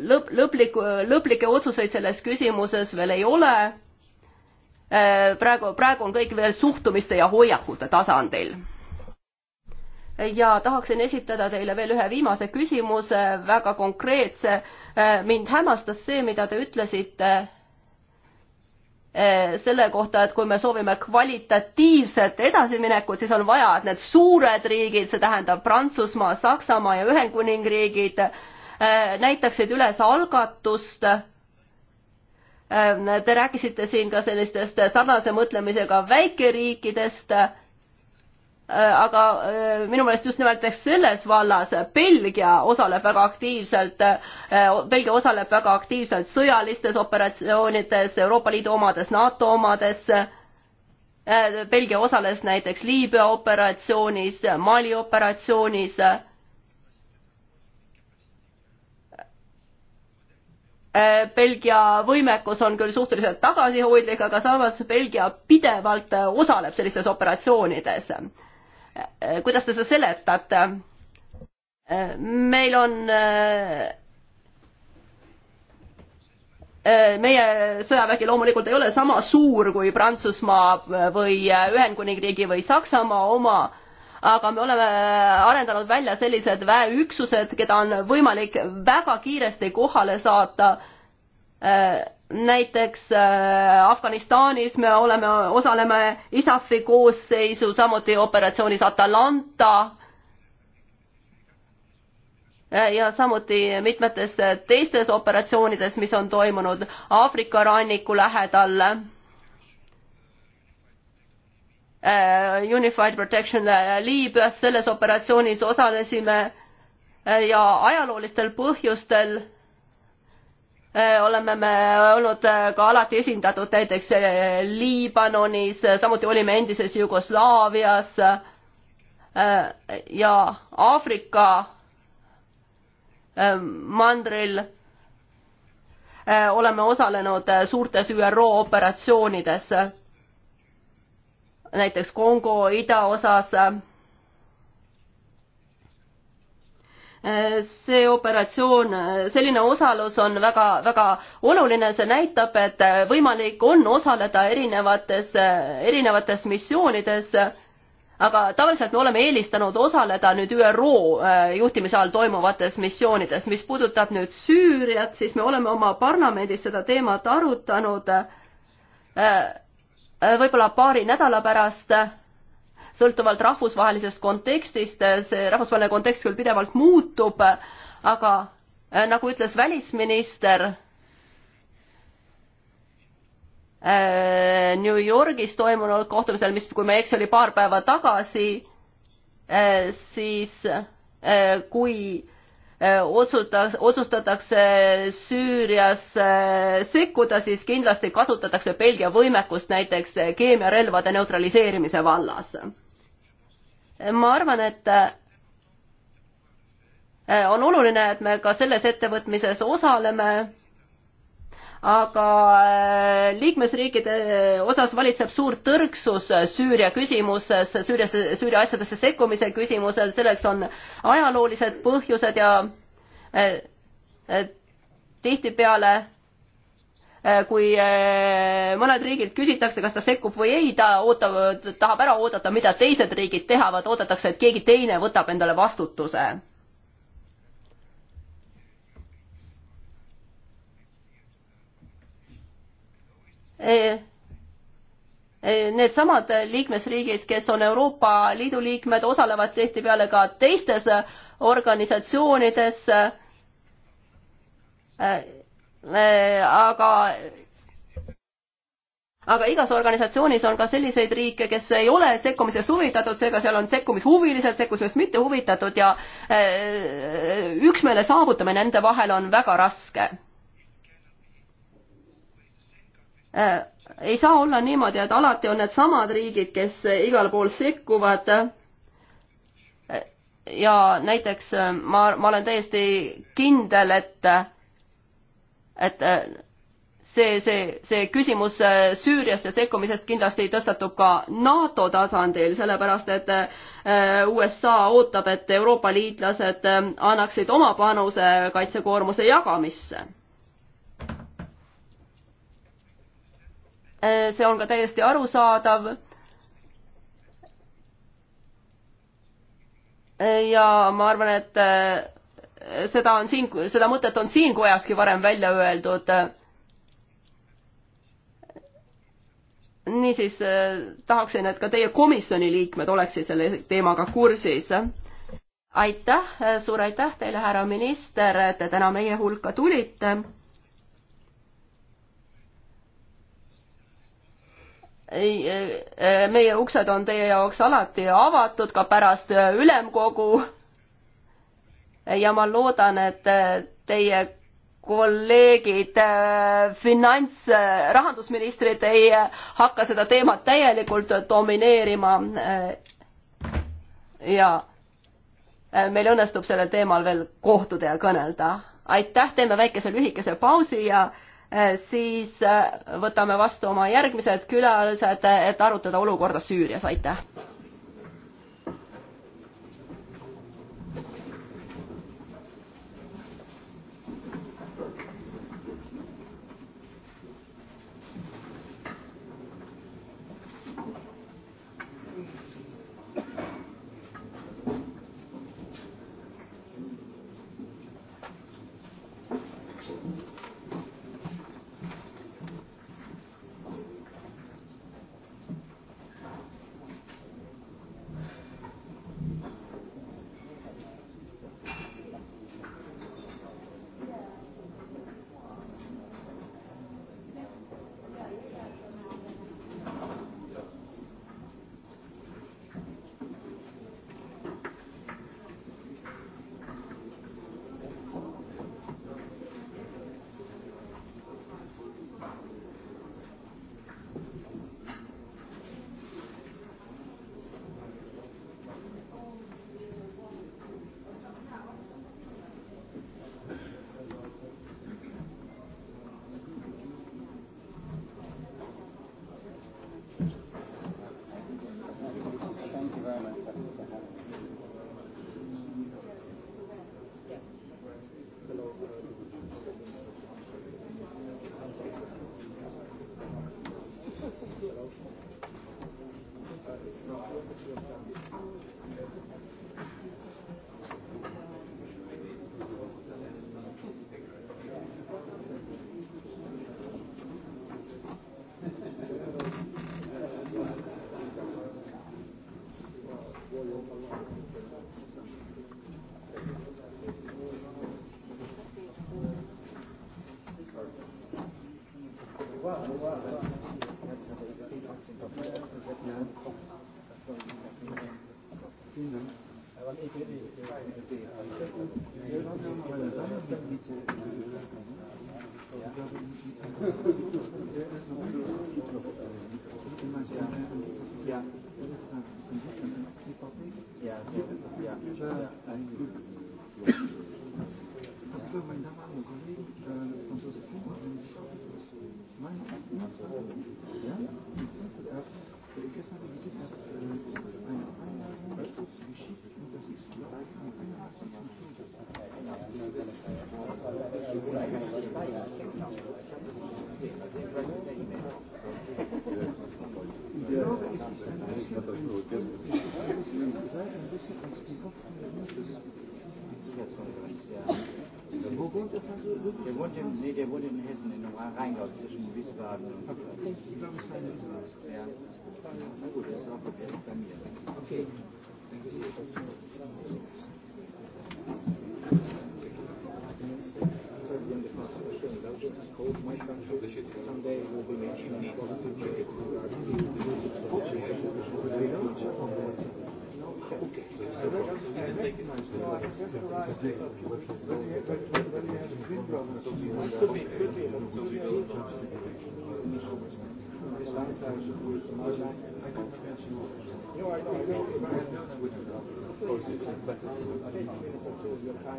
S4: lõp-, lõpliku, lõplikke otsuseid selles küsimuses veel ei ole. praegu, praegu on kõik veel suhtumiste ja hoiakute tasandil ja tahaksin esitada teile veel ühe viimase küsimuse, väga konkreetse. mind hämmastas see, mida te ütlesite eh, selle kohta, et kui me soovime kvalitatiivset edasiminekut, siis on vaja, et need suured riigid, see tähendab Prantsusmaa, Saksamaa ja Ühendkuningriigid, eh, näitaksid üles algatust eh, Te rääkisite siin ka sellistest sarnase mõtlemisega väikeriikidest Äh, aga äh, minu meelest just nimelt selles vallas Belgia osaleb väga aktiivselt, äh, Belgia osaleb väga aktiivselt sõjalistes operatsioonides, Euroopa Liidu omades, NATO omades. Belgia osales näiteks Liibüa operatsioonis, Mali operatsioonis. Belgia võimekus on küll suhteliselt tagasihoidlik, aga samas Belgia pidevalt osaleb sellistes operatsioonides Äh, kuidas te seda seletate? Äh, meil on äh, meie sõjavägi loomulikult ei ole sama suur kui Prantsusmaa või Ühendkuningriigi või Saksamaa oma, aga me oleme arendanud välja sellised väeüksused, keda on võimalik väga kiiresti kohale saata näiteks äh, Afganistanis me oleme, osaleme ISAF-i koosseisu, samuti operatsioonis Atalanta äh, ja samuti mitmetes teistes operatsioonides, mis on toimunud Aafrika ranniku lähedal. Äh, Unified Protection Liibüas, selles operatsioonis osalesime ja ajaloolistel põhjustel Äh, oleme me olnud äh, ka alati esindatud näiteks äh, Liibanonis, samuti olime endises Jugoslaavias ja Aafrika mandril oleme osalenud suurtes ÜRO operatsioonides, näiteks Kongo idaosas see operatsioon, selline osalus on väga, väga oluline, see näitab, et võimalik on osaleda erinevates, erinevates missioonides, aga tavaliselt me oleme eelistanud osaleda nüüd ÜRO äh, juhtimise all toimuvates missioonides. mis puudutab nüüd Süüriat, siis me oleme oma parlamendis seda teemat arutanud äh, äh, võib-olla paari nädala pärast sõltuvalt rahvusvahelisest kontekstist, see rahvusvaheline kontekst küll pidevalt muutub, aga äh, nagu ütles välisminister, äh, New Yorgis toimunud kohtumisel, mis, kui ma ei eksi, oli paar päeva tagasi, äh, siis kui otsutas, otsustatakse Süürias sekkuda, siis kindlasti kasutatakse Belgia võimekust näiteks keemiarelvade neutraliseerimise vallas ma arvan, et äh, on oluline, et me ka selles ettevõtmises osaleme, aga äh, liikmesriikide osas valitseb suur tõrksus Süüria küsimuses, Süürias, Süüria asjadesse sekkumise küsimusel, selleks on ajaloolised põhjused ja äh, tihtipeale Äh, kui äh, mõnelt riigilt küsitakse, kas ta sekkub või ei, ta ootab, tahab ära oodata, mida teised riigid tehavad, oodatakse, et keegi teine võtab endale vastutuse. E, e, Needsamad liikmesriigid, kes on Euroopa Liidu liikmed, osalevad tihtipeale ka teistes organisatsioonides e, Äh, aga aga igas organisatsioonis on ka selliseid riike, kes ei ole sekkumisest huvitatud, seega seal on sekkumishuvilised, sekkumisest mitte huvitatud ja äh, üksmeele saavutamine nende vahel on väga raske. Äh, ei saa olla niimoodi, et alati on needsamad riigid, kes igal pool sekkuvad ja näiteks ma, ma olen täiesti kindel, et et äh, see, see, see küsimus äh, Süüriasse sekkumisest kindlasti tõstatub ka NATO tasandil, sellepärast et äh, USA ootab, et Euroopa liitlased annaksid oma panuse kaitsekoormuse jagamisse see on ka täiesti arusaadav. ja ma arvan, et seda on siin, seda mõtet on siin kojaski varem välja öeldud. niisiis tahaksin, et ka teie komisjoni liikmed oleksid selle teemaga kursis. aitäh, suur aitäh teile, härra minister, et te täna meie hulka tulite. meie uksed on teie jaoks alati avatud ka pärast ülemkogu ja ma loodan, et äh, teie kolleegid, äh, finants, äh, rahandusministrid ei hakka seda teemat täielikult domineerima. ja meil õnnestub sellel teemal veel kohtuda ja kõnelda. aitäh, teeme väikese lühikese pausi ja siis võtame vastu oma järgmised külalised, et arutada olukorda Süürias, aitäh!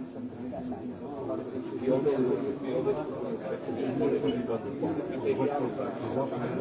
S1: The other, the other,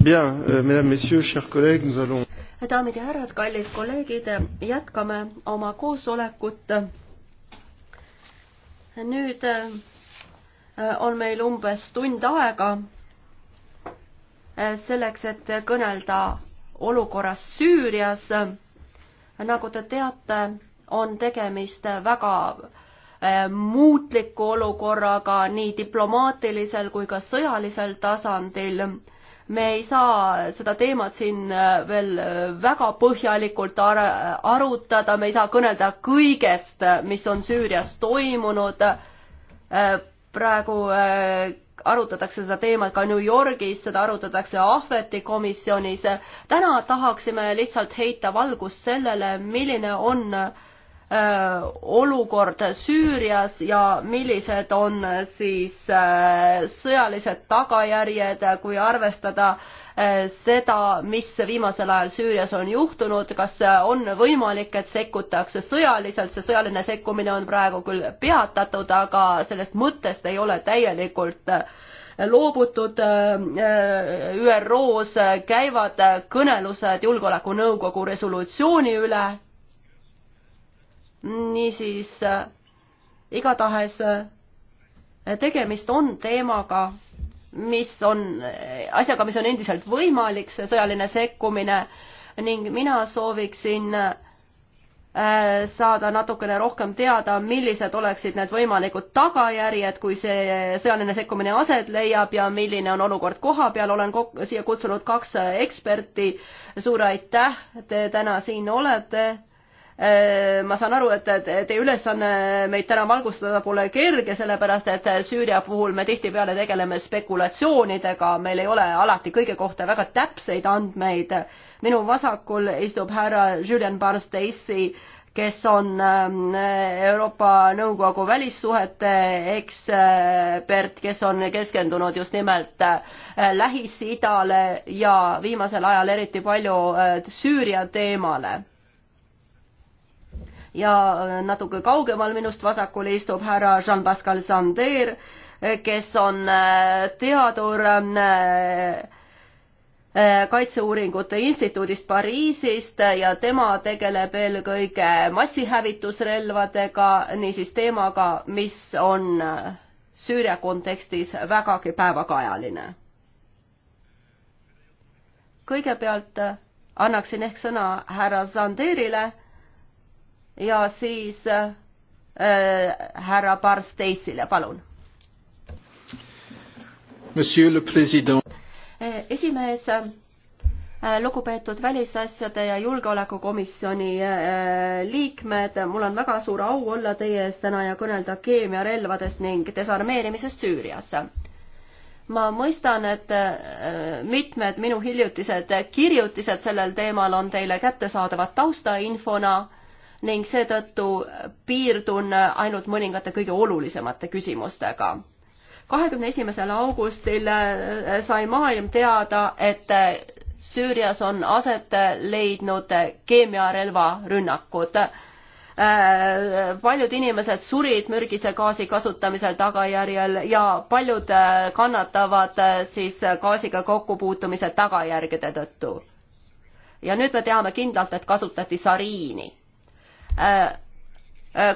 S1: Bien, euh, mesdames, messieurs, chers collègues, nous allons...
S4: daamid ja härrad, kallid kolleegid, jätkame oma koosolekut. nüüd äh, on meil umbes tund aega äh, selleks, et kõnelda olukorrast Süürias. nagu te teate, on tegemist väga äh, muutliku olukorraga nii diplomaatilisel kui ka sõjalisel tasandil me ei saa seda teemat siin äh, veel äh, väga põhjalikult ar arutada, me ei saa kõnelda kõigest, äh, mis on Süürias toimunud. praegu arutatakse seda teemat ka New Yorgis, seda arutatakse Ahveti komisjonis. täna tahaksime lihtsalt heita valgust sellele, milline on äh, Äh, olukord Süürias ja millised on siis äh, sõjalised tagajärjed, kui arvestada äh, seda, mis viimasel ajal Süürias on juhtunud, kas on võimalik, et sekkutakse sõjaliselt, see sõjaline sekkumine on praegu küll peatatud, aga sellest mõttest ei ole täielikult loobutud. ÜRO-s käivad kõnelused Julgeolekunõukogu resolutsiooni üle niisiis igatahes eh, tegemist on teemaga, mis on, asjaga, mis on endiselt võimalik, see sõjaline sekkumine ning mina sooviksin eh, saada natukene rohkem teada, millised oleksid need võimalikud tagajärjed, kui see sõjaline sekkumine aset leiab ja milline on olukord kohapeal, olen siia kutsunud kaks eksperti, suur aitäh, te täna siin olete Äh, ma saan aru, et teie ülesanne meid täna valgustada pole kerge, sellepärast et Süüria puhul me tihtipeale tegeleme spekulatsioonidega, meil ei ole alati kõige kohta väga täpseid andmeid. minu vasakul istub härra Julian Barstacey, kes on ähm, Euroopa Nõukogu välissuhete ekspert, kes on keskendunud just nimelt äh, Lähis-Idale ja viimasel ajal eriti palju äh, Süüria teemale ja äh, natuke kaugemal minust vasakul istub härra Jean-Pascal Sander, kes on äh, teadur äh, kaitseuuringute instituudist Pariisist ja tema tegeleb eelkõige massihävitusrelvadega, niisiis teemaga, mis on Süüria kontekstis vägagi päevakajaline. kõigepealt annaksin ehk sõna härra Sanderile ja siis äh, härra Pars teisile, palun. Äh, esimees äh, lugupeetud välisasjade ja julgeolekukomisjoni äh, liikmed, mul on väga suur au olla teie ees täna ja kõnelda keemiarelvadest ning desarmeerimisest Süürias. ma mõistan, et mitmed minu hiljutised kirjutised sellel teemal on teile kättesaadavad taustainfona ning seetõttu piirdun ainult mõningate kõige olulisemate küsimustega. kahekümne esimesel augustil äh, sai maailm teada, et äh, Süürias on aset leidnud keemiarelvarünnakud äh, paljud inimesed surid mürgise gaasi kasutamisel tagajärjel ja paljud kannatavad siis gaasiga kokkupuutumise tagajärgede tõttu. ja nüüd me teame kindlalt, et kasutati sariini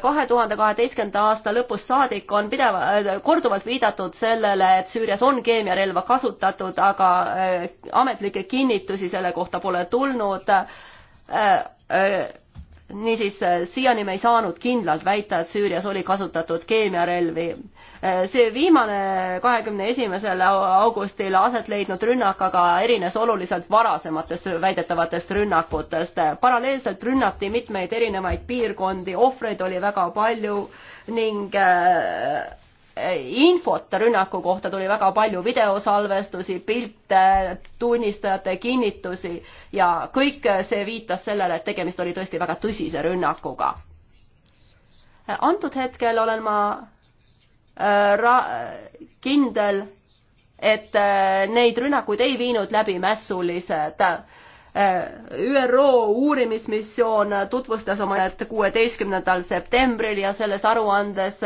S4: kahe tuhande kaheteistkümnenda aasta lõpust saadik on pideva, korduvalt viidatud sellele, et Süürias on keemiarelva kasutatud, aga äh, ametlikke kinnitusi selle kohta pole tulnud. Äh, äh, niisiis, siiani me ei saanud kindlalt väita, et Süürias oli kasutatud keemiarelvi see viimane kahekümne esimesel augustil aset leidnud rünnak aga erines oluliselt varasematest väidetavatest rünnakutest. paralleelselt rünnati mitmeid erinevaid piirkondi, ohvreid oli väga palju ning äh, infot rünnaku kohta tuli väga palju videosalvestusi, pilte, tunnistajate kinnitusi ja kõik see viitas sellele, et tegemist oli tõesti väga tõsise rünnakuga. antud hetkel olen ma Äh, ra-, kindel, et äh, neid rünnakuid ei viinud läbi mässulised. Äh, ÜRO uurimismissioon tutvustas oma jätt kuueteistkümnendal septembril ja selles aruandes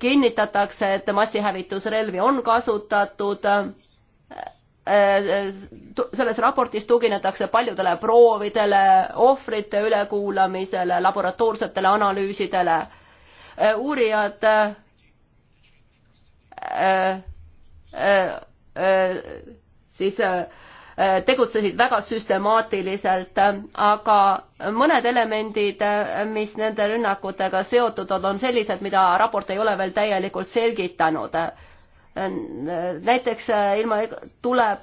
S4: kinnitatakse, et massihävitusrelvi on kasutatud. selles raportis tuginetakse paljudele proovidele, ohvrite ülekuulamisele, laboratoorsetele analüüsidele Äh, uurijad äh, äh, siis tegutsesid väga süstemaatiliselt, aga mõned elemendid, mis nende rünnakutega seotud on, on sellised, mida raport ei ole veel täielikult selgitanud. näiteks ilma, tuleb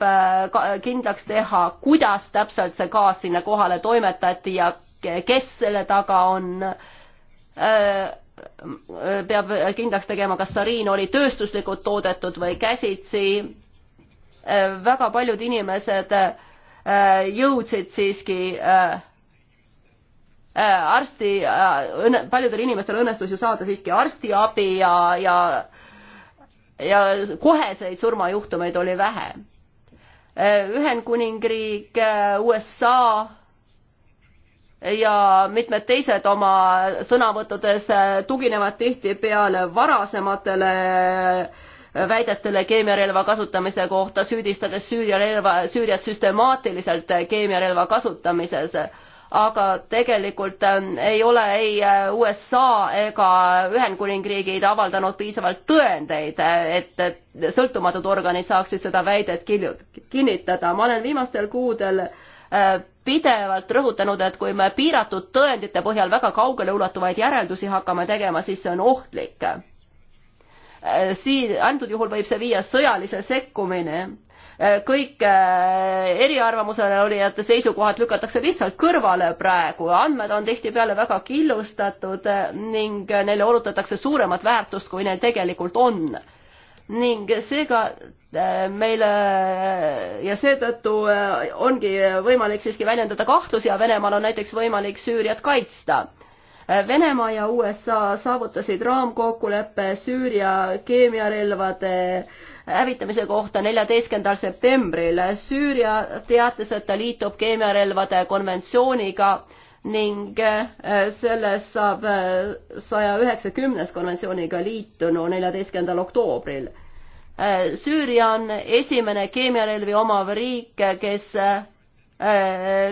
S4: kindlaks teha, kuidas täpselt see gaas sinna kohale toimetati ja kes selle taga on peab kindlaks tegema, kas sariin oli tööstuslikult toodetud või käsitsi. väga paljud inimesed äh, jõudsid siiski äh, äh, arsti, paljudel inimestel õnnestus ju saada siiski arstiabi ja, ja, ja koheseid surmajuhtumeid oli vähe. Ühendkuningriik, USA ja mitmed teised oma sõnavõttudes äh, tuginevad tihtipeale varasematele äh, väidetele keemiarelva kasutamise kohta, süüdistades Süüria relva, Süüriat süstemaatiliselt äh, keemiarelva kasutamises. aga tegelikult ei ole ei USA ega Ühendkuningriigid avaldanud piisavalt tõendeid, et sõltumatud organid saaksid seda väidet kinnitada. ma olen viimastel kuudel äh, Äh, pidevalt rõhutanud, et kui me piiratud tõendite põhjal väga kaugeleulatuvaid järeldusi hakkame tegema, siis see on ohtlik. Äh, siin, antud juhul võib see viia sõjalise sekkumine. Äh, kõik eriarvamusel olijate seisukohad lükatakse lihtsalt kõrvale praegu, andmed on tihtipeale väga killustatud ning neile olutatakse suuremat väärtust, kui neil tegelikult on ning seega äh, meile ja seetõttu äh, ongi võimalik siiski väljendada kahtlusi ja Venemaal on näiteks võimalik Süüriat kaitsta. Äh, Venemaa ja USA saavutasid raamkokkuleppe Süüria keemiarelvade hävitamise kohta neljateistkümnendal septembril. Süüria teatas, et ta liitub keemiarelvade konventsiooniga ning äh, sellest saab äh, saja üheksakümnes konventsiooniga liitunu neljateistkümnendal oktoobril. Äh, Süüria on esimene keemiarelvi omav riik, kes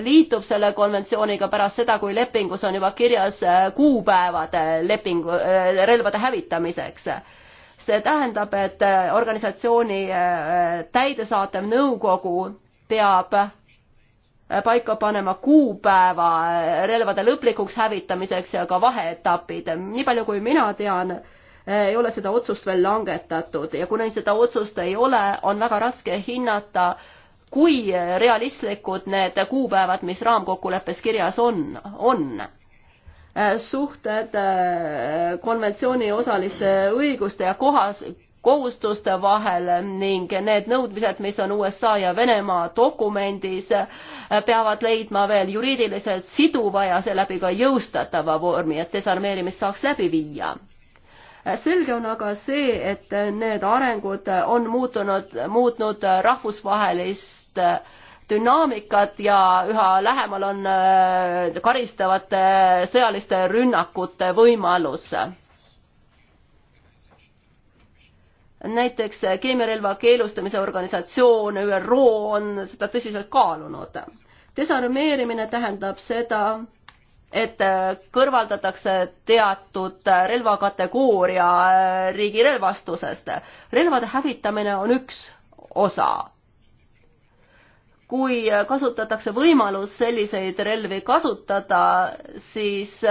S4: liitub selle konventsiooniga pärast seda, kui lepingus on juba kirjas kuupäevad lepingu, relvade hävitamiseks see tähendab, et organisatsiooni täidesaatev nõukogu peab Äh, paika panema kuupäeva äh, relvade lõplikuks hävitamiseks ja ka vaheetapid. nii palju, kui mina tean, äh, ei ole seda otsust veel langetatud ja kuna seda otsust ei ole, on väga raske hinnata, kui realistlikud need kuupäevad, mis raamkokkuleppes kirjas on, on. suhted konventsiooni osaliste õiguste ja kohas, kohustuste vahel ning need nõudmised, mis on USA ja Venemaa dokumendis, äh, peavad leidma veel juriidiliselt siduva ja seeläbi ka jõustatava vormi, et desarmeerimist saaks läbi viia äh, selge on aga see, et need arengud on muutunud, muutnud rahvusvahelist äh, dünaamikat ja üha lähemal on karistavate sõjaliste rünnakute võimalus näiteks keemiarelva keelustamise organisatsioon ÜRO on seda tõsiselt kaalunud. desarmeerimine tähendab seda, et kõrvaldatakse teatud relvakategooria riigi relvastusest. relvade hävitamine on üks osa. kui kasutatakse võimalus selliseid relvi kasutada, siis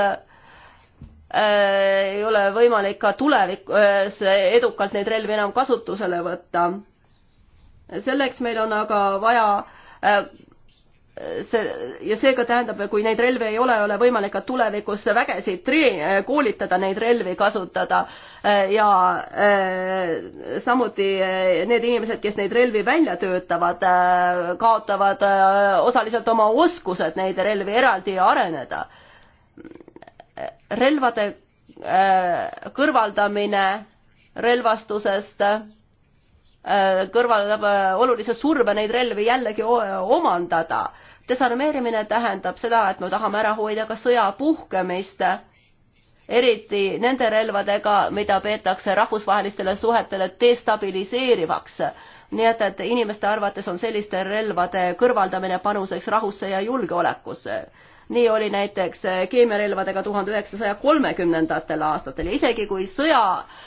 S4: Äh, ei ole võimalik ka tulevikus äh, edukalt neid relvi enam kasutusele võtta. selleks meil on aga vaja äh, see ja seega tähendab, kui neid relvi ei ole, ei ole võimalik ka tulevikus vägesid treen-, koolitada, neid relvi kasutada ja samuti need inimesed, kes neid relvi välja töötavad, kaotavad osaliselt oma oskused neid relvi eraldi areneda relvade äh, kõrvaldamine relvastusest äh, kõrvaldab äh, olulise surve neid relvi jällegi omandada. desarmeerimine tähendab seda, et me tahame ära hoida ka sõja puhkemist, eriti nende relvadega, mida peetakse rahvusvahelistele suhetele destabiliseerivaks. nii et, et inimeste arvates on selliste relvade kõrvaldamine panuseks rahusse ja julgeolekusse nii oli näiteks eh, keemiarelvadega tuhande üheksasaja kolmekümnendatel aastatel ja isegi kui sõja,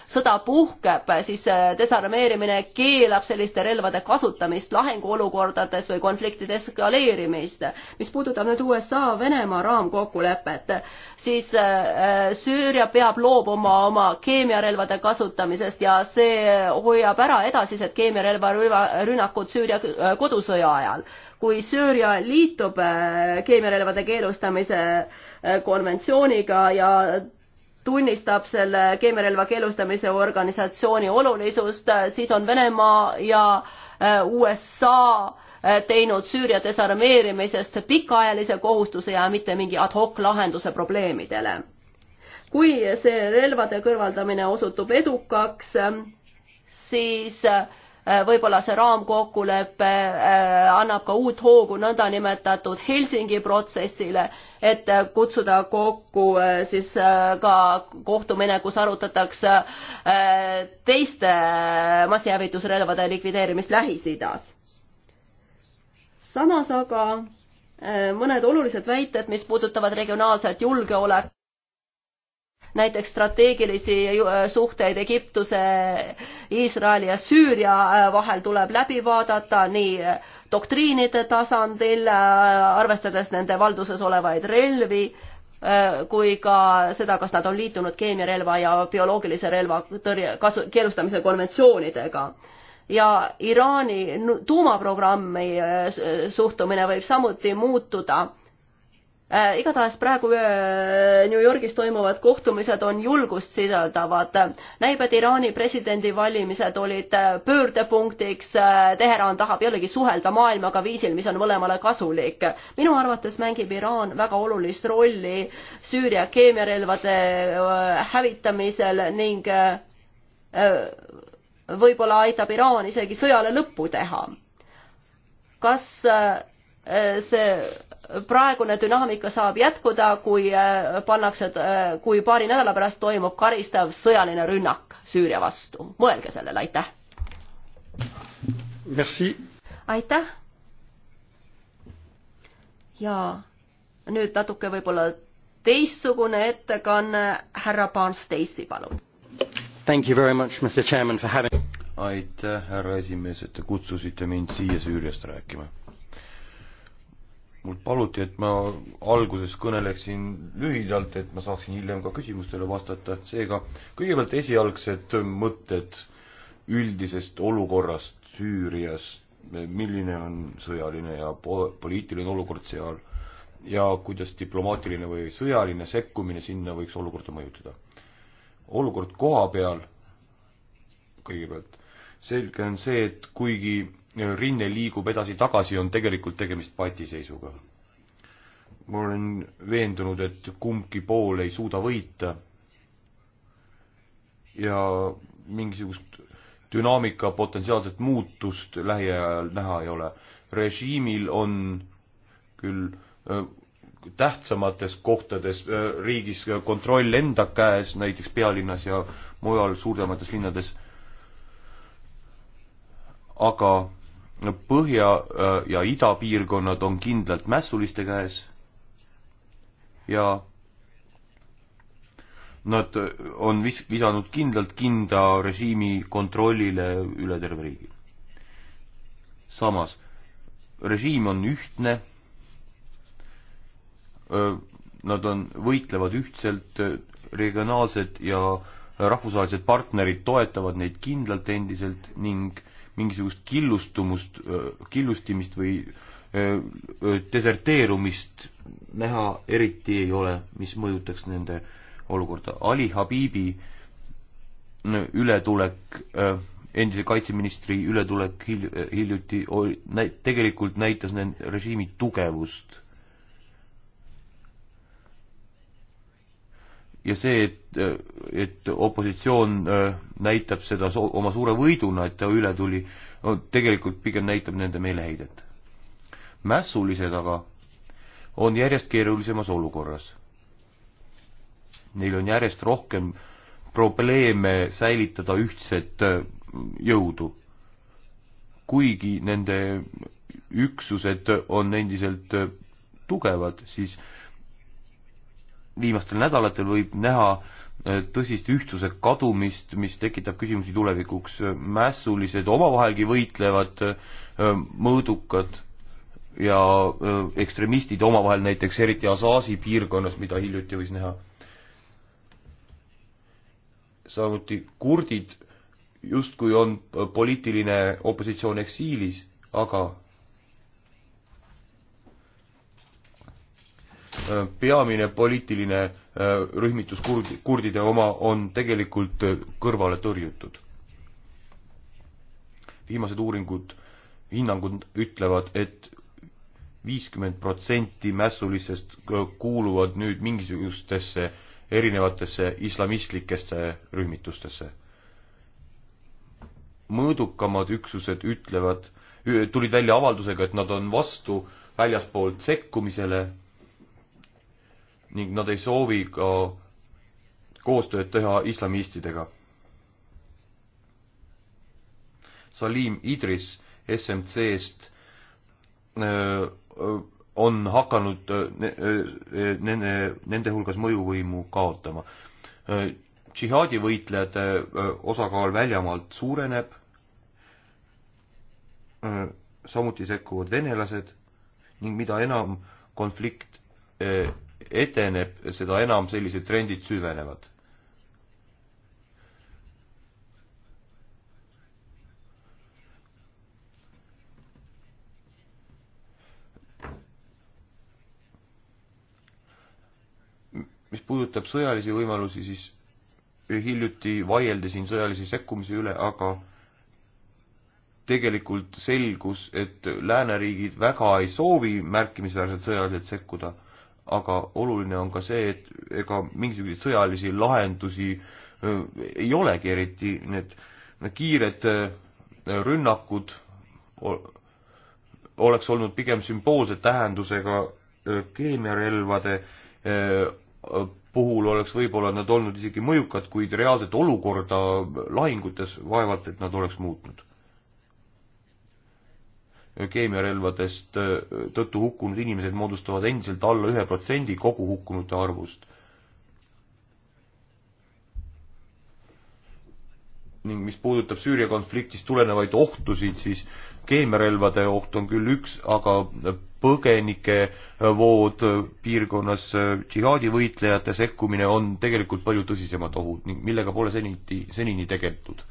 S4: sõda puhkeb, siis eh, desarmeerimine keelab selliste relvade kasutamist lahinguolukordades või konfliktide eskaleerimist. mis puudutab nüüd USA-Venemaa raamkokkulepet, siis eh, Süüria peab loobuma oma keemiarelvade kasutamisest ja see hoiab ära edasised keemiarelvarünnakud Süüria kodusõja ajal kui Süüria liitub äh, keemiarelvade keelustamise äh, konventsiooniga ja tunnistab selle keemiarelva keelustamise organisatsiooni olulisust, äh, siis on Venemaa ja USA teinud Süüria desarmeerimisest pikaajalise kohustuse ja mitte mingi ad hoc lahenduse probleemidele. kui see relvade kõrvaldamine osutub edukaks, siis äh, Äh, võib-olla see raamkokkulepe äh, annab ka uut hoogu nõndanimetatud Helsingi protsessile, et kutsuda kokku äh, siis ka kohtumine, kus arutatakse teiste massihävitusrelvade likvideerimist Lähis-Idas. samas aga mõned olulised väited, mis puudutavad regionaalset julgeolekut näiteks strateegilisi äh, suhteid Egiptuse, Iisraeli ja Süüria äh, vahel tuleb läbi vaadata nii äh, doktriinide tasandil, arvestades nende valduses olevaid relvi, kui ka seda, kas nad on liitunud keemiarelva ja bioloogilise relva tõrje, kasu, keelustamise konventsioonidega. ja Iraani tuumaprogrammi suhtumine võib samuti muutuda Äh, igatahes praegu äh, New Yorgis toimuvad kohtumised on julgust sisaldavad. näib, et Iraani presidendivalimised olid äh, pöördepunktiks. Teheran tahab jällegi suhelda maailmaga viisil, mis on mõlemale kasulik. minu arvates mängib Iraan väga olulist rolli Süüria keemiarelvade hävitamisel ning võib-olla aitab Iraan isegi sõjale lõppu teha. kas see praegune dünaamika saab jätkuda, kui äh, pannakse, äh, kui paari nädala pärast toimub karistav sõjaline rünnak Süüria vastu. mõelge sellele, aitäh! aitäh! ja nüüd natuke võib-olla teistsugune ettekanne, härra Barnes Stacy, palun.
S3: aitäh, härra esimees, et te kutsusite mind siia Süüriast rääkima mul paluti, et ma alguses kõneleksin lühidalt, et ma saaksin hiljem ka küsimustele vastata, seega kõigepealt esialgsed mõtted üldisest olukorrast Süürias, milline on sõjaline ja po-, poliitiline olukord seal ja kuidas diplomaatiline või sõjaline sekkumine sinna võiks olukorda mõjutada. olukord koha peal kõigepealt, selge on see, et kuigi rinne liigub edasi-tagasi, on tegelikult tegemist patiseisuga. ma olen veendunud, et kumbki pool ei suuda võita ja mingisugust dünaamika potentsiaalset muutust lähiajal näha ei ole. režiimil on küll tähtsamates kohtades riigis kontroll enda käes, näiteks pealinnas ja mujal suuremates linnades, aga no põhja äh, ja idapiirkonnad on kindlalt mässuliste käes ja nad on vis-, visanud kindlalt kinda režiimi kontrollile üle terve riigi. samas, režiim on ühtne, nad on, võitlevad ühtselt, regionaalsed ja rahvusvahelised partnerid toetavad neid kindlalt endiselt ning mingisugust killustumust, killustimist või deserteerumist näha eriti ei ole, mis mõjutaks nende olukorda. Ali Habibi ületulek, endise kaitseministri ületulek hil-, hiljuti oli, tegelikult näitas nende režiimi tugevust ja see, et, et opositsioon äh, näitab seda so oma suure võiduna, et ta üle tuli, no tegelikult pigem näitab nende meeleheidet. mässulised aga on järjest keerulisemas olukorras. Neil on järjest rohkem probleeme säilitada ühtset äh, jõudu. kuigi nende üksused on endiselt äh, tugevad, siis äh, viimastel nädalatel võib näha äh, tõsist ühtsuse kadumist, mis tekitab küsimusi tulevikuks. mässulised omavahelgi võitlevad, äh, mõõdukad ja äh, ekstremistid omavahel näiteks, eriti Asasi piirkonnas, mida hiljuti võis näha. samuti kurdid justkui on poliitiline opositsioon eksiilis, aga peamine poliitiline äh, rühmitus kurdi, kurdide oma on tegelikult kõrvale tõrjutud. viimased uuringud, hinnangud ütlevad et, et viiskümmend protsenti mässulistest kuuluvad nüüd mingisugustesse erinevatesse islamistlikesse rühmitustesse. mõõdukamad üksused ütlevad, tulid välja avaldusega, et nad on vastu väljaspoolt sekkumisele ning nad ei soovi ka koostööd teha islamistidega. Salim Idris SMC-st äh, äh, on hakanud äh, nende, nende hulgas mõjuvõimu kaotama. džihaadivõitlejate osakaal väljamaalt suureneb, samuti sekkuvad venelased ning mida enam konflikt edeneb, seda enam sellised trendid süvenevad. mis puudutab sõjalisi võimalusi, siis hiljuti vaieldi siin sõjalise sekkumise üle, aga tegelikult selgus, et lääneriigid väga ei soovi märkimisväärselt sõjaliselt sekkuda aga oluline on ka see, et ega mingisuguseid sõjalisi lahendusi öö, ei olegi, eriti need, need kiired öö, rünnakud o, oleks olnud pigem sümboolse tähendusega keemiarelvade puhul oleks võib-olla nad olnud isegi mõjukad, kuid reaalset olukorda lahingutes vaevalt, et nad oleks muutnud keemiarelvadest tõttu hukkunud inimesed moodustavad endiselt alla ühe protsendi kogu hukkunute arvust. ning mis puudutab Süüria konfliktist tulenevaid ohtusid, siis keemiarelvade oht on küll üks, aga põgenikevood piirkonnas, džihaadivõitlejate sekkumine on tegelikult palju tõsisemad ohud ning millega pole seniti, senini tegeletud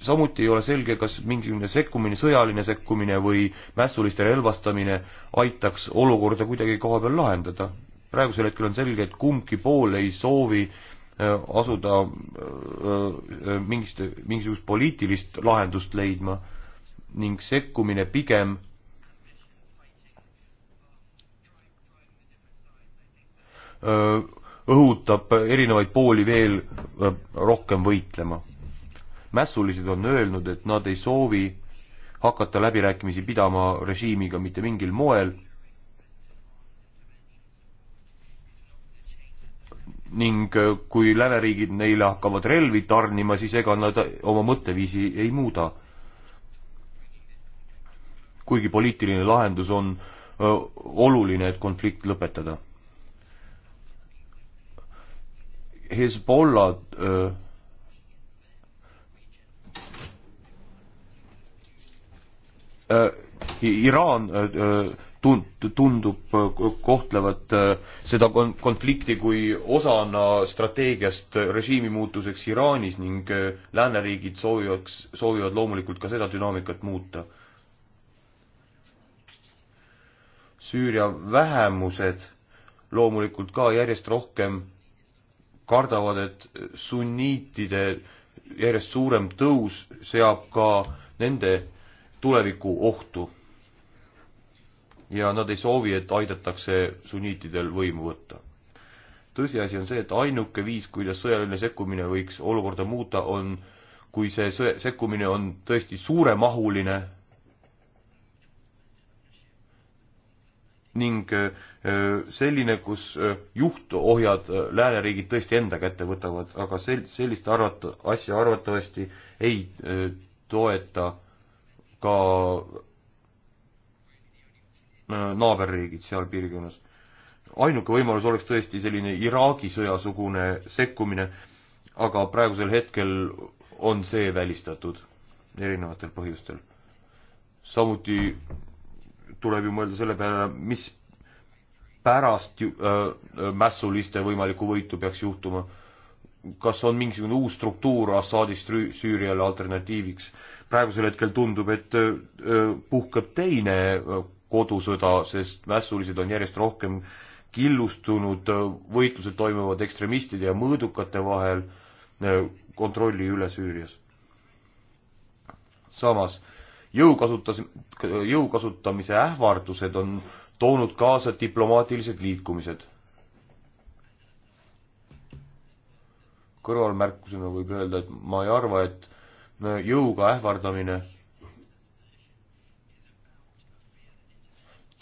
S3: samuti ei ole selge, kas mingisugune sekkumine, sõjaline sekkumine või mässuliste relvastamine aitaks olukorda kuidagi koha peal lahendada. praegusel hetkel on selge, et kumbki pool ei soovi äh, asuda äh, äh, mingist, mingisugust poliitilist lahendust leidma ning sekkumine pigem õhutab erinevaid pooli veel rohkem võitlema mässulised on öelnud, et nad ei soovi hakata läbirääkimisi pidama režiimiga mitte mingil moel ning äh, kui lääneriigid neile hakkavad relvi tarnima, siis ega nad oma mõtteviisi ei muuda. kuigi poliitiline lahendus on öö, äh, oluline, et konflikt lõpetada. Hezbollah äh, Äh, Iraan äh, äh, tund-, tundub kohtlevat seda kon-, konflikti kui osana strateegiast režiimi muutuseks Iraanis ning lääneriigid soovivaks, soovivad loomulikult ka seda dünaamikat muuta. Süüria vähemused loomulikult ka järjest rohkem kardavad, et sunniitide järjest suurem tõus seab ka nende tulevikuohtu. ja nad ei soovi, et aidatakse sunniitidel võimu võtta. tõsiasi on see, et ainuke viis, kuidas sõjaline sekkumine võiks olukorda muuta, on kui see sõja, sekkumine on tõesti suuremahuline ning äh, selline, kus äh, juhtohjad äh, lääneriigid tõesti enda kätte võtavad, aga sel-, sellist arvat-, asja arvatavasti ei toeta ka äh, naaberriigid seal piirkonnas. ainuke võimalus oleks tõesti selline Iraagi sõjasugune sekkumine, aga praegusel hetkel on see välistatud erinevatel põhjustel. samuti tuleb ju mõelda selle peale, mis pärast ju, äh, äh mässuliste võimalikku võitu peaks juhtuma äh, kas on mingisugune uus struktuur Assadist Süüriale alternatiiviks? praegusel hetkel tundub, et puhkeb teine kodusõda, sest mässulised on järjest rohkem killustunud, võitlused toimuvad ekstremistide ja mõõdukate vahel kontrolli üle Süürias. samas jõu kasutas, jõu kasutamise ähvardused on toonud kaasa diplomaatilised liikumised kõrvalmärkusena võib öelda, et ma ei arva, et jõuga ähvardamine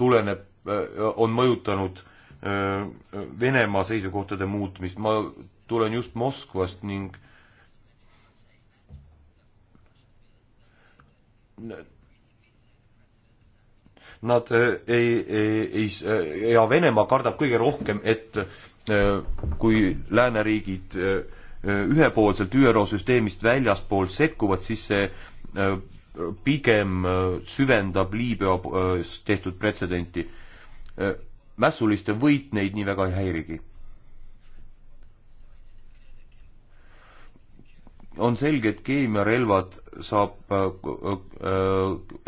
S3: tuleneb, on mõjutanud Venemaa seisukohtade muutmist. ma tulen just Moskvast ning Nad ei, ei, ei ja Venemaa kardab kõige rohkem, et kui lääneriigid ühepoolselt ÜRO süsteemist väljaspool sekkuvad, siis see äh, pigem äh, süvendab Liibüas äh, tehtud pretsedenti. mässuliste võit neid nii väga ei häirigi. on selge, et keemiarelvad saab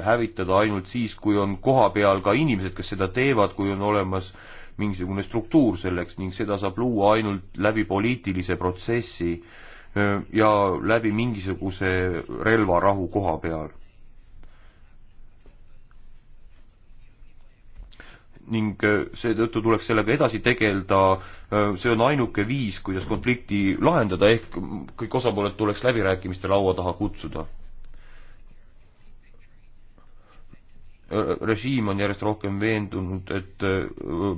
S3: hävitada ainult siis, kui on kohapeal ka inimesed, kes seda teevad, kui on olemas äh, mingisugune struktuur selleks ning seda saab luua ainult läbi poliitilise protsessi ja läbi mingisuguse relvarahu koha peal. ning seetõttu tuleks sellega edasi tegeleda, see on ainuke viis, kuidas konflikti lahendada, ehk kõik osapooled tuleks läbirääkimiste laua taha kutsuda režiim on järjest rohkem veendunud, et äh,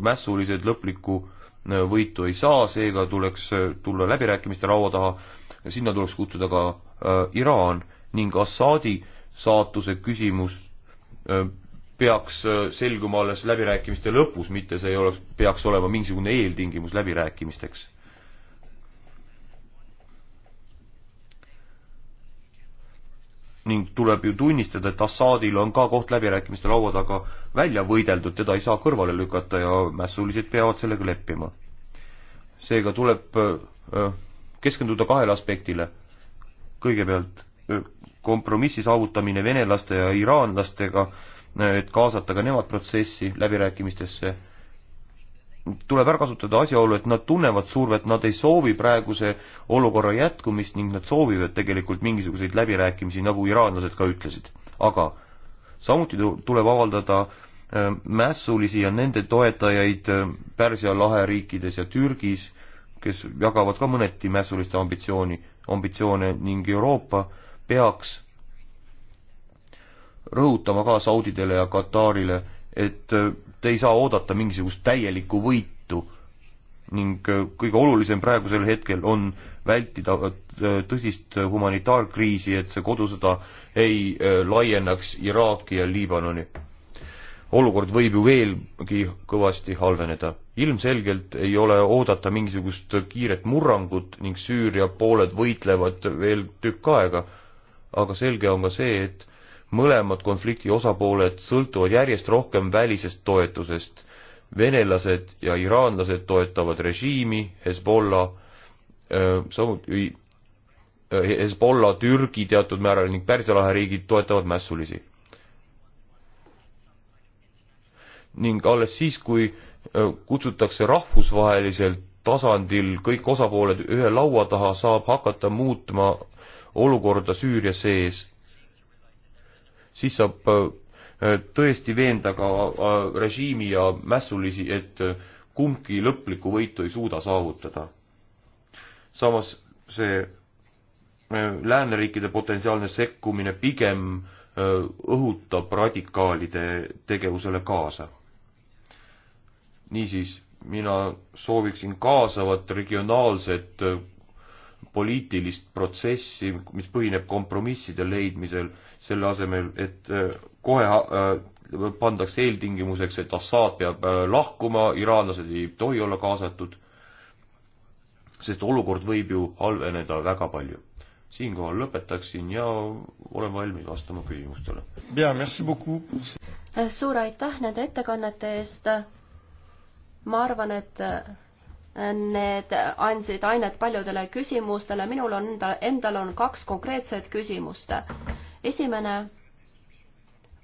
S3: mässulised lõplikku äh, võitu ei saa, seega tuleks äh, tulla läbirääkimiste laua taha, sinna tuleks kutsuda ka Iraan ning Assaadi saatuse küsimus peaks selguma alles läbirääkimiste lõpus, mitte see ei oleks, peaks olema mingisugune eeltingimus läbirääkimisteks ning tuleb ju tunnistada, et Assadil on ka koht läbirääkimiste laua taga välja võideldud, teda ei saa kõrvale lükata ja mässulised peavad sellega leppima. seega tuleb äh, äh, keskenduda kahele aspektile. kõigepealt äh, kompromissi saavutamine venelaste ja iraanlastega, et kaasata ka nemad protsessi läbirääkimistesse tuleb ära kasutada asjaolu, et nad tunnevad survet, nad ei soovi praeguse olukorra jätkumist ning nad soovivad tegelikult mingisuguseid läbirääkimisi, nagu iraanlased ka ütlesid. aga samuti tuleb avaldada äh, mässulisi ja nende toetajaid äh, Pärsia lahe riikides ja Türgis, kes jagavad ka mõneti mässuliste ambitsiooni, ambitsioone ning Euroopa peaks rõhutama ka Saudidele ja Katarile et äh, te ei saa oodata mingisugust täielikku võitu ning äh, kõige olulisem praegusel hetkel on vältida äh, tõsist humanitaarkriisi, et see kodusõda ei laieneks Iraaki ja Liibanoni. olukord võib ju veelgi kõvasti halveneda. ilmselgelt ei ole oodata mingisugust kiiret murrangut ning Süüria pooled võitlevad veel tükk aega, aga selge on ka see, et mõlemad konflikti osapooled sõltuvad järjest rohkem välisest toetusest. venelased ja iraanlased toetavad režiimi, Hezbollah, samuti Hezbollah, Türgi teatud määral ning Pärsia lahe riigid toetavad mässulisi. ning alles siis, kui kutsutakse rahvusvahelisel tasandil kõik osapooled ühe laua taha, saab hakata muutma olukorda Süüria sees siis saab äh, äh, tõesti veenda ka äh, režiimi ja mässulisi, et kumbki lõplikku võitu ei suuda saavutada. samas see lääneriikide potentsiaalne sekkumine pigem õhutab radikaalide tegevusele kaasa. niisiis, mina sooviksin kaasavat regionaalset poliitilist protsessi, mis põhineb kompromisside leidmisel, selle asemel, et äh, kohe äh, pandakse eeltingimuseks, et Assad peab äh, lahkuma, iraanlased ei tohi olla kaasatud, sest olukord võib ju halveneda väga palju. siinkohal lõpetaksin ja olen valmis vastama küsimustele.
S4: suur aitäh nende ettekannete eest, ma arvan, et Need andsid ainet paljudele küsimustele. minul on enda, endal on kaks konkreetset küsimust. esimene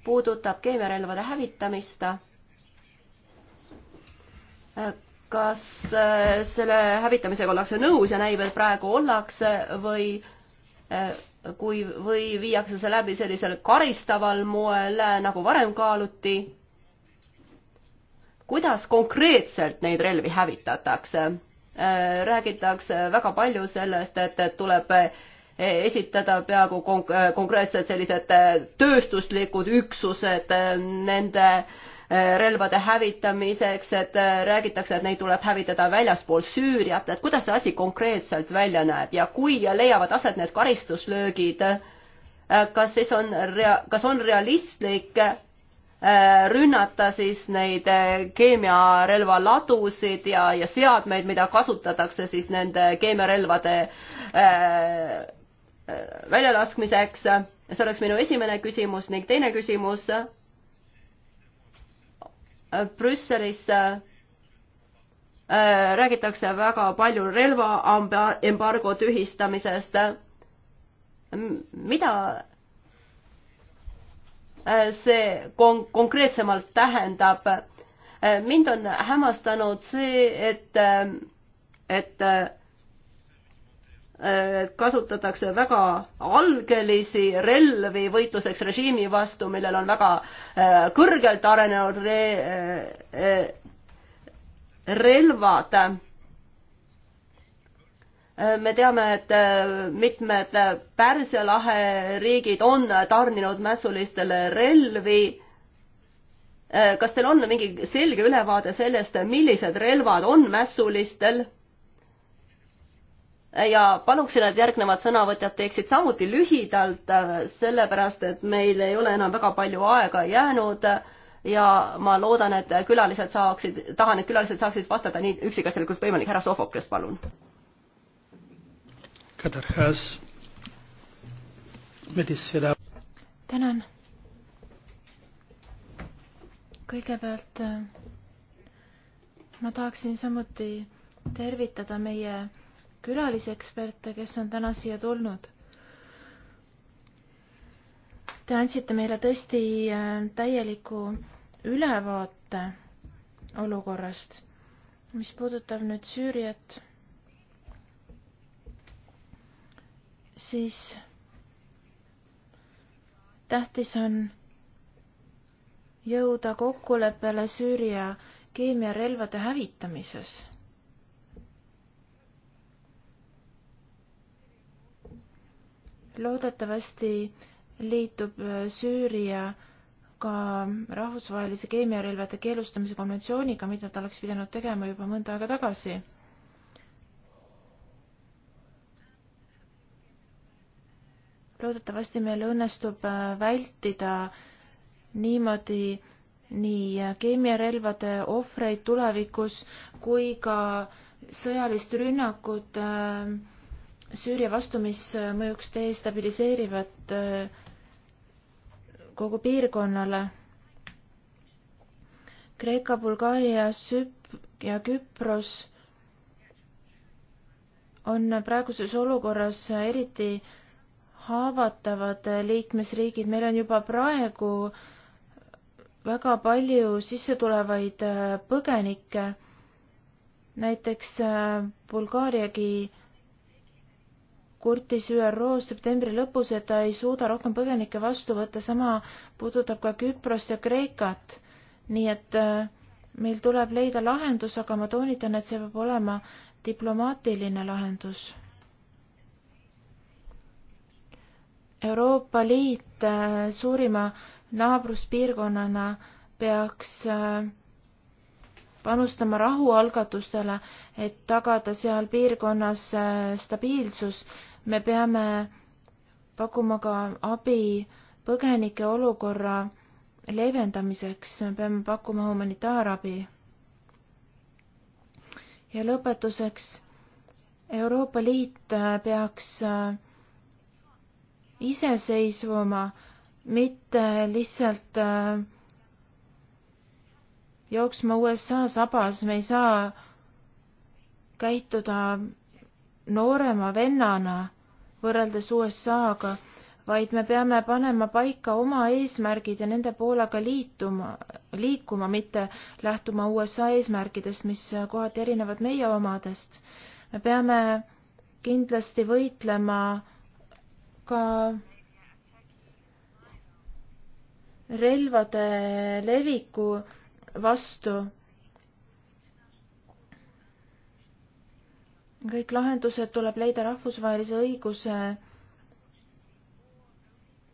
S4: puudutab keemiarelvade hävitamist. kas äh, selle hävitamisega ollakse nõus ja näib, et praegu ollakse või äh, kui, või viiakse see läbi sellisel karistaval moel, nagu varem kaaluti? kuidas konkreetselt neid relvi hävitatakse. Äh, räägitakse väga palju sellest, et, et tuleb äh, esitada peaaegu konk-, äh, konkreetselt sellised tööstuslikud üksused nende relvade hävitamiseks, et räägitakse, et neid tuleb hävitada väljaspool Süüriat, et kuidas see asi konkreetselt välja näeb ja kui leiavad aset need karistuslöögid, kas siis on rea-, kas on realistlik Äh, rünnata siis neid äh, keemiarelvaladusid ja, ja seadmeid, mida kasutatakse siis nende keemiarelvade äh, väljalaskmiseks. see oleks minu esimene küsimus ning teine küsimus. Brüsselis räägitakse väga palju relvaembargo tühistamisest. mida Äh, see kon-, konkreetsemalt tähendab. Äh, mind on hämmastanud see, et, äh, et kasutatakse väga algelisi relvi võitluseks režiimi vastu, millel on väga kõrgelt arenenud re, relvad me teame, et äh, mitmed äh, Pärsia lahe riigid on tarninud mässulistele relvi. Äh, kas teil on mingi selge ülevaade sellest, millised relvad on mässulistel? ja paluksin, et järgnevad sõnavõtjad teeksid samuti lühidalt, sellepärast et meil ei ole enam väga palju aega jäänud ja ma loodan, et külalised saaksid, tahan, et külalised saaksid vastata nii üksikasjalikult võimalik. härra Sofokles, palun
S1: Katarhas, Medissela.
S2: tänan. kõigepealt äh, ma tahaksin samuti tervitada meie külaliseksperte, kes on täna siia tulnud. Te andsite meile tõesti äh, täieliku ülevaate olukorrast. mis puudutab nüüd Süüriat siis tähtis on jõuda kokkuleppele Süüria keemiarelvade hävitamises. loodetavasti liitub äh, Süüria ka rahvusvahelise keemiarelvade keelustamise konventsiooniga, mida ta oleks pidanud tegema juba mõnda aega tagasi loodetavasti meil õnnestub äh, vältida niimoodi nii keemiarelvade ohvreid tulevikus kui ka sõjalist rünnakut äh, Süüria vastu, mis mõjuks destabiliseerivat äh, kogu piirkonnale. Kreeka, Bulgaaria, Süp- ja Küpros on praeguses olukorras eriti haavatavad liikmesriigid, meil on juba praegu väga palju sissetulevaid äh, põgenikke, näiteks äh, Bulgaariagi kurtis ÜRO-s septembri lõpus, et ta ei suuda rohkem põgenikke vastu võtta, sama puudutab ka Küprost ja Kreekat. nii et äh, meil tuleb leida lahendus, aga ma toonitan, et see peab olema diplomaatiline lahendus Euroopa Liit äh, suurima naabruspiirkonnana peaks äh, panustama rahualgatustele, et tagada seal piirkonnas äh, stabiilsus. me peame pakkuma ka abi põgenike olukorra leevendamiseks, me peame pakkuma humanitaarabi. ja lõpetuseks, Euroopa Liit peaks äh, iseseisvuma, mitte lihtsalt äh, jooksma USA sabas, me ei saa käituda noorema vennana võrreldes USA-ga, vaid me peame panema paika oma eesmärgid ja nende poole ka liituma, liikuma, mitte lähtuma USA eesmärkidest, mis kohati erinevad meie omadest. me peame kindlasti võitlema ka relvade leviku vastu. kõik lahendused tuleb leida rahvusvahelise õiguse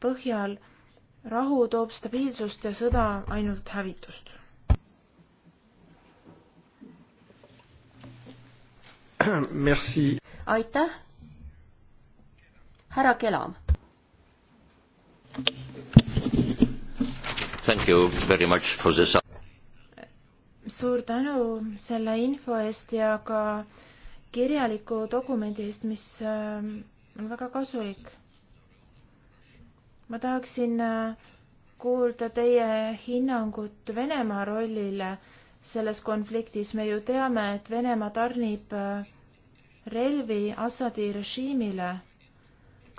S2: põhjal. rahu toob stabiilsust ja sõda ainult hävitust. aitäh härra Kelam.
S1: Thank
S3: you very much for this.
S2: suur tänu selle info eest ja ka kirjaliku dokumendi eest, mis ähm, on väga kasulik. ma tahaksin äh, kuulda teie hinnangut Venemaa rollile selles konfliktis. me ju teame, et Venemaa tarnib äh, relvi Assadi režiimile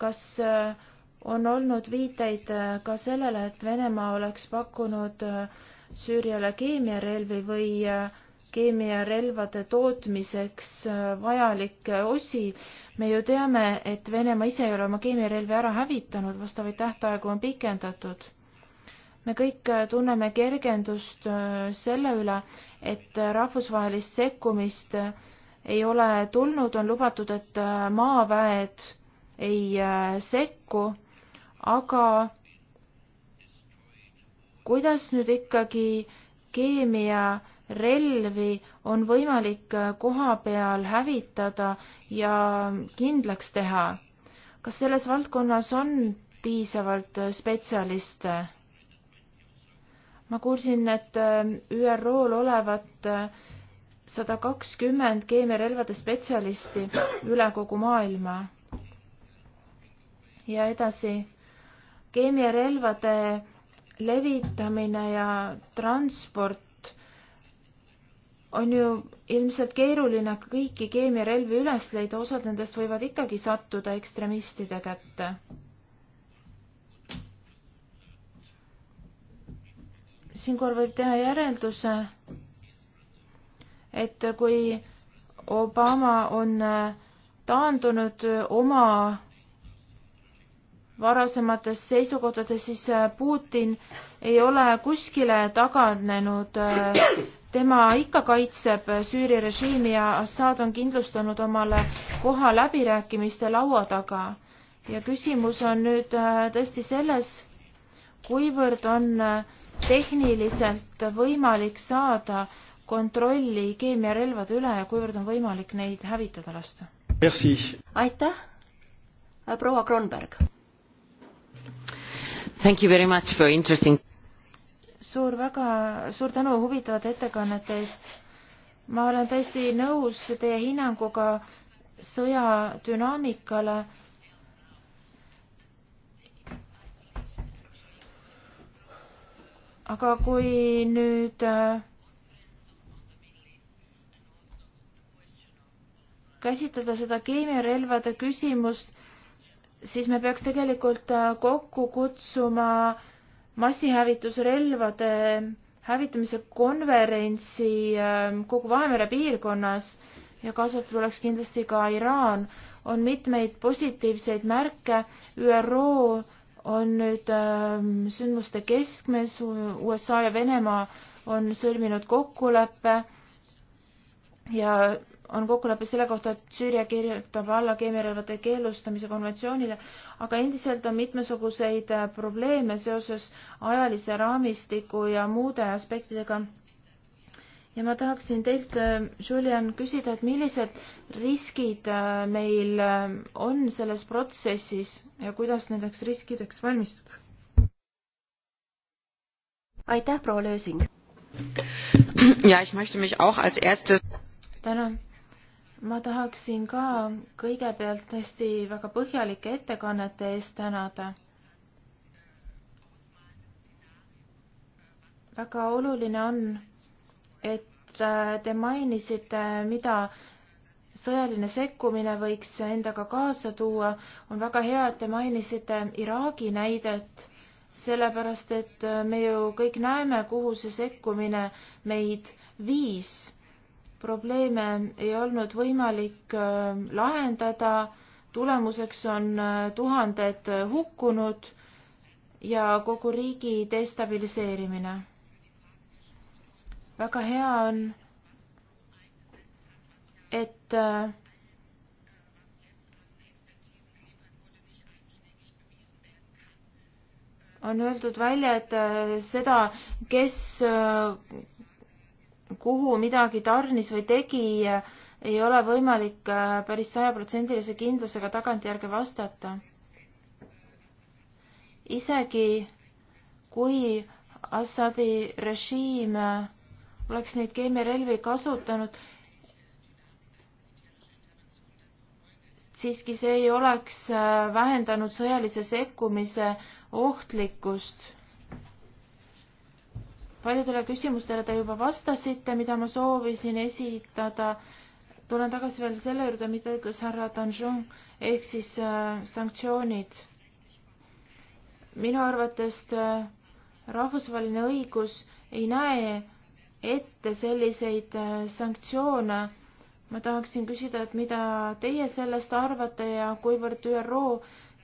S2: kas äh, on olnud viiteid äh, ka sellele, et Venemaa oleks pakkunud äh, Süüriale keemiarelvi või keemiarelvade tootmiseks vajalikke osi. me ju teame, et Venemaa ise ei ole oma keemiarelvi ära hävitanud, vastavaid tähtaegu on pikendatud. me kõik tunneme kergendust selle üle, et rahvusvahelist sekkumist ei ole tulnud, on lubatud, et maaväed ei äh, sekku, aga kuidas nüüd ikkagi keemiarelvi on võimalik äh, koha peal hävitada ja kindlaks teha? kas selles valdkonnas on piisavalt äh, spetsialiste? ma kuulsin, et ÜRO-l olevat sada kakskümmend keemiarelvade spetsialisti üle kogu maailma ja edasi keemiarelvade levitamine ja transport on ju ilmselt keeruline kõiki keemiarelvi üles leida, osad nendest võivad ikkagi sattuda ekstremistide kätte. siinkohal võib teha järelduse, et kui Obama on taandunud oma varasemates seisukohtades, siis äh, Putin ei ole kuskile taganenud. Äh, tema ikka kaitseb Süüria režiimi ja Assad on kindlustanud omale koha läbirääkimiste laua taga. ja küsimus on nüüd äh, tõesti selles, kuivõrd on tehniliselt võimalik saada kontrolli keemiarelvade üle ja kuivõrd on võimalik neid hävitada lasta? aitäh, proua Kronberg
S4: Thank you very much for interesting
S2: suur väga, suur tänu huvitavate ettekannete eest. ma olen täiesti nõus teie hinnanguga sõja dünaamikale. aga kui nüüd äh, käsitleda seda keemiarelvade küsimust siis me peaks tegelikult äh, kokku kutsuma massihävitusrelvade hävitamise konverentsi ähm, kogu Vahemere piirkonnas ja kaasatud oleks kindlasti ka Iraan, on mitmeid positiivseid märke. ÜRO on nüüd ähm, sündmuste keskmes, USA ja Venemaa on sõlminud kokkuleppe ja on kokkulepe selle kohta, et Süüria kirjutab alla keemiarelvade keelustamise konventsioonile, aga endiselt on mitmesuguseid äh, probleeme seoses ajalise raamistiku ja muude aspektidega. ja ma tahaksin teilt, äh, Julian, küsida, et millised riskid äh, meil on selles protsessis ja kuidas nendeks riskideks valmistuda? aitäh, proua Lösing! ja ich möchte mich auch als erstes tänan ma tahaksin ka kõigepealt hästi väga põhjalike ettekannete eest tänada. väga oluline on, et äh, te mainisite, mida sõjaline sekkumine võiks endaga kaasa tuua, on väga hea, et te mainisite Iraagi näidet, sellepärast et äh, me ju kõik näeme, kuhu see sekkumine meid viis probleeme ei olnud võimalik äh, lahendada, tulemuseks on äh, tuhanded äh, hukkunud ja kogu riigi destabiliseerimine. väga hea on, et on öeldud välja, et seda, kes kuhu midagi tarnis või tegi, ei ole võimalik äh, päris sajaprotsendilise kindlusega tagantjärgi vastata. isegi kui Assadi režiim äh, oleks neid keemiarelvi kasutanud, siiski see ei oleks äh, vähendanud sõjalise sekkumise ohtlikkust paljudele küsimustele te juba vastasite, mida ma soovisin esitada. tulen tagasi veel selle juurde, mida ütles härra Danjon ehk siis äh, sanktsioonid. minu arvates äh, rahvusvaheline õigus ei näe ette selliseid äh, sanktsioone. ma tahaksin küsida, et mida teie sellest arvate ja kuivõrd ÜRO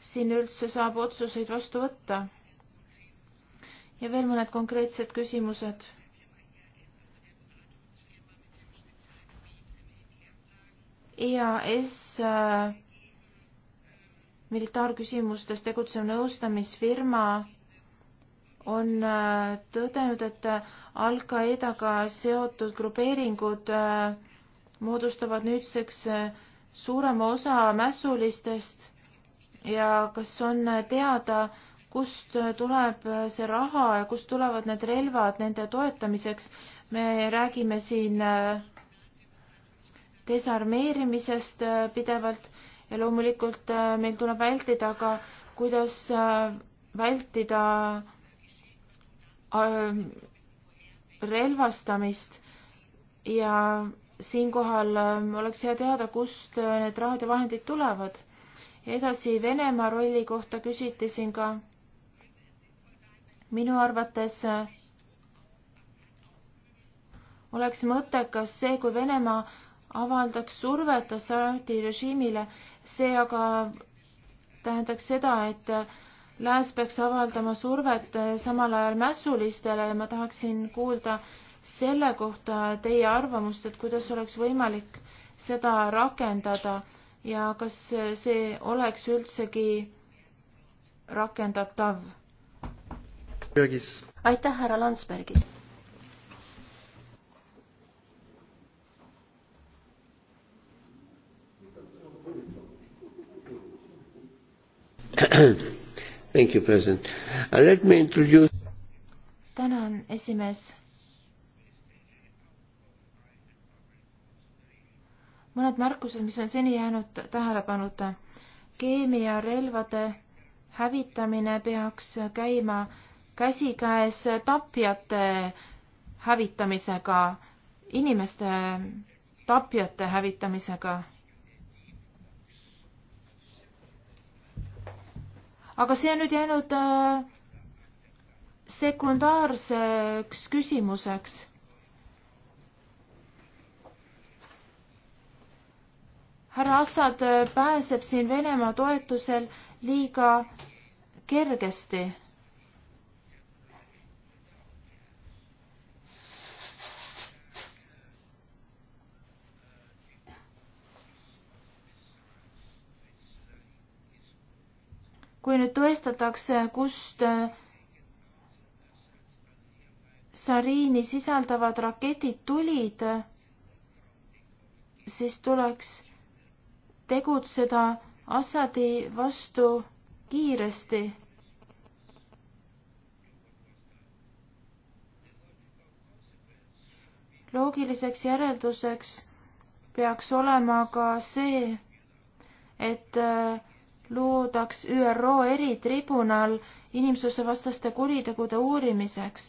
S2: siin üldse saab otsuseid vastu võtta? ja veel mõned konkreetsed küsimused. EAS äh, militaarküsimustes tegutsev nõustamisfirma on äh, tõdenud, et äh, Al-Qaedaga seotud grupeeringud äh, moodustavad nüüdseks äh, suurema osa mässulistest ja kas on äh, teada, kust tuleb see raha ja kust tulevad need relvad nende toetamiseks. me räägime siin äh, desarmeerimisest äh, pidevalt ja loomulikult äh, meil tuleb vältida ka, kuidas vältida relvastamist ja siinkohal oleks hea teada, kust need rahad ja vahendid tulevad. edasi Venemaa rolli kohta küsiti siin ka minu arvates äh, oleks mõttekas see, kui Venemaa avaldaks survet Assaadi režiimile, see aga tähendaks seda, et äh, lääs peaks avaldama survet äh, samal ajal mässulistele ja ma tahaksin kuulda selle kohta teie arvamust, et kuidas oleks võimalik seda rakendada ja kas see oleks üldsegi rakendatav aitäh, härra Landsbergis. <coughs>
S3: Thank you, president. Uh, let me introduce.
S2: tänan, esimees. mõned märkused, mis on seni jäänud tähelepanuta. keemiarelvade hävitamine peaks käima käsikäes tapjate hävitamisega, inimeste tapjate hävitamisega. aga see on nüüd jäänud äh, sekundaarseks küsimuseks härra Assad äh, pääseb siin Venemaa toetusel liiga kergesti. kui nüüd tõestatakse, kust äh, sariini sisaldavad raketid tulid, siis tuleks tegutseda Assadi vastu kiiresti. loogiliseks järelduseks peaks olema ka see, et äh, loodaks ÜRO eritribunal inimsusevastaste kuritegude uurimiseks.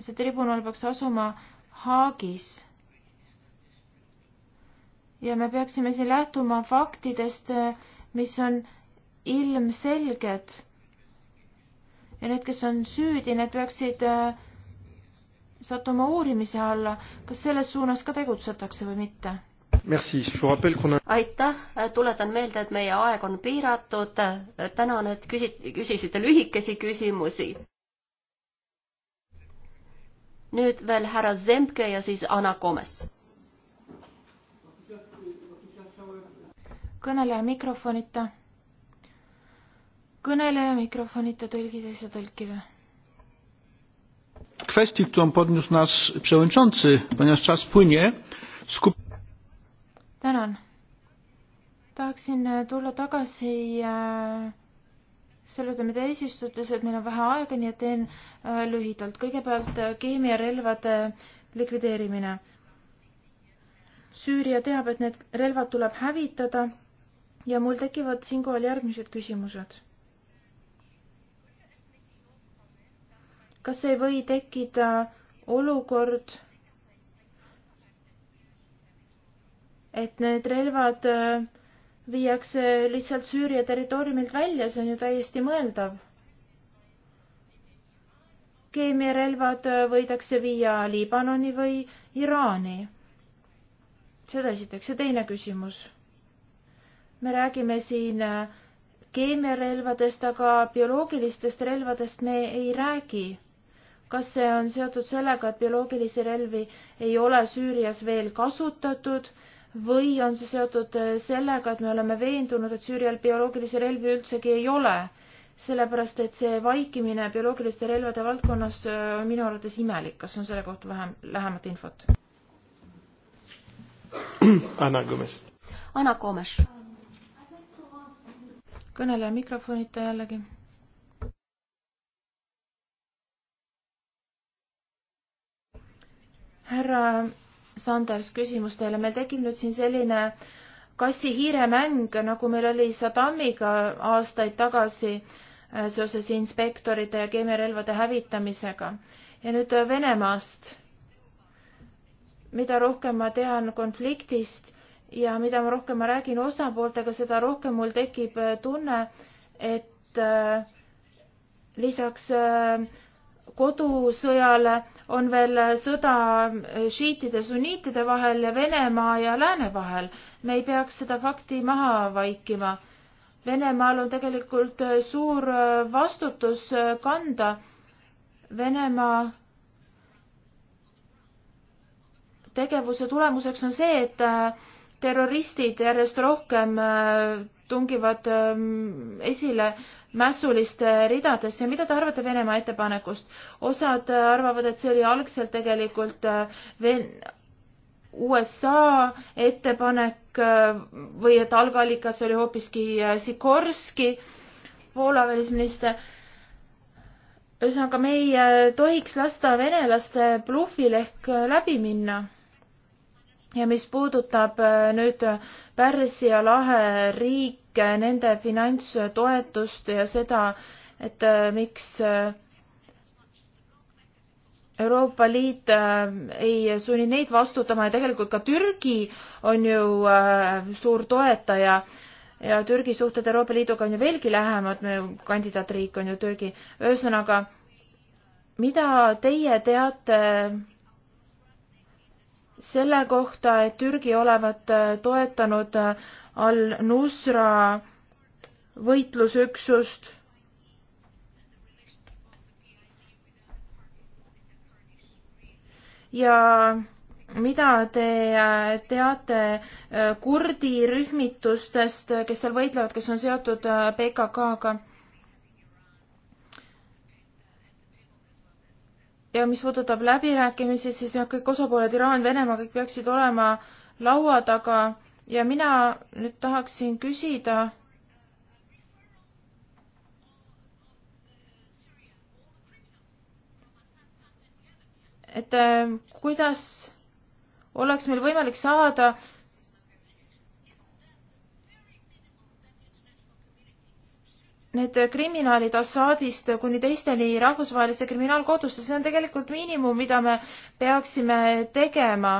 S2: see tribunal peaks asuma Haagis. ja me peaksime siin lähtuma faktidest, mis on ilmselged. ja need, kes on süüdi, need peaksid äh, sattuma uurimise alla, kas selles suunas ka tegutsetakse või mitte aitäh, tuletan meelde, et meie aeg
S4: on piiratud. tänan, et küsi-, küsisite lühikesi küsimusi.
S2: nüüd veel härra Zemke ja siis Anna Komes. kõneleja mikrofonita. kõneleja mikrofonita, tõlgid ei saa tõlkida
S1: kwestii którą podniósł nasz przewodniczący ponieważ czas płynie
S2: skupię tänan. tahaksin äh, tulla tagasi äh, selle juurde, mida eesistuja ütles, et meil on vähe aega, nii et teen äh, lühidalt. kõigepealt keemiarelvade likvideerimine. Süüria teab, et need relvad tuleb hävitada ja mul tekivad siinkohal järgmised küsimused kas ei või tekkida olukord, et need relvad äh, viiakse lihtsalt Süüria territooriumilt välja, see on ju täiesti mõeldav. keemiarelvad äh, võidakse viia Liibanoni või Iraani. seda esiteks ja teine küsimus. me räägime siin äh, keemiarelvadest, aga bioloogilistest relvadest me ei räägi kas see on seotud sellega, et bioloogilisi relvi ei ole Süürias veel kasutatud või on see seotud äh, sellega, et me oleme veendunud, et Süürial bioloogilisi relvi üldsegi ei ole, sellepärast et see vaikimine bioloogiliste relvade valdkonnas äh, on minu arvates imelik, kas on selle kohta vähem, lähemat infot?
S1: <clears throat> Anna Gomes.
S2: Anna Gomes. kõneleja mikrofonita jällegi härra Sanders, küsimus teile. meil tekib nüüd siin selline kassi-hiire mäng, nagu meil oli Saddamiga aastaid tagasi äh, seoses inspektorite ja keemiarelvade hävitamisega. ja nüüd äh, Venemaast. mida rohkem ma tean konfliktist ja mida ma rohkem ma räägin osapooltega, seda rohkem mul tekib äh, tunne, et lisaks kodusõjale, on veel sõda šiitide, sunniitide vahel ja Venemaa ja Lääne vahel. me ei peaks seda fakti maha vaikima. Venemaal on tegelikult äh, suur äh, vastutus äh, kanda. Venemaa tegevuse tulemuseks on see, et terroristid järjest rohkem tungivad ähm, esile mässuliste äh, ridadesse. mida te arvate Venemaa ettepanekust? osad äh, arvavad, et see oli algselt tegelikult äh, Ven-, USA ettepanek või et algallikas oli hoopiski Sikorski, Poola välisminister. ühesõnaga, me ei tohiks lasta venelaste blufil ehk läbi minna. ja mis puudutab nüüd Pärsia lahe riik, Äh, nende finantstoetust ja seda, et äh, miks äh, Euroopa Liit ei sunni neid vastutama ja tegelikult ka Türgi on ju suur toetaja ja Türgi suhted Euroopa Liiduga on ju veelgi lähemad, meie kandidaatriik on ju Türgi. ühesõnaga, mida teie teate selle kohta, et Türgi olevat toetanud al-Nusra võitlusüksust. ja mida te äh, teate äh, kurdi rühmitustest, kes seal võitlevad, kes on seotud PKK-ga? Äh, ja mis puudutab läbirääkimisi, siis jah, kõik osapooled, Iraan, Venemaa, kõik peaksid olema laua taga ja mina nüüd tahaksin küsida, et äh, kuidas oleks meil võimalik saada need kriminaalid Assadist kuni teisteni rahvusvahelisse kriminaalkohtusse, see on tegelikult miinimum, mida me peaksime tegema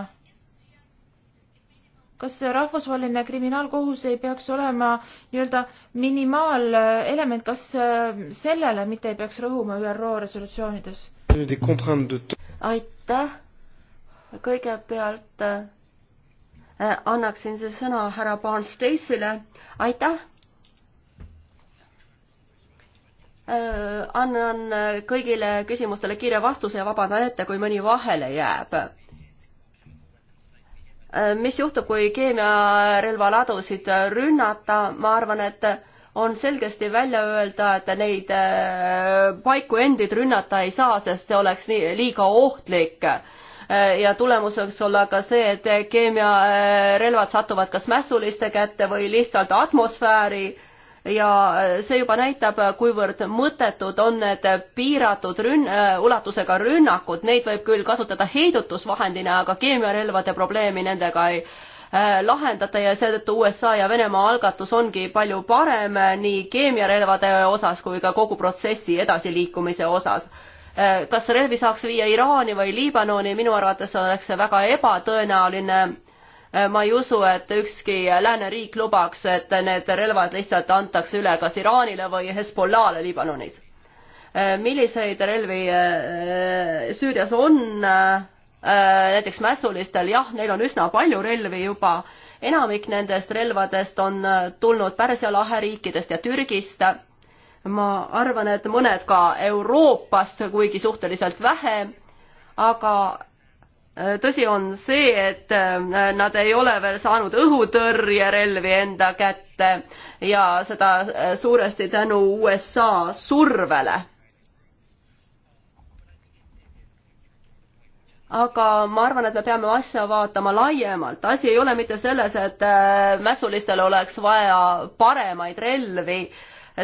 S2: kas rahvusvaheline kriminaalkohus ei peaks olema nii-öelda minimaalelement, kas äh, sellele mitte ei peaks rõhuma ÜRO resolutsioonides? aitäh, kõigepealt
S4: äh, annaksin see sõna härra Barnes Stace'ile, aitäh äh,. annan äh, kõigile küsimustele kiire vastuse ja vabandan ette, kui mõni vahele jääb mis juhtub, kui keemiarelvaladusid rünnata, ma arvan, et on selgesti välja öelda, et neid äh, paiku endid rünnata ei saa, sest see oleks nii, liiga ohtlik. Äh, ja tulemus võiks olla ka see, et keemiarelvad satuvad kas mässuliste kätte või lihtsalt atmosfääri ja äh, see juba näitab, äh, kuivõrd mõttetud on need piiratud rünn-, äh, ulatusega rünnakud, neid võib küll kasutada heidutusvahendina, aga keemiarelvade probleemi nendega ei lahendada ja seetõttu USA ja Venemaa algatus ongi palju parem nii keemiarelvade osas kui ka kogu protsessi edasiliikumise osas kas relvi saaks viia Iraani või Liibanoni, minu arvates oleks see väga ebatõenäoline ma ei usu, et ükski lääneriik lubaks, et need relvad lihtsalt antakse üle kas Iraanile või Hezbollah'le Liibanonis. milliseid relvi äh, Süürias on? Äh, näiteks mässulistel, jah, neil on üsna palju relvi juba, enamik nendest relvadest on äh, tulnud Pärsia lahe riikidest ja Türgist. ma arvan, et mõned ka Euroopast, kuigi suhteliselt vähe, aga tõsi on see, et äh, nad ei ole veel saanud õhutõrjerelvi enda kätte ja seda äh, suuresti tänu USA survele. aga ma arvan, et me peame asja vaatama laiemalt, asi ei ole mitte selles, et äh, mässulistel oleks vaja paremaid relvi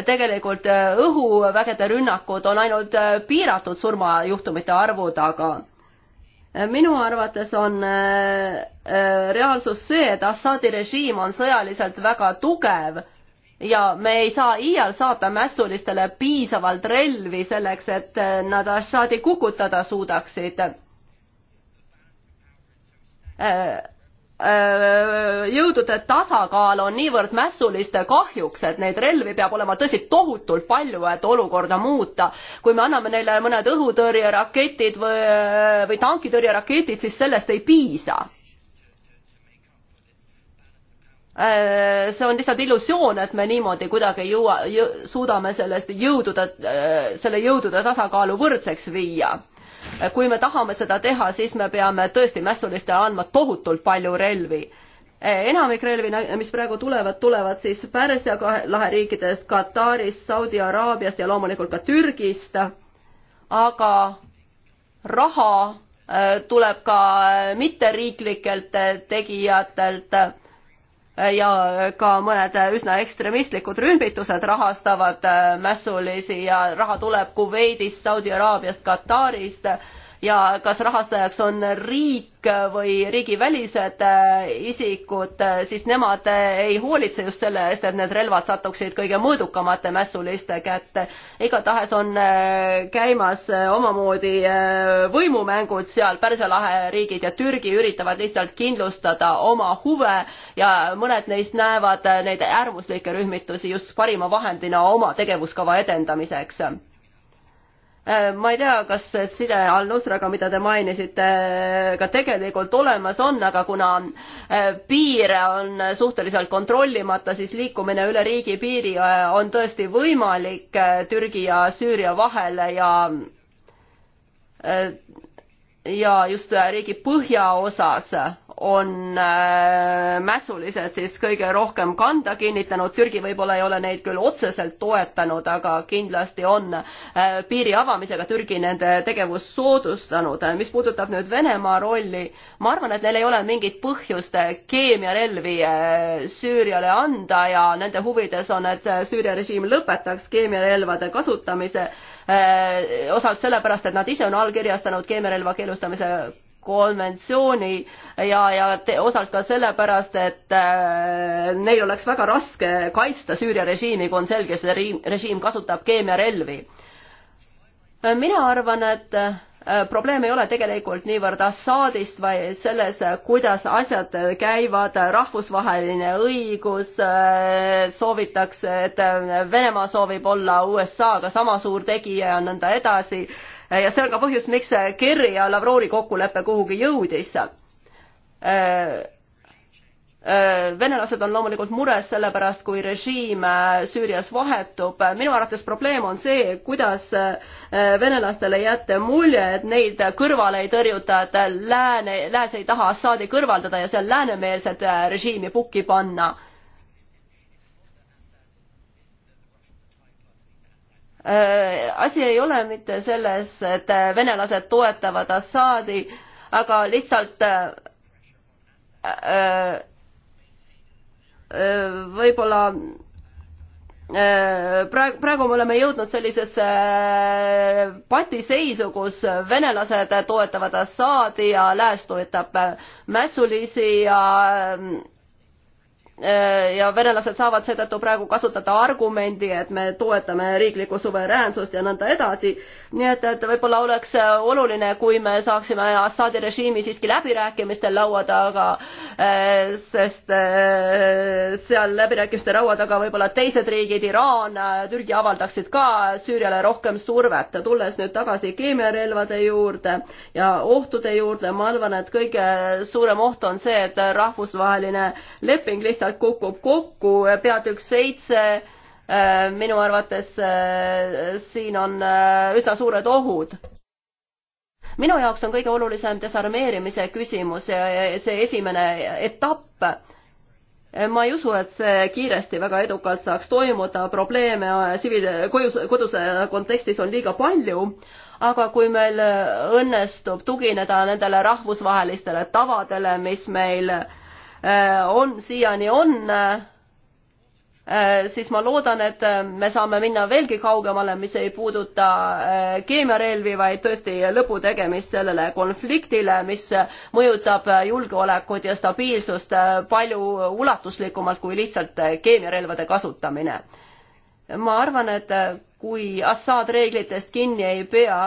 S4: tegelikult õhuvägede rünnakud on ainult piiratud surmajuhtumite arvu taga minu arvates on äh, äh, reaalsus see, et Assadi režiim on sõjaliselt väga tugev ja me ei saa iial saata mässulistele piisavalt relvi selleks, et äh, nad Assadi kukutada suudaksid. Äh, jõudude tasakaal on niivõrd mässuliste kahjuks, et neid relvi peab olema tõesti tohutult palju, et olukorda muuta. kui me anname neile mõned õhutõrjeraketid või, äh, või tankitõrjeraketid, siis sellest ei piisa. Äh, see on lihtsalt illusioon, et me niimoodi kuidagi jõua jõ,, suudame sellest jõudude, selle jõudude tasakaalu võrdseks viia kui me tahame seda teha, siis me peame tõesti mässulistele andma tohutult palju relvi. Eh, enamik relvi, mis praegu tulevad, tulevad siis Pärsia lahe riikidest, Katarist, Saudi Araabiast ja loomulikult ka Türgist. aga raha eh, tuleb ka eh, mitteriiklikelt tegijatelt ja ka mõned üsna ekstremistlikud rühmitused rahastavad äh, mässulisi ja raha tuleb Kuveidist, Saudi Araabiast, Katarist ja kas rahastajaks on riik või riigivälised äh, isikud, äh, siis nemad äh, ei hoolitse just selle eest, et need relvad satuksid kõige mõõdukamate mässuliste kätte. igatahes on käimas omamoodi võimumängud seal, Pärsia lahe riigid ja Türgi üritavad lihtsalt kindlustada oma huve ja mõned neist näevad neid äärmuslikke rühmitusi just parima vahendina oma tegevuskava edendamiseks Äh, ma ei tea, kas side al-Nusraga, mida te mainisite, äh, ka tegelikult olemas on, aga kuna äh, piire on suhteliselt kontrollimata, siis liikumine üle riigipiiri on tõesti võimalik Türgi ja Süüria vahel ja ja just riigi põhjaosas on äh, mässulised siis kõige rohkem kanda kinnitanud, Türgi võib-olla ei ole neid küll otseselt toetanud, aga kindlasti on äh, piiri avamisega Türgi nende tegevust soodustanud. mis puudutab nüüd Venemaa rolli, ma arvan, et neil ei ole mingit põhjust äh, keemiarelvi äh, Süüriale anda ja nende huvides on, et äh, Süüria režiim lõpetaks keemiarelvade kasutamise äh, osalt sellepärast, et nad ise on allkirjastanud keemiarelva keelustamise konventsiooni ja, ja te, osalt ka sellepärast, et äh, neil oleks väga raske kaitsta Süüria režiimi, kui on selge, see režiim, režiim kasutab keemiarelvi. mina arvan, et äh, probleem ei ole tegelikult niivõrd Assadist, vaid selles, kuidas asjad käivad, rahvusvaheline õigus äh, soovitakse, et äh, Venemaa soovib olla USA-ga sama suur tegija ja nõnda edasi Äh, ja see on ka põhjus, miks see Kerri ja Lavrovi kokkulepe kuhugi jõudis. Äh, äh, venelased on loomulikult mures selle pärast, kui režiim Süürias vahetub. minu arvates probleem on see, kuidas venelastele jätta mulje, et neid kõrvale ei tõrjuta, et lääne, lääs ei taha Assaadi kõrvaldada ja seal läänemeelset režiimi pukki panna Äh, asi ei ole mitte selles, et äh, venelased toetavad Assaadi, aga lihtsalt äh, võib-olla praegu, praegu me oleme jõudnud sellisesse patiseisu, kus venelased toetavad Assaadi ja lääs toetab mässulisi ja Äh, ja venelased saavad seetõttu praegu kasutada argumendi, et me toetame riiklikku suveräänsust ja nõnda edasi, nii et, et võib-olla oleks äh, oluline, kui me saaksime Assadi režiimi siiski läbirääkimistel laua taga, äh, sest äh, seal läbirääkimiste laua taga võib-olla teised riigid, Iraan, Türgi avaldaksid ka Süüriale rohkem survet. tulles nüüd tagasi keemiarelvade juurde ja ohtude juurde, ma arvan, et kõige suurem oht on see, et rahvusvaheline leping lihtsalt kukub kokku, peatükk seitse Äh, minu arvates äh, siin on äh, üsna suured ohud minu jaoks on kõige olulisem desarmeerimise küsimus, see esimene etapp. ma ei usu, et see kiiresti väga edukalt saaks toimuda, probleeme tsiviil-, kodus, koduse kontekstis on liiga palju, aga kui meil õnnestub tugineda nendele rahvusvahelistele tavadele, mis meil on, siiani on, Äh, siis ma loodan, et äh, me saame minna veelgi kaugemale, mis ei puuduta äh, keemiarelvi, vaid tõesti lõpu tegemist sellele konfliktile, mis mõjutab julgeolekut ja stabiilsust palju ulatuslikumalt kui lihtsalt keemiarelvade kasutamine. ma arvan, et kui Assad reeglitest kinni ei pea,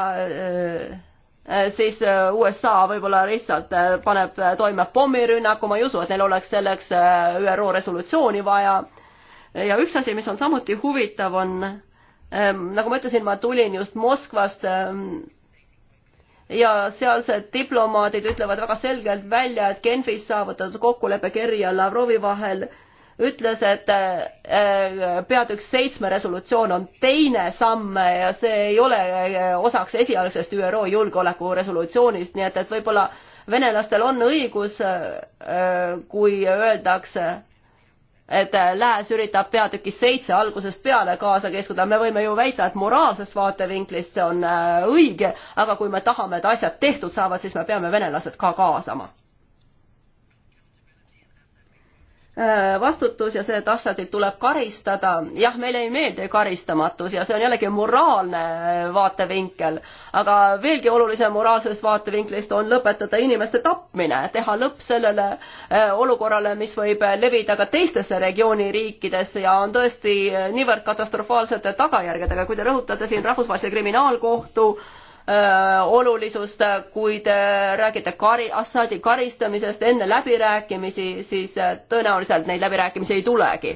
S4: siis USA võib-olla lihtsalt paneb toime pommirünnaku, ma ei usu, et neil oleks selleks ÜRO resolutsiooni vaja ja üks asi, mis on samuti huvitav, on ähm, nagu ma ütlesin, ma tulin just Moskvast ähm, ja sealsed diplomaadid ütlevad väga selgelt välja, et Genfis saavutatud kokkulepe Kerri ja Lavrovi vahel ütles, et äh, peatükk seitsme resolutsioon on teine samm ja see ei ole äh, osaks esialgsest ÜRO julgeolekuresolutsioonist, nii et, et võib-olla venelastel on õigus, äh, kui öeldakse, et äh, lääs üritab peatükis seitse algusest peale kaasa keskuda, me võime ju väita, et moraalsest vaatevinklist see on äh, õige, aga kui me tahame, et asjad tehtud saavad, siis me peame venelased ka kaasama Äh, vastutus ja see, et Assadit tuleb karistada, jah, meile ei meeldi karistamatus ja see on jällegi moraalne äh, vaatevinkel, aga veelgi olulisem moraalsest vaatevinklist on lõpetada inimeste tapmine, teha lõpp sellele äh, olukorrale, mis võib levida ka teistesse regiooni riikidesse ja on tõesti niivõrd katastrofaalsete tagajärgedega, kui te rõhutate siin Rahvusvahelise Kriminaalkohtu äh, Äh, olulisust, kui te äh, räägite kari-, Assadi karistamisest enne läbirääkimisi, siis äh, tõenäoliselt neid läbirääkimisi ei tulegi.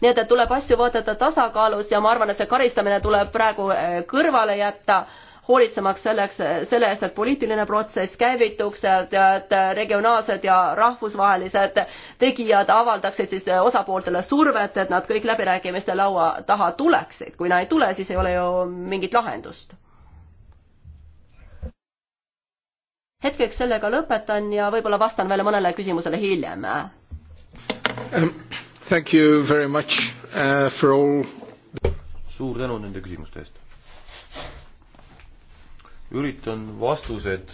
S4: nii et, et tuleb asju vaadata tasakaalus ja ma arvan, et see karistamine tuleb praegu kõrvale jätta hoolitsemaks selleks, selle eest, et poliitiline protsess käivituks, et, et regionaalsed ja rahvusvahelised tegijad avaldaksid siis osapooltele survet, et nad kõik läbirääkimiste laua taha tuleksid. kui nad ei tule, siis ei ole ju mingit lahendust. hetkeks sellega lõpetan ja võib-olla vastan veel mõnele küsimusele hiljem
S2: um,. Thank you very much
S3: uh, for all. suur tänu nende küsimuste eest üritan vastused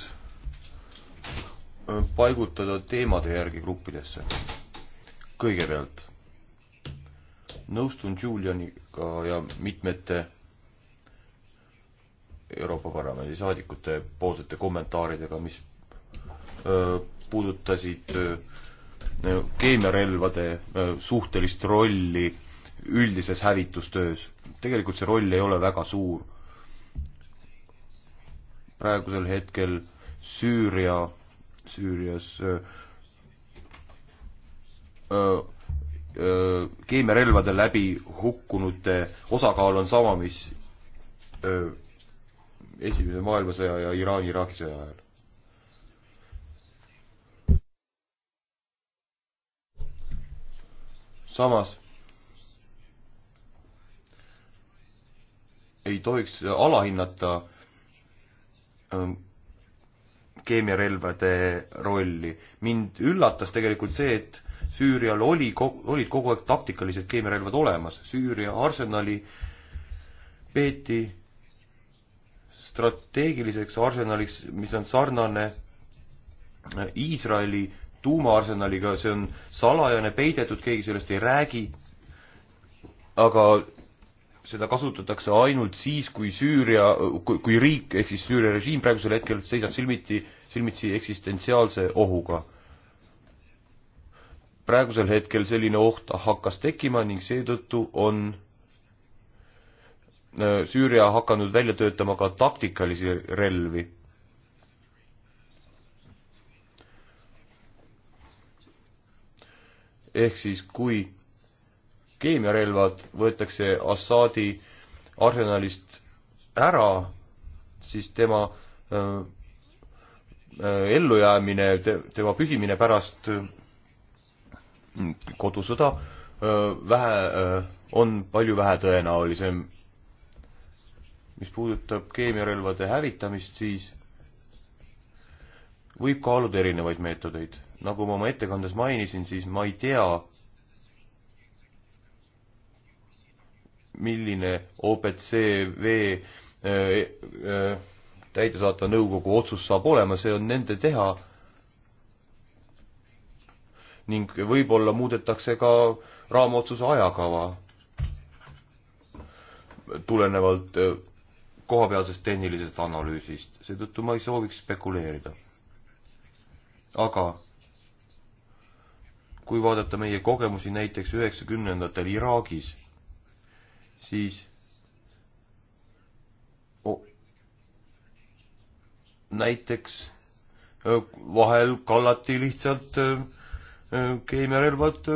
S3: äh, paigutada teemade järgi gruppidesse. kõigepealt nõustun Julianiga ja mitmete Euroopa Parlamendi saadikute poolsete kommentaaridega, mis öö, äh, puudutasid äh, keemiarelvade suhtelist rolli üldises hävitustöös. tegelikult see roll ei ole väga suur praegusel hetkel Süüria, Süürias keemiarelvade läbi hukkunute osakaal on sama, mis öö, Esimese maailmasõja ja Iraan-Iraagi sõja ajal. samas ei tohiks alahinnata Ähm, keemiarelvade rolli. mind üllatas tegelikult see, et Süürial oli, olid kogu aeg taktikalised keemiarelvad olemas, Süüria arsenali peeti strateegiliseks arsenaliks, mis on sarnane äh, Iisraeli tuumaarsenaliga, see on salajane, peidetud, keegi sellest ei räägi, aga seda kasutatakse ainult siis, kui Süüria, kui, kui riik ehk siis Süüria režiim praegusel hetkel seisab silmitsi, silmitsi eksistentsiaalse ohuga. praegusel hetkel selline oht hakkas tekkima ning seetõttu on äh, Süüria hakanud välja töötama ka taktikalisi relvi. ehk siis, kui keemiarelvad võetakse Assaadi arsenalist ära, siis tema äh, äh ellujäämine te,, tema püsimine pärast mm, kodusõda äh, vähe äh,, on palju vähetõenäolisem. mis puudutab keemiarelvade hävitamist, siis võib kaaluda erinevaid meetodeid. nagu ma oma ettekandes mainisin, siis ma ei tea, milline OPCV äh, äh, täidesaatva nõukogu otsus saab olema, see on nende teha. ning võib-olla muudetakse ka raamotsuse ajakava tulenevalt äh, kohapealsest tehnilisest analüüsist, seetõttu ma ei sooviks spekuleerida. aga kui vaadata meie kogemusi näiteks üheksakümnendatel Iraagis siis oh, näiteks vahel kallati lihtsalt keemiarelvad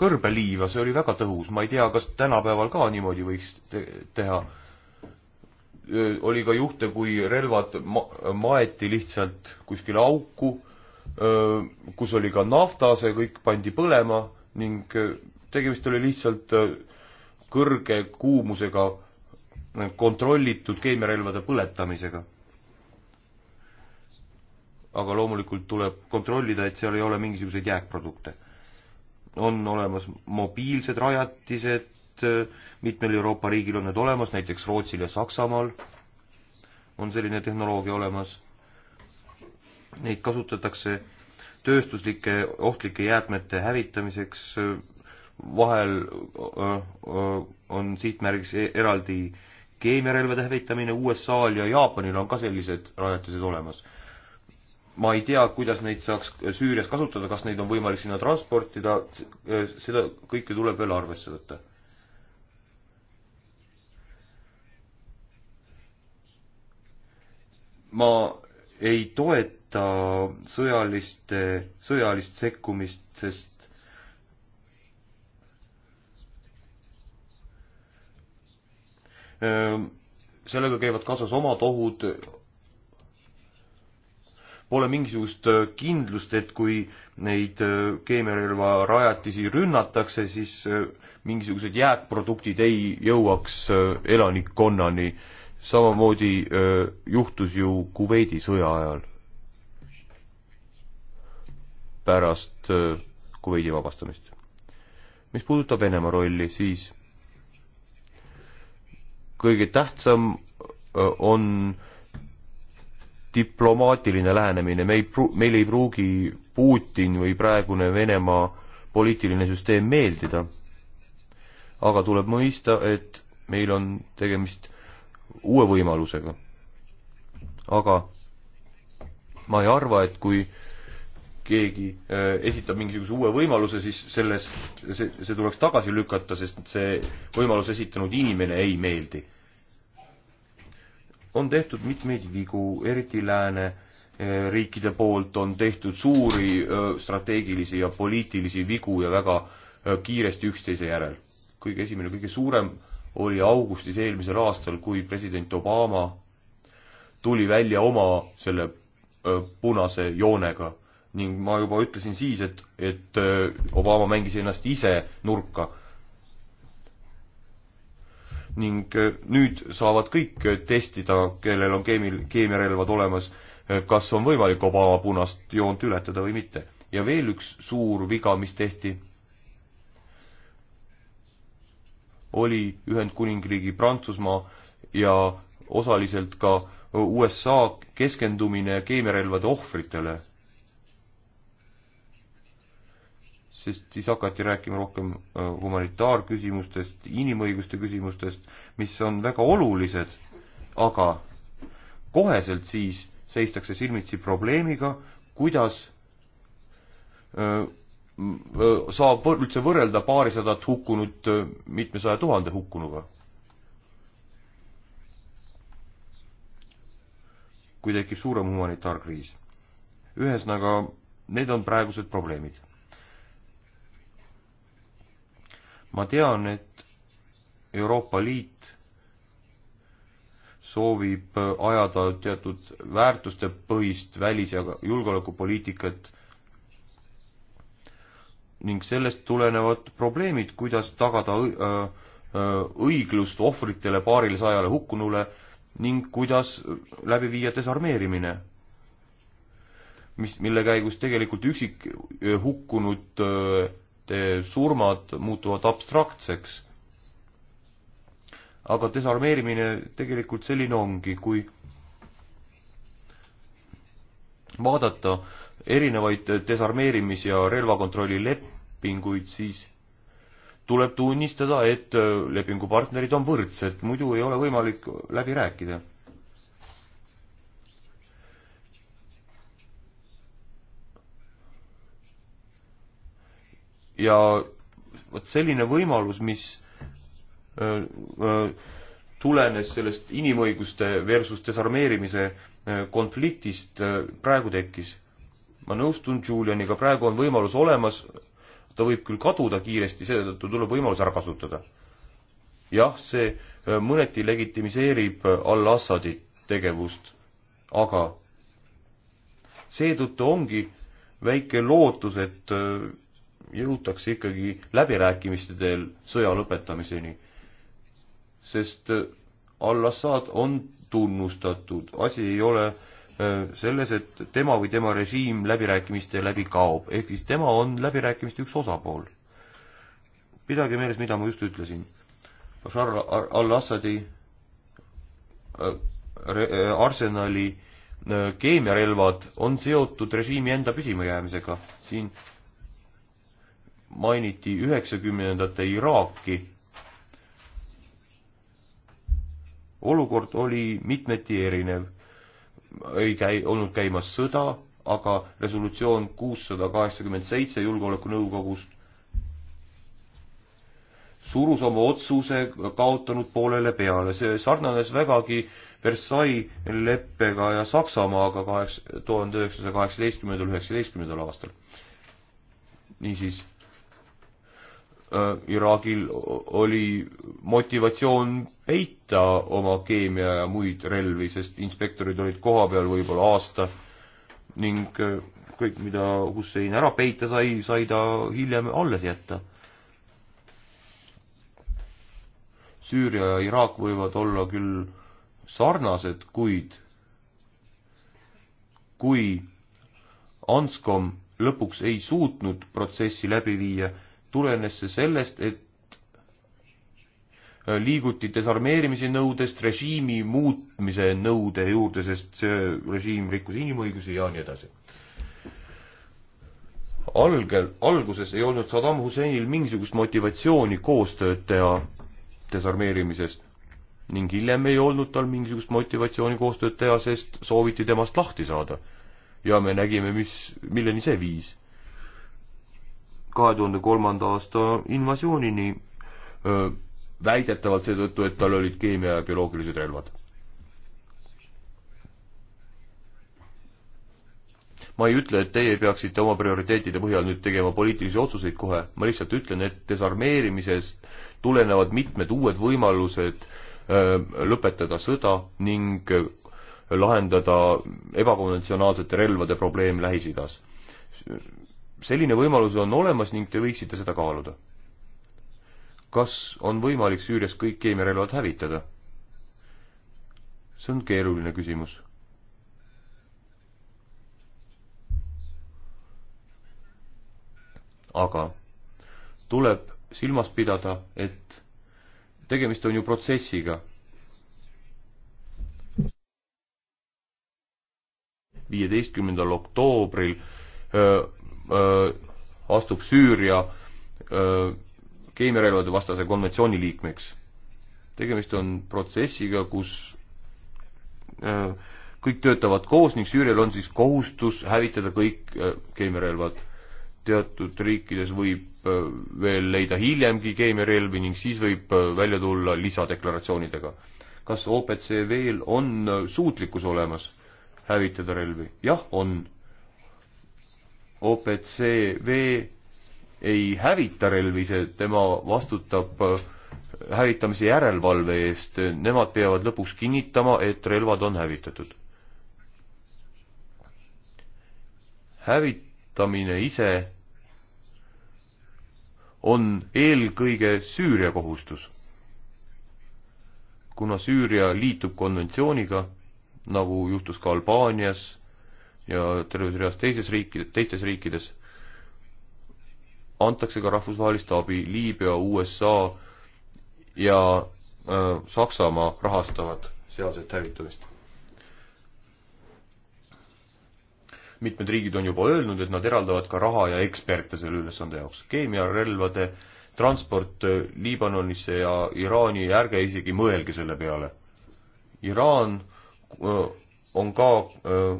S3: kõrbeliiva, see oli väga tõhus, ma ei tea, kas tänapäeval ka niimoodi võiks te teha. oli ka juhte, kui relvad ma maeti lihtsalt kuskile auku, kus oli ka nafta, see kõik pandi põlema ning tegemist oli lihtsalt kõrge kuumusega kontrollitud keemiarelvade põletamisega. aga loomulikult tuleb kontrollida, et seal ei ole mingisuguseid jääkprodukte. on olemas mobiilsed rajatised, mitmel Euroopa riigil on need olemas, näiteks Rootsil ja Saksamaal on selline tehnoloogia olemas. Neid kasutatakse tööstuslike ohtlike jäätmete hävitamiseks vahel on sihtmärgiks e-, eraldi keemiarelvade hävitamine, USA-l ja Jaapanil on ka sellised rajatised olemas. ma ei tea, kuidas neid saaks Süürias kasutada, kas neid on võimalik sinna transportida, seda kõike tuleb veel arvesse võtta. ma ei toeta sõjaliste, sõjalist sekkumist, sest Ehm, sellega käivad kaasas omad ohud. Pole mingisugust äh, kindlust, et kui neid äh, keemiarelvarajatisi rünnatakse, siis äh, mingisugused jääkproduktid ei jõuaks elanikkonnani. samamoodi juhtus ju Kuveidi sõja ajal. pärast Kuveidi vabastamist. mis puudutab Venemaa rolli, siis kõige tähtsam on diplomaatiline lähenemine, me ei pru-, meil ei pruugi Putin või praegune Venemaa poliitiline süsteem meeldida, aga tuleb mõista, et meil on tegemist uue võimalusega. aga ma ei arva, et kui äh, keegi äh, esitab mingisuguse uue võimaluse, siis sellest, see, see tuleks tagasi lükata, sest see võimaluse esitanud inimene ei meeldi. on tehtud mitmeid vigu, eriti lääne äh, riikide poolt on tehtud suuri äh, strateegilisi ja poliitilisi vigu ja väga kiiresti üksteise järel. kõige esimene, kõige suurem oli augustis eelmisel aastal, kui president Obama tuli välja oma selle punase joonega ning ma juba ütlesin siis, et, et äh, Obama mängis ennast ise nurka. ning äh, nüüd saavad kõik äh, testida, kellel on keemil, keemiarelvad olemas, kas on võimalik Obama punast joont ületada või mitte. ja veel üks suur viga, mis tehti, oli Ühendkuningriigi Prantsusmaa ja osaliselt ka USA keskendumine keemiarelvade ohvritele sest siis hakati rääkima rohkem äh, humanitaarküsimustest, inimõiguste küsimustest, mis on väga olulised, aga koheselt siis seistakse silmitsi probleemiga, kuidas äh, äh, saab üldse võrrelda paarisadat hukkunut mitmesaja tuhande hukkunuga. kui tekib suurem humanitaarkriis. ühesõnaga, need on praegused probleemid ma tean, et Euroopa Liit soovib ajada teatud väärtustepõhist välis- ja julgeolekupoliitikat ning sellest tulenevad probleemid, kuidas tagada äh, äh, õiglust ohvritele, paarile sajale hukkunule ning kuidas läbi viia desarmeerimine, mis, mille käigus tegelikult üksik hukkunud äh, inimeste eh, surmad muutuvad abstraktseks. aga desarmeerimine tegelikult selline ongi, kui vaadata erinevaid desarmeerimis- ja relvakontrolli lepinguid, siis tuleb tunnistada, et eh, lepingupartnerid on võrdsed, muidu ei ole võimalik läbi rääkida ja vot selline võimalus, mis öö, öö, tulenes sellest inimõiguste versus desarmeerimise konfliktist praegu tekkis. ma nõustun Julianiga, praegu on võimalus olemas, ta võib küll kaduda kiiresti, seetõttu tuleb võimalus ära kasutada. jah, see mõneti legitimiseerib al-Assadi tegevust, aga seetõttu ongi väike lootus, et jõutakse ikkagi läbirääkimiste teel sõja lõpetamiseni. sest al-Assad on tunnustatud, asi ei ole äh, selles, et tema või tema režiim läbirääkimiste läbi kaob, ehk siis tema on läbirääkimiste üks osapool. pidage meeles, mida ma just ütlesin. Bashar al-Assadi äh, äh, arsenali keemiarelvad on seotud režiimi enda püsimajäämisega. siin mainiti üheksakümnendate Iraaki. olukord oli mitmeti erinev. ei käi, olnud käimas sõda, aga resolutsioon kuussada kaheksakümmend seitse Julgeolekunõukogust surus oma otsuse kaotanud poolele peale, see sarnanes vägagi Versailles leppega ja Saksamaaga kaheks, tuhande üheksasaja kaheksateistkümnendal, üheksateistkümnendal aastal. niisiis Äh, Iraagil oli motivatsioon peita oma keemia ja muid relvi, sest inspektorid olid kohapeal võib-olla aasta ning äh, kõik, mida Hussein ära peita sai, sai ta hiljem alles jätta. Süüria ja Iraak võivad olla küll sarnased, kuid kui Anscom lõpuks ei suutnud protsessi läbi viia, tulenes see sellest, et äh, liiguti desarmeerimise nõudest režiimi muutmise nõude juurde, sest see režiim rikkus inimõigusi ja nii edasi. algel, alguses ei olnud Saddam Husseinil mingisugust motivatsiooni koostööd teha desarmeerimisest ning hiljem ei olnud tal mingisugust motivatsiooni koostööd teha, sest sooviti temast lahti saada. ja me nägime, mis, milleni see viis kahe tuhande kolmanda aasta invasioonini, väidetavalt seetõttu, et tal olid keemia ja bioloogilised relvad. ma ei ütle, et teie peaksite oma prioriteetide põhjal nüüd tegema poliitilisi otsuseid kohe, ma lihtsalt ütlen, et desarmeerimisest tulenevad mitmed uued võimalused lõpetada sõda ning lahendada ebakonventsionaalsete relvade probleem Lähis-Idas selline võimalus on olemas ning te võiksite seda kaaluda. kas on võimalik Süürias kõik keemiarelvad hävitada? see on keeruline küsimus. aga tuleb silmas pidada, et tegemist on ju protsessiga. viieteistkümnendal oktoobril öö, Äh, astub Süüria äh, keemiarelvade vastase konventsiooni liikmeks. tegemist on protsessiga, kus äh, kõik töötavad koos ning Süürial on siis kohustus hävitada kõik keemiarelvad. teatud riikides võib veel leida hiljemgi keemiarelvi ning siis võib välja tulla lisadeklaratsioonidega. kas OPC veel on suutlikkus olemas hävitada relvi? jah, on OPCV ei hävita relvi, see, tema vastutab äh, hävitamise järelevalve eest, nemad peavad lõpuks kinnitama, et relvad on hävitatud. hävitamine ise on eelkõige Süüria kohustus. kuna Süüria liitub konventsiooniga, nagu juhtus ka Albaanias ja terves reas teises riikide, teistes riikides antakse ka rahvusvahelist abi, Liibüa, USA ja äh, Saksamaa rahastavad sealset hävitamist. mitmed riigid on juba öelnud, et nad eraldavad ka raha ja eksperte selle ülesande jaoks. keemiarelvade transport Liibanonisse ja Iraani, ärge isegi mõelge selle peale. Iraan äh, on ka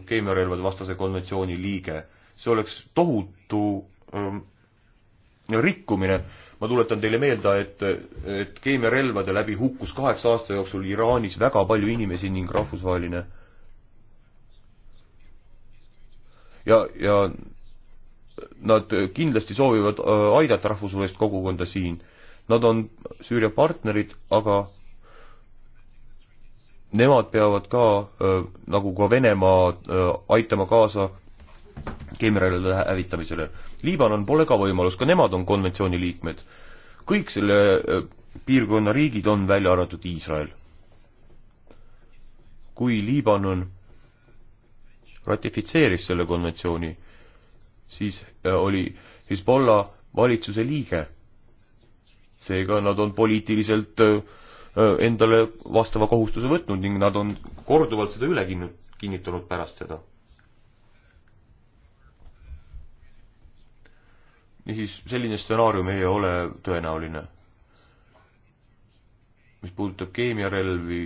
S3: keemiarelvade vastase konventsiooni liige. see oleks tohutu öö, rikkumine. ma tuletan teile meelde, et, et keemiarelvade läbi hukkus kaheksa aasta jooksul Iraanis väga palju inimesi ning rahvusvaheline ja, ja nad kindlasti soovivad aidata rahvusvahelist kogukonda siin. Nad on Süüria partnerid, aga nemad peavad ka äh, nagu ka Venemaa äh, aitama kaasa keemiarelvade hävitamisele. Liibanon pole ka võimalus, ka nemad on konventsiooni liikmed. kõik selle äh, piirkonna riigid on välja arvatud Iisrael. kui Liibanon ratifitseeris selle konventsiooni, siis oli Hezbollah valitsuse liige. seega nad on poliitiliselt äh, endale vastava kohustuse võtnud ning nad on korduvalt seda üle kinnitanud pärast seda. niisiis, selline stsenaarium ei ole tõenäoline. mis puudutab keemiarelvi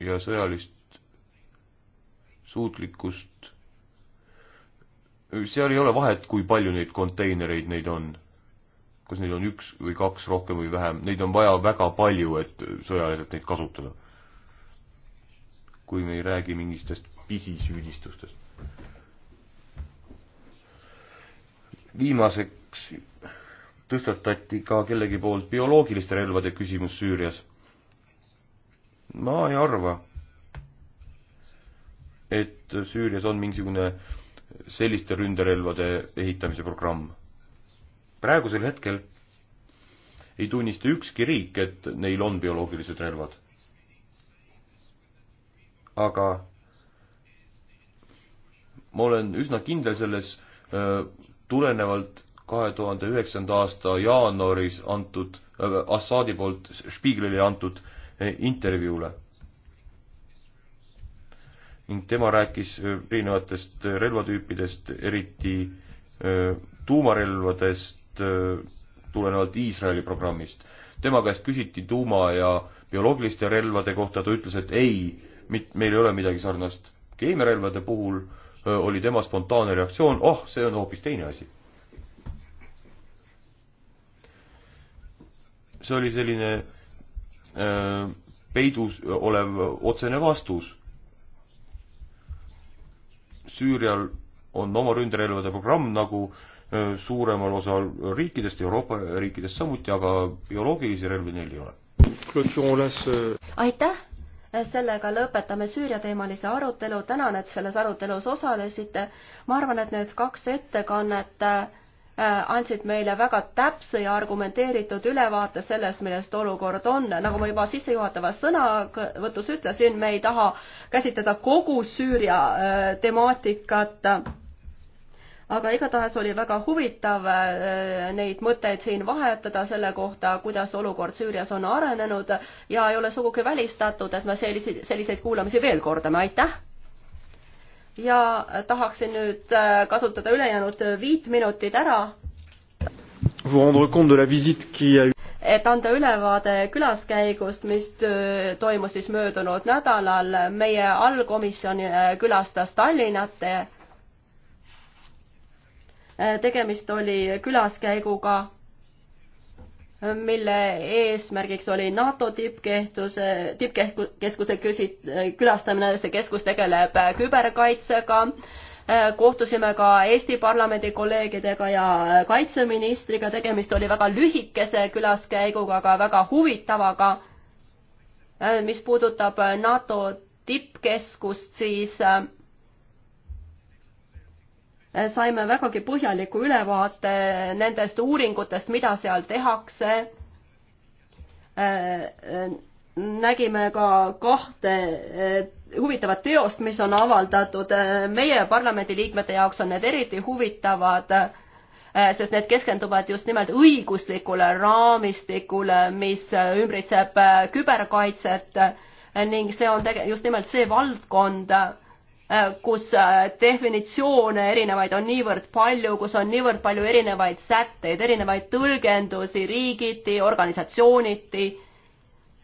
S3: ja sõjalist suutlikkust, seal ei ole vahet, kui palju neid konteinereid neid on kas neid on üks või kaks rohkem või vähem, neid on vaja väga palju, et sõjaliselt neid kasutada. kui me ei räägi mingitest pisisüüdistustest. viimaseks tõstatati ka kellegi poolt bioloogiliste relvade küsimus Süürias. ma ei arva, et Süürias on mingisugune selliste ründerelvade ehitamise programm praegusel hetkel ei tunnista ükski riik, et neil on bioloogilised relvad. aga ma olen üsna kindel selles äh, tulenevalt kahe tuhande üheksanda aasta jaanuaris antud äh,, Assaadi poolt Spiegelile antud äh, intervjuule. ning tema rääkis äh, erinevatest relvatüüpidest, eriti äh, tuumarelvadest, Äh, tulenevalt Iisraeli programmist. tema käest küsiti tuuma ja bioloogiliste relvade kohta, ta ütles, et ei, mit-, meil ei ole midagi sarnast. keemiarelvade puhul äh, oli tema spontaanne reaktsioon, oh, see on hoopis teine asi. see oli selline öö, äh, peidus olev otsene vastus. Süürial on oma ründerelvade programm, nagu Äh, suuremal osal riikidest, Euroopa riikidest samuti, aga bioloogilisi relvi neil ei
S1: ole. aitäh,
S4: sellega lõpetame Süüria-teemalise arutelu, tänan, et selles arutelus osalesite. ma arvan, et need kaks ettekannet äh, andsid meile väga täpse ja argumenteeritud ülevaate sellest, millest olukord on. nagu ma juba sissejuhatavas sõnavõtus ütlesin, me ei taha käsitleda kogu Süüria äh, temaatikat aga igatahes oli väga huvitav äh, neid mõtteid siin vahetada selle kohta, kuidas olukord Süürias on arenenud ja ei ole sugugi välistatud, et me selliseid, selliseid kuulamisi veel kordame, aitäh! ja tahaksin nüüd äh, kasutada ülejäänud äh, viit minutit ära. et anda ülevaade külaskäigust, mis toimus siis möödunud nädalal. meie allkomisjon külastas Tallinnat Äh, tegemist oli külaskäiguga, mille eesmärgiks oli NATO tippkehtuse, tippkeskuse küsit-, äh, külastamine, see keskus tegeleb äh, küberkaitsega kohtusime ka Eesti parlamendi kolleegidega ja kaitseministriga, tegemist oli väga lühikese külaskäiguga, aga väga huvitavaga. mis puudutab NATO tippkeskust, siis Äh, saime vägagi põhjaliku ülevaate nendest uuringutest, mida seal tehakse. Äh, äh, nägime ka kahte huvitavat teost, mis on avaldatud. meie parlamendiliikmete jaoks on need eriti huvitavad, sest need keskenduvad just nimelt õiguslikule raamistikule, mis ümbritseb küberkaitset ning see on tege-, just nimelt see valdkond, Äh, kus äh, definitsioone erinevaid on niivõrd palju, kus on niivõrd palju erinevaid sätteid, erinevaid tõlgendusi riigiti, organisatsiooniti.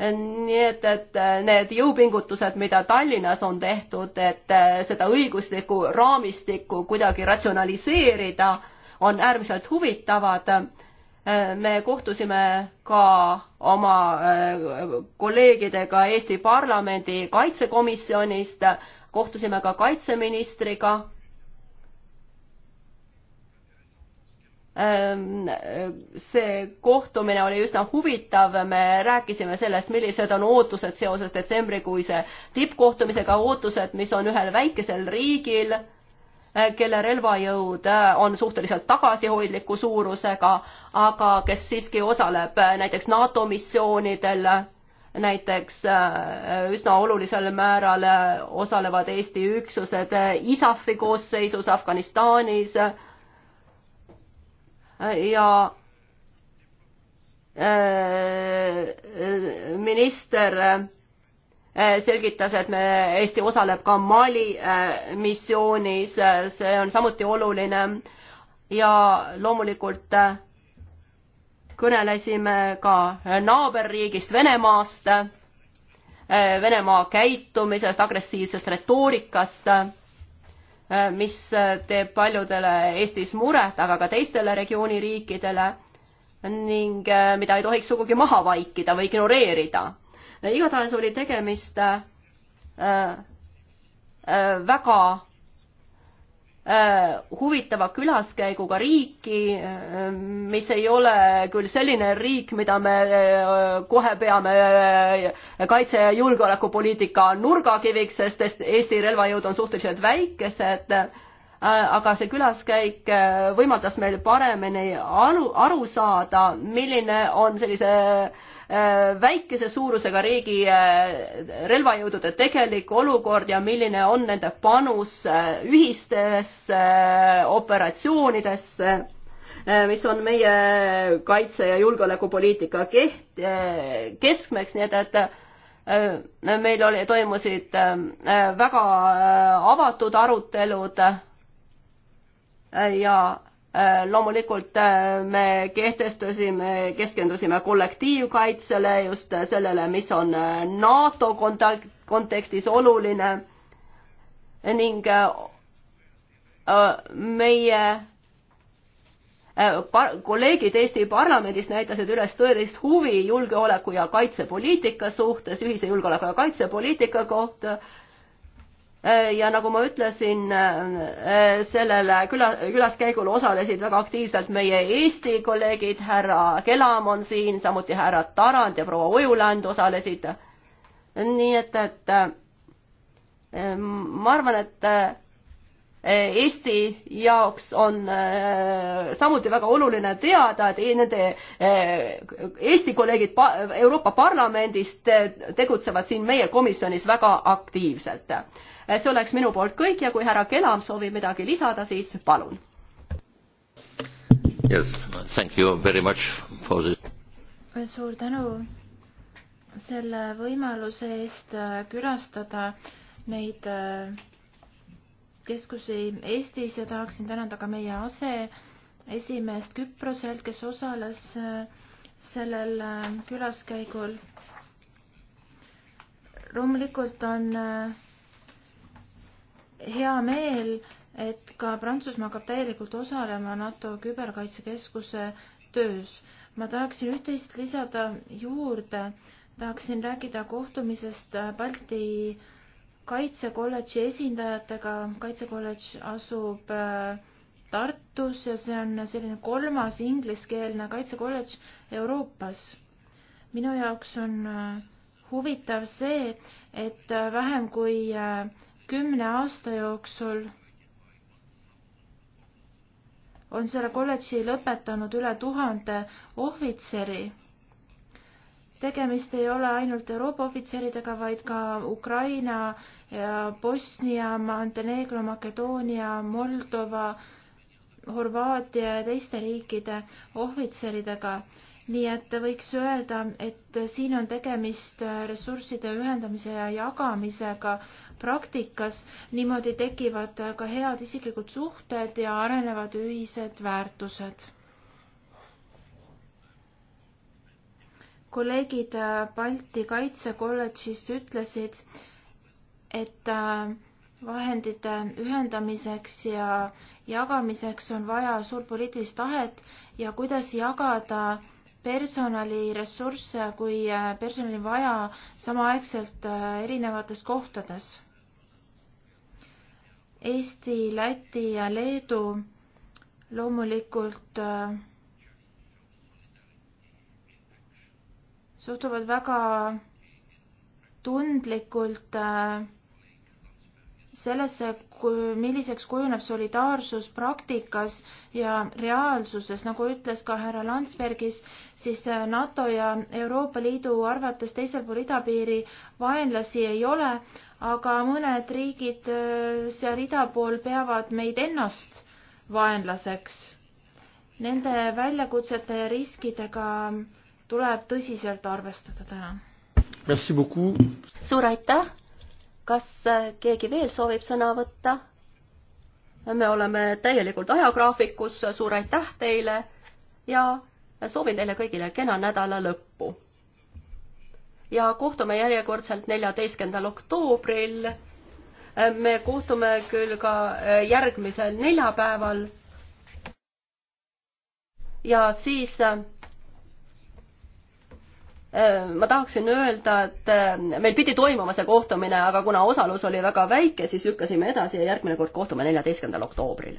S4: Äh, nii et, et need jõupingutused, mida Tallinnas on tehtud, et seda õiguslikku raamistikku kuidagi ratsionaliseerida, on äärmiselt huvitavad me kohtusime ka oma kolleegidega Eesti Parlamendi kaitsekomisjonist kohtusime ka kaitseministriga. Ehm, see kohtumine oli üsna huvitav, me rääkisime sellest, millised on ootused seoses detsembrikuise tippkohtumisega, ootused, mis on ühel väikesel riigil eh, kelle relvajõud eh, on suhteliselt tagasihoidliku suurusega, aga kes siiski osaleb eh, näiteks NATO missioonidel näiteks äh, üsna olulisel määral äh, osalevad Eesti üksused äh, ISAF-i koosseisus Afganistanis ja minister selgitas, et me, Eesti osaleb ka Mali missioonis, see on samuti oluline ja loomulikult äh, kõnelesime ka naaberriigist Venemaast, Venemaa käitumisest, agressiivsest retoorikast, mis teeb paljudele Eestis muret, aga ka teistele regiooni riikidele ning mida ei tohiks sugugi maha vaikida või ignoreerida. igatahes oli tegemist äh, äh, väga Äh, huvitava külaskäiguga riiki, äh, mis ei ole küll selline riik, mida me äh, kohe peame kaitse- ja julgeolekupoliitika nurgakiviks, sest Eesti relvajõud on suhteliselt väikesed, aga see külaskäik võimaldas meil paremini aru, aru saada, milline on sellise Äh, väikese suurusega riigi äh, relvajõudude tegelik olukord ja milline on nende panus äh, ühistesse operatsioonidesse, mis on meie kaitse- ja julgeolekupoliitika keht-, keskmeks, nii et, et meil oli, toimusid väga avatud arutelud ja Äh, loomulikult äh, me kehtestasime, keskendusime kollektiivkaitsele, just äh, sellele, mis on NATO kontakt, kontekstis oluline ning meie par-, kolleegid Eesti parlamendis näitasid üles tõelist huvi julgeoleku ja kaitsepoliitika suhtes, ühise julgeoleku ja kaitsepoliitika kohta Äh, ja nagu ma ütlesin, äh, sellel küla, külaskäigul osalesid väga aktiivselt meie Eesti kolleegid, härra Kelam on siin, samuti härra Tarand ja proua Ojuland osalesid. nii et, et äh, ma arvan, et Eesti jaoks on äh, samuti väga oluline teada, et e-, nende äh, Eesti kolleegid Euroopa Parlamendist äh, tegutsevad siin meie komisjonis väga aktiivselt. see oleks minu poolt kõik ja kui härra Kelam soovib midagi lisada, siis palun.
S3: Yes, thank you very much for this.
S2: suur tänu selle võimaluse eest külastada neid äh, keskusi Eestis ja tahaksin tänada ka meie aseesimeest Küproselt, kes osales äh, sellel äh, külaskäigul. loomulikult on äh, hea meel, et ka Prantsusmaa hakkab täielikult osalema NATO küberkaitsekeskuse töös. ma tahaksin üht-teist lisada juurde, tahaksin rääkida kohtumisest Balti äh, kaitsekolledži esindajatega, kaitsekolledž asub äh, Tartus ja see on selline kolmas ingliskeelne kaitsekolledž Euroopas. minu jaoks on äh, huvitav see, et äh, vähem kui kümne aasta jooksul on selle kolledži lõpetanud üle tuhande ohvitseri tegemist ei ole ainult Euroopa ohvitseridega, vaid ka Ukraina ja Bosnia, Montenegro, Makedoonia, Moldova, Horvaatia ja teiste riikide ohvitseridega. nii et võiks öelda, et siin on tegemist ressursside ühendamise ja jagamisega praktikas. niimoodi tekivad ka head isiklikud suhted ja arenevad ühised väärtused kolleegid äh, Balti Kaitsekolledžist ütlesid, et äh, vahendite ühendamiseks ja jagamiseks on vaja suurt poliitilist tahet ja kuidas jagada personaliressursse, kui äh, personali vaja samaaegselt erinevates kohtades. Eesti, Läti ja Leedu loomulikult äh, suhtuvad väga tundlikult äh, sellesse, milliseks kujuneb solidaarsus praktikas ja reaalsuses, nagu ütles ka härra Landsbergis, siis äh, NATO ja Euroopa Liidu arvates teisel pool idapiiri vaenlasi ei ole, aga mõned riigid äh, seal ida pool peavad meid ennast vaenlaseks. Nende väljakutsete ja riskidega tuleb tõsiselt arvestada täna. suur aitäh.
S4: kas äh, keegi veel soovib sõna võtta? me oleme täielikult ajagraafikus, suur aitäh teile ja soovin teile kõigile kena nädala lõppu. ja kohtume järjekordselt neljateistkümnendal oktoobril. me kohtume küll ka äh, järgmisel neljapäeval. ja siis äh, Äh, ma tahaksin öelda, et äh, meil pidi toimuma see kohtumine, aga kuna osalus oli väga väike, siis lükkasime edasi ja järgmine kord kohtume neljateistkümnendal oktoobril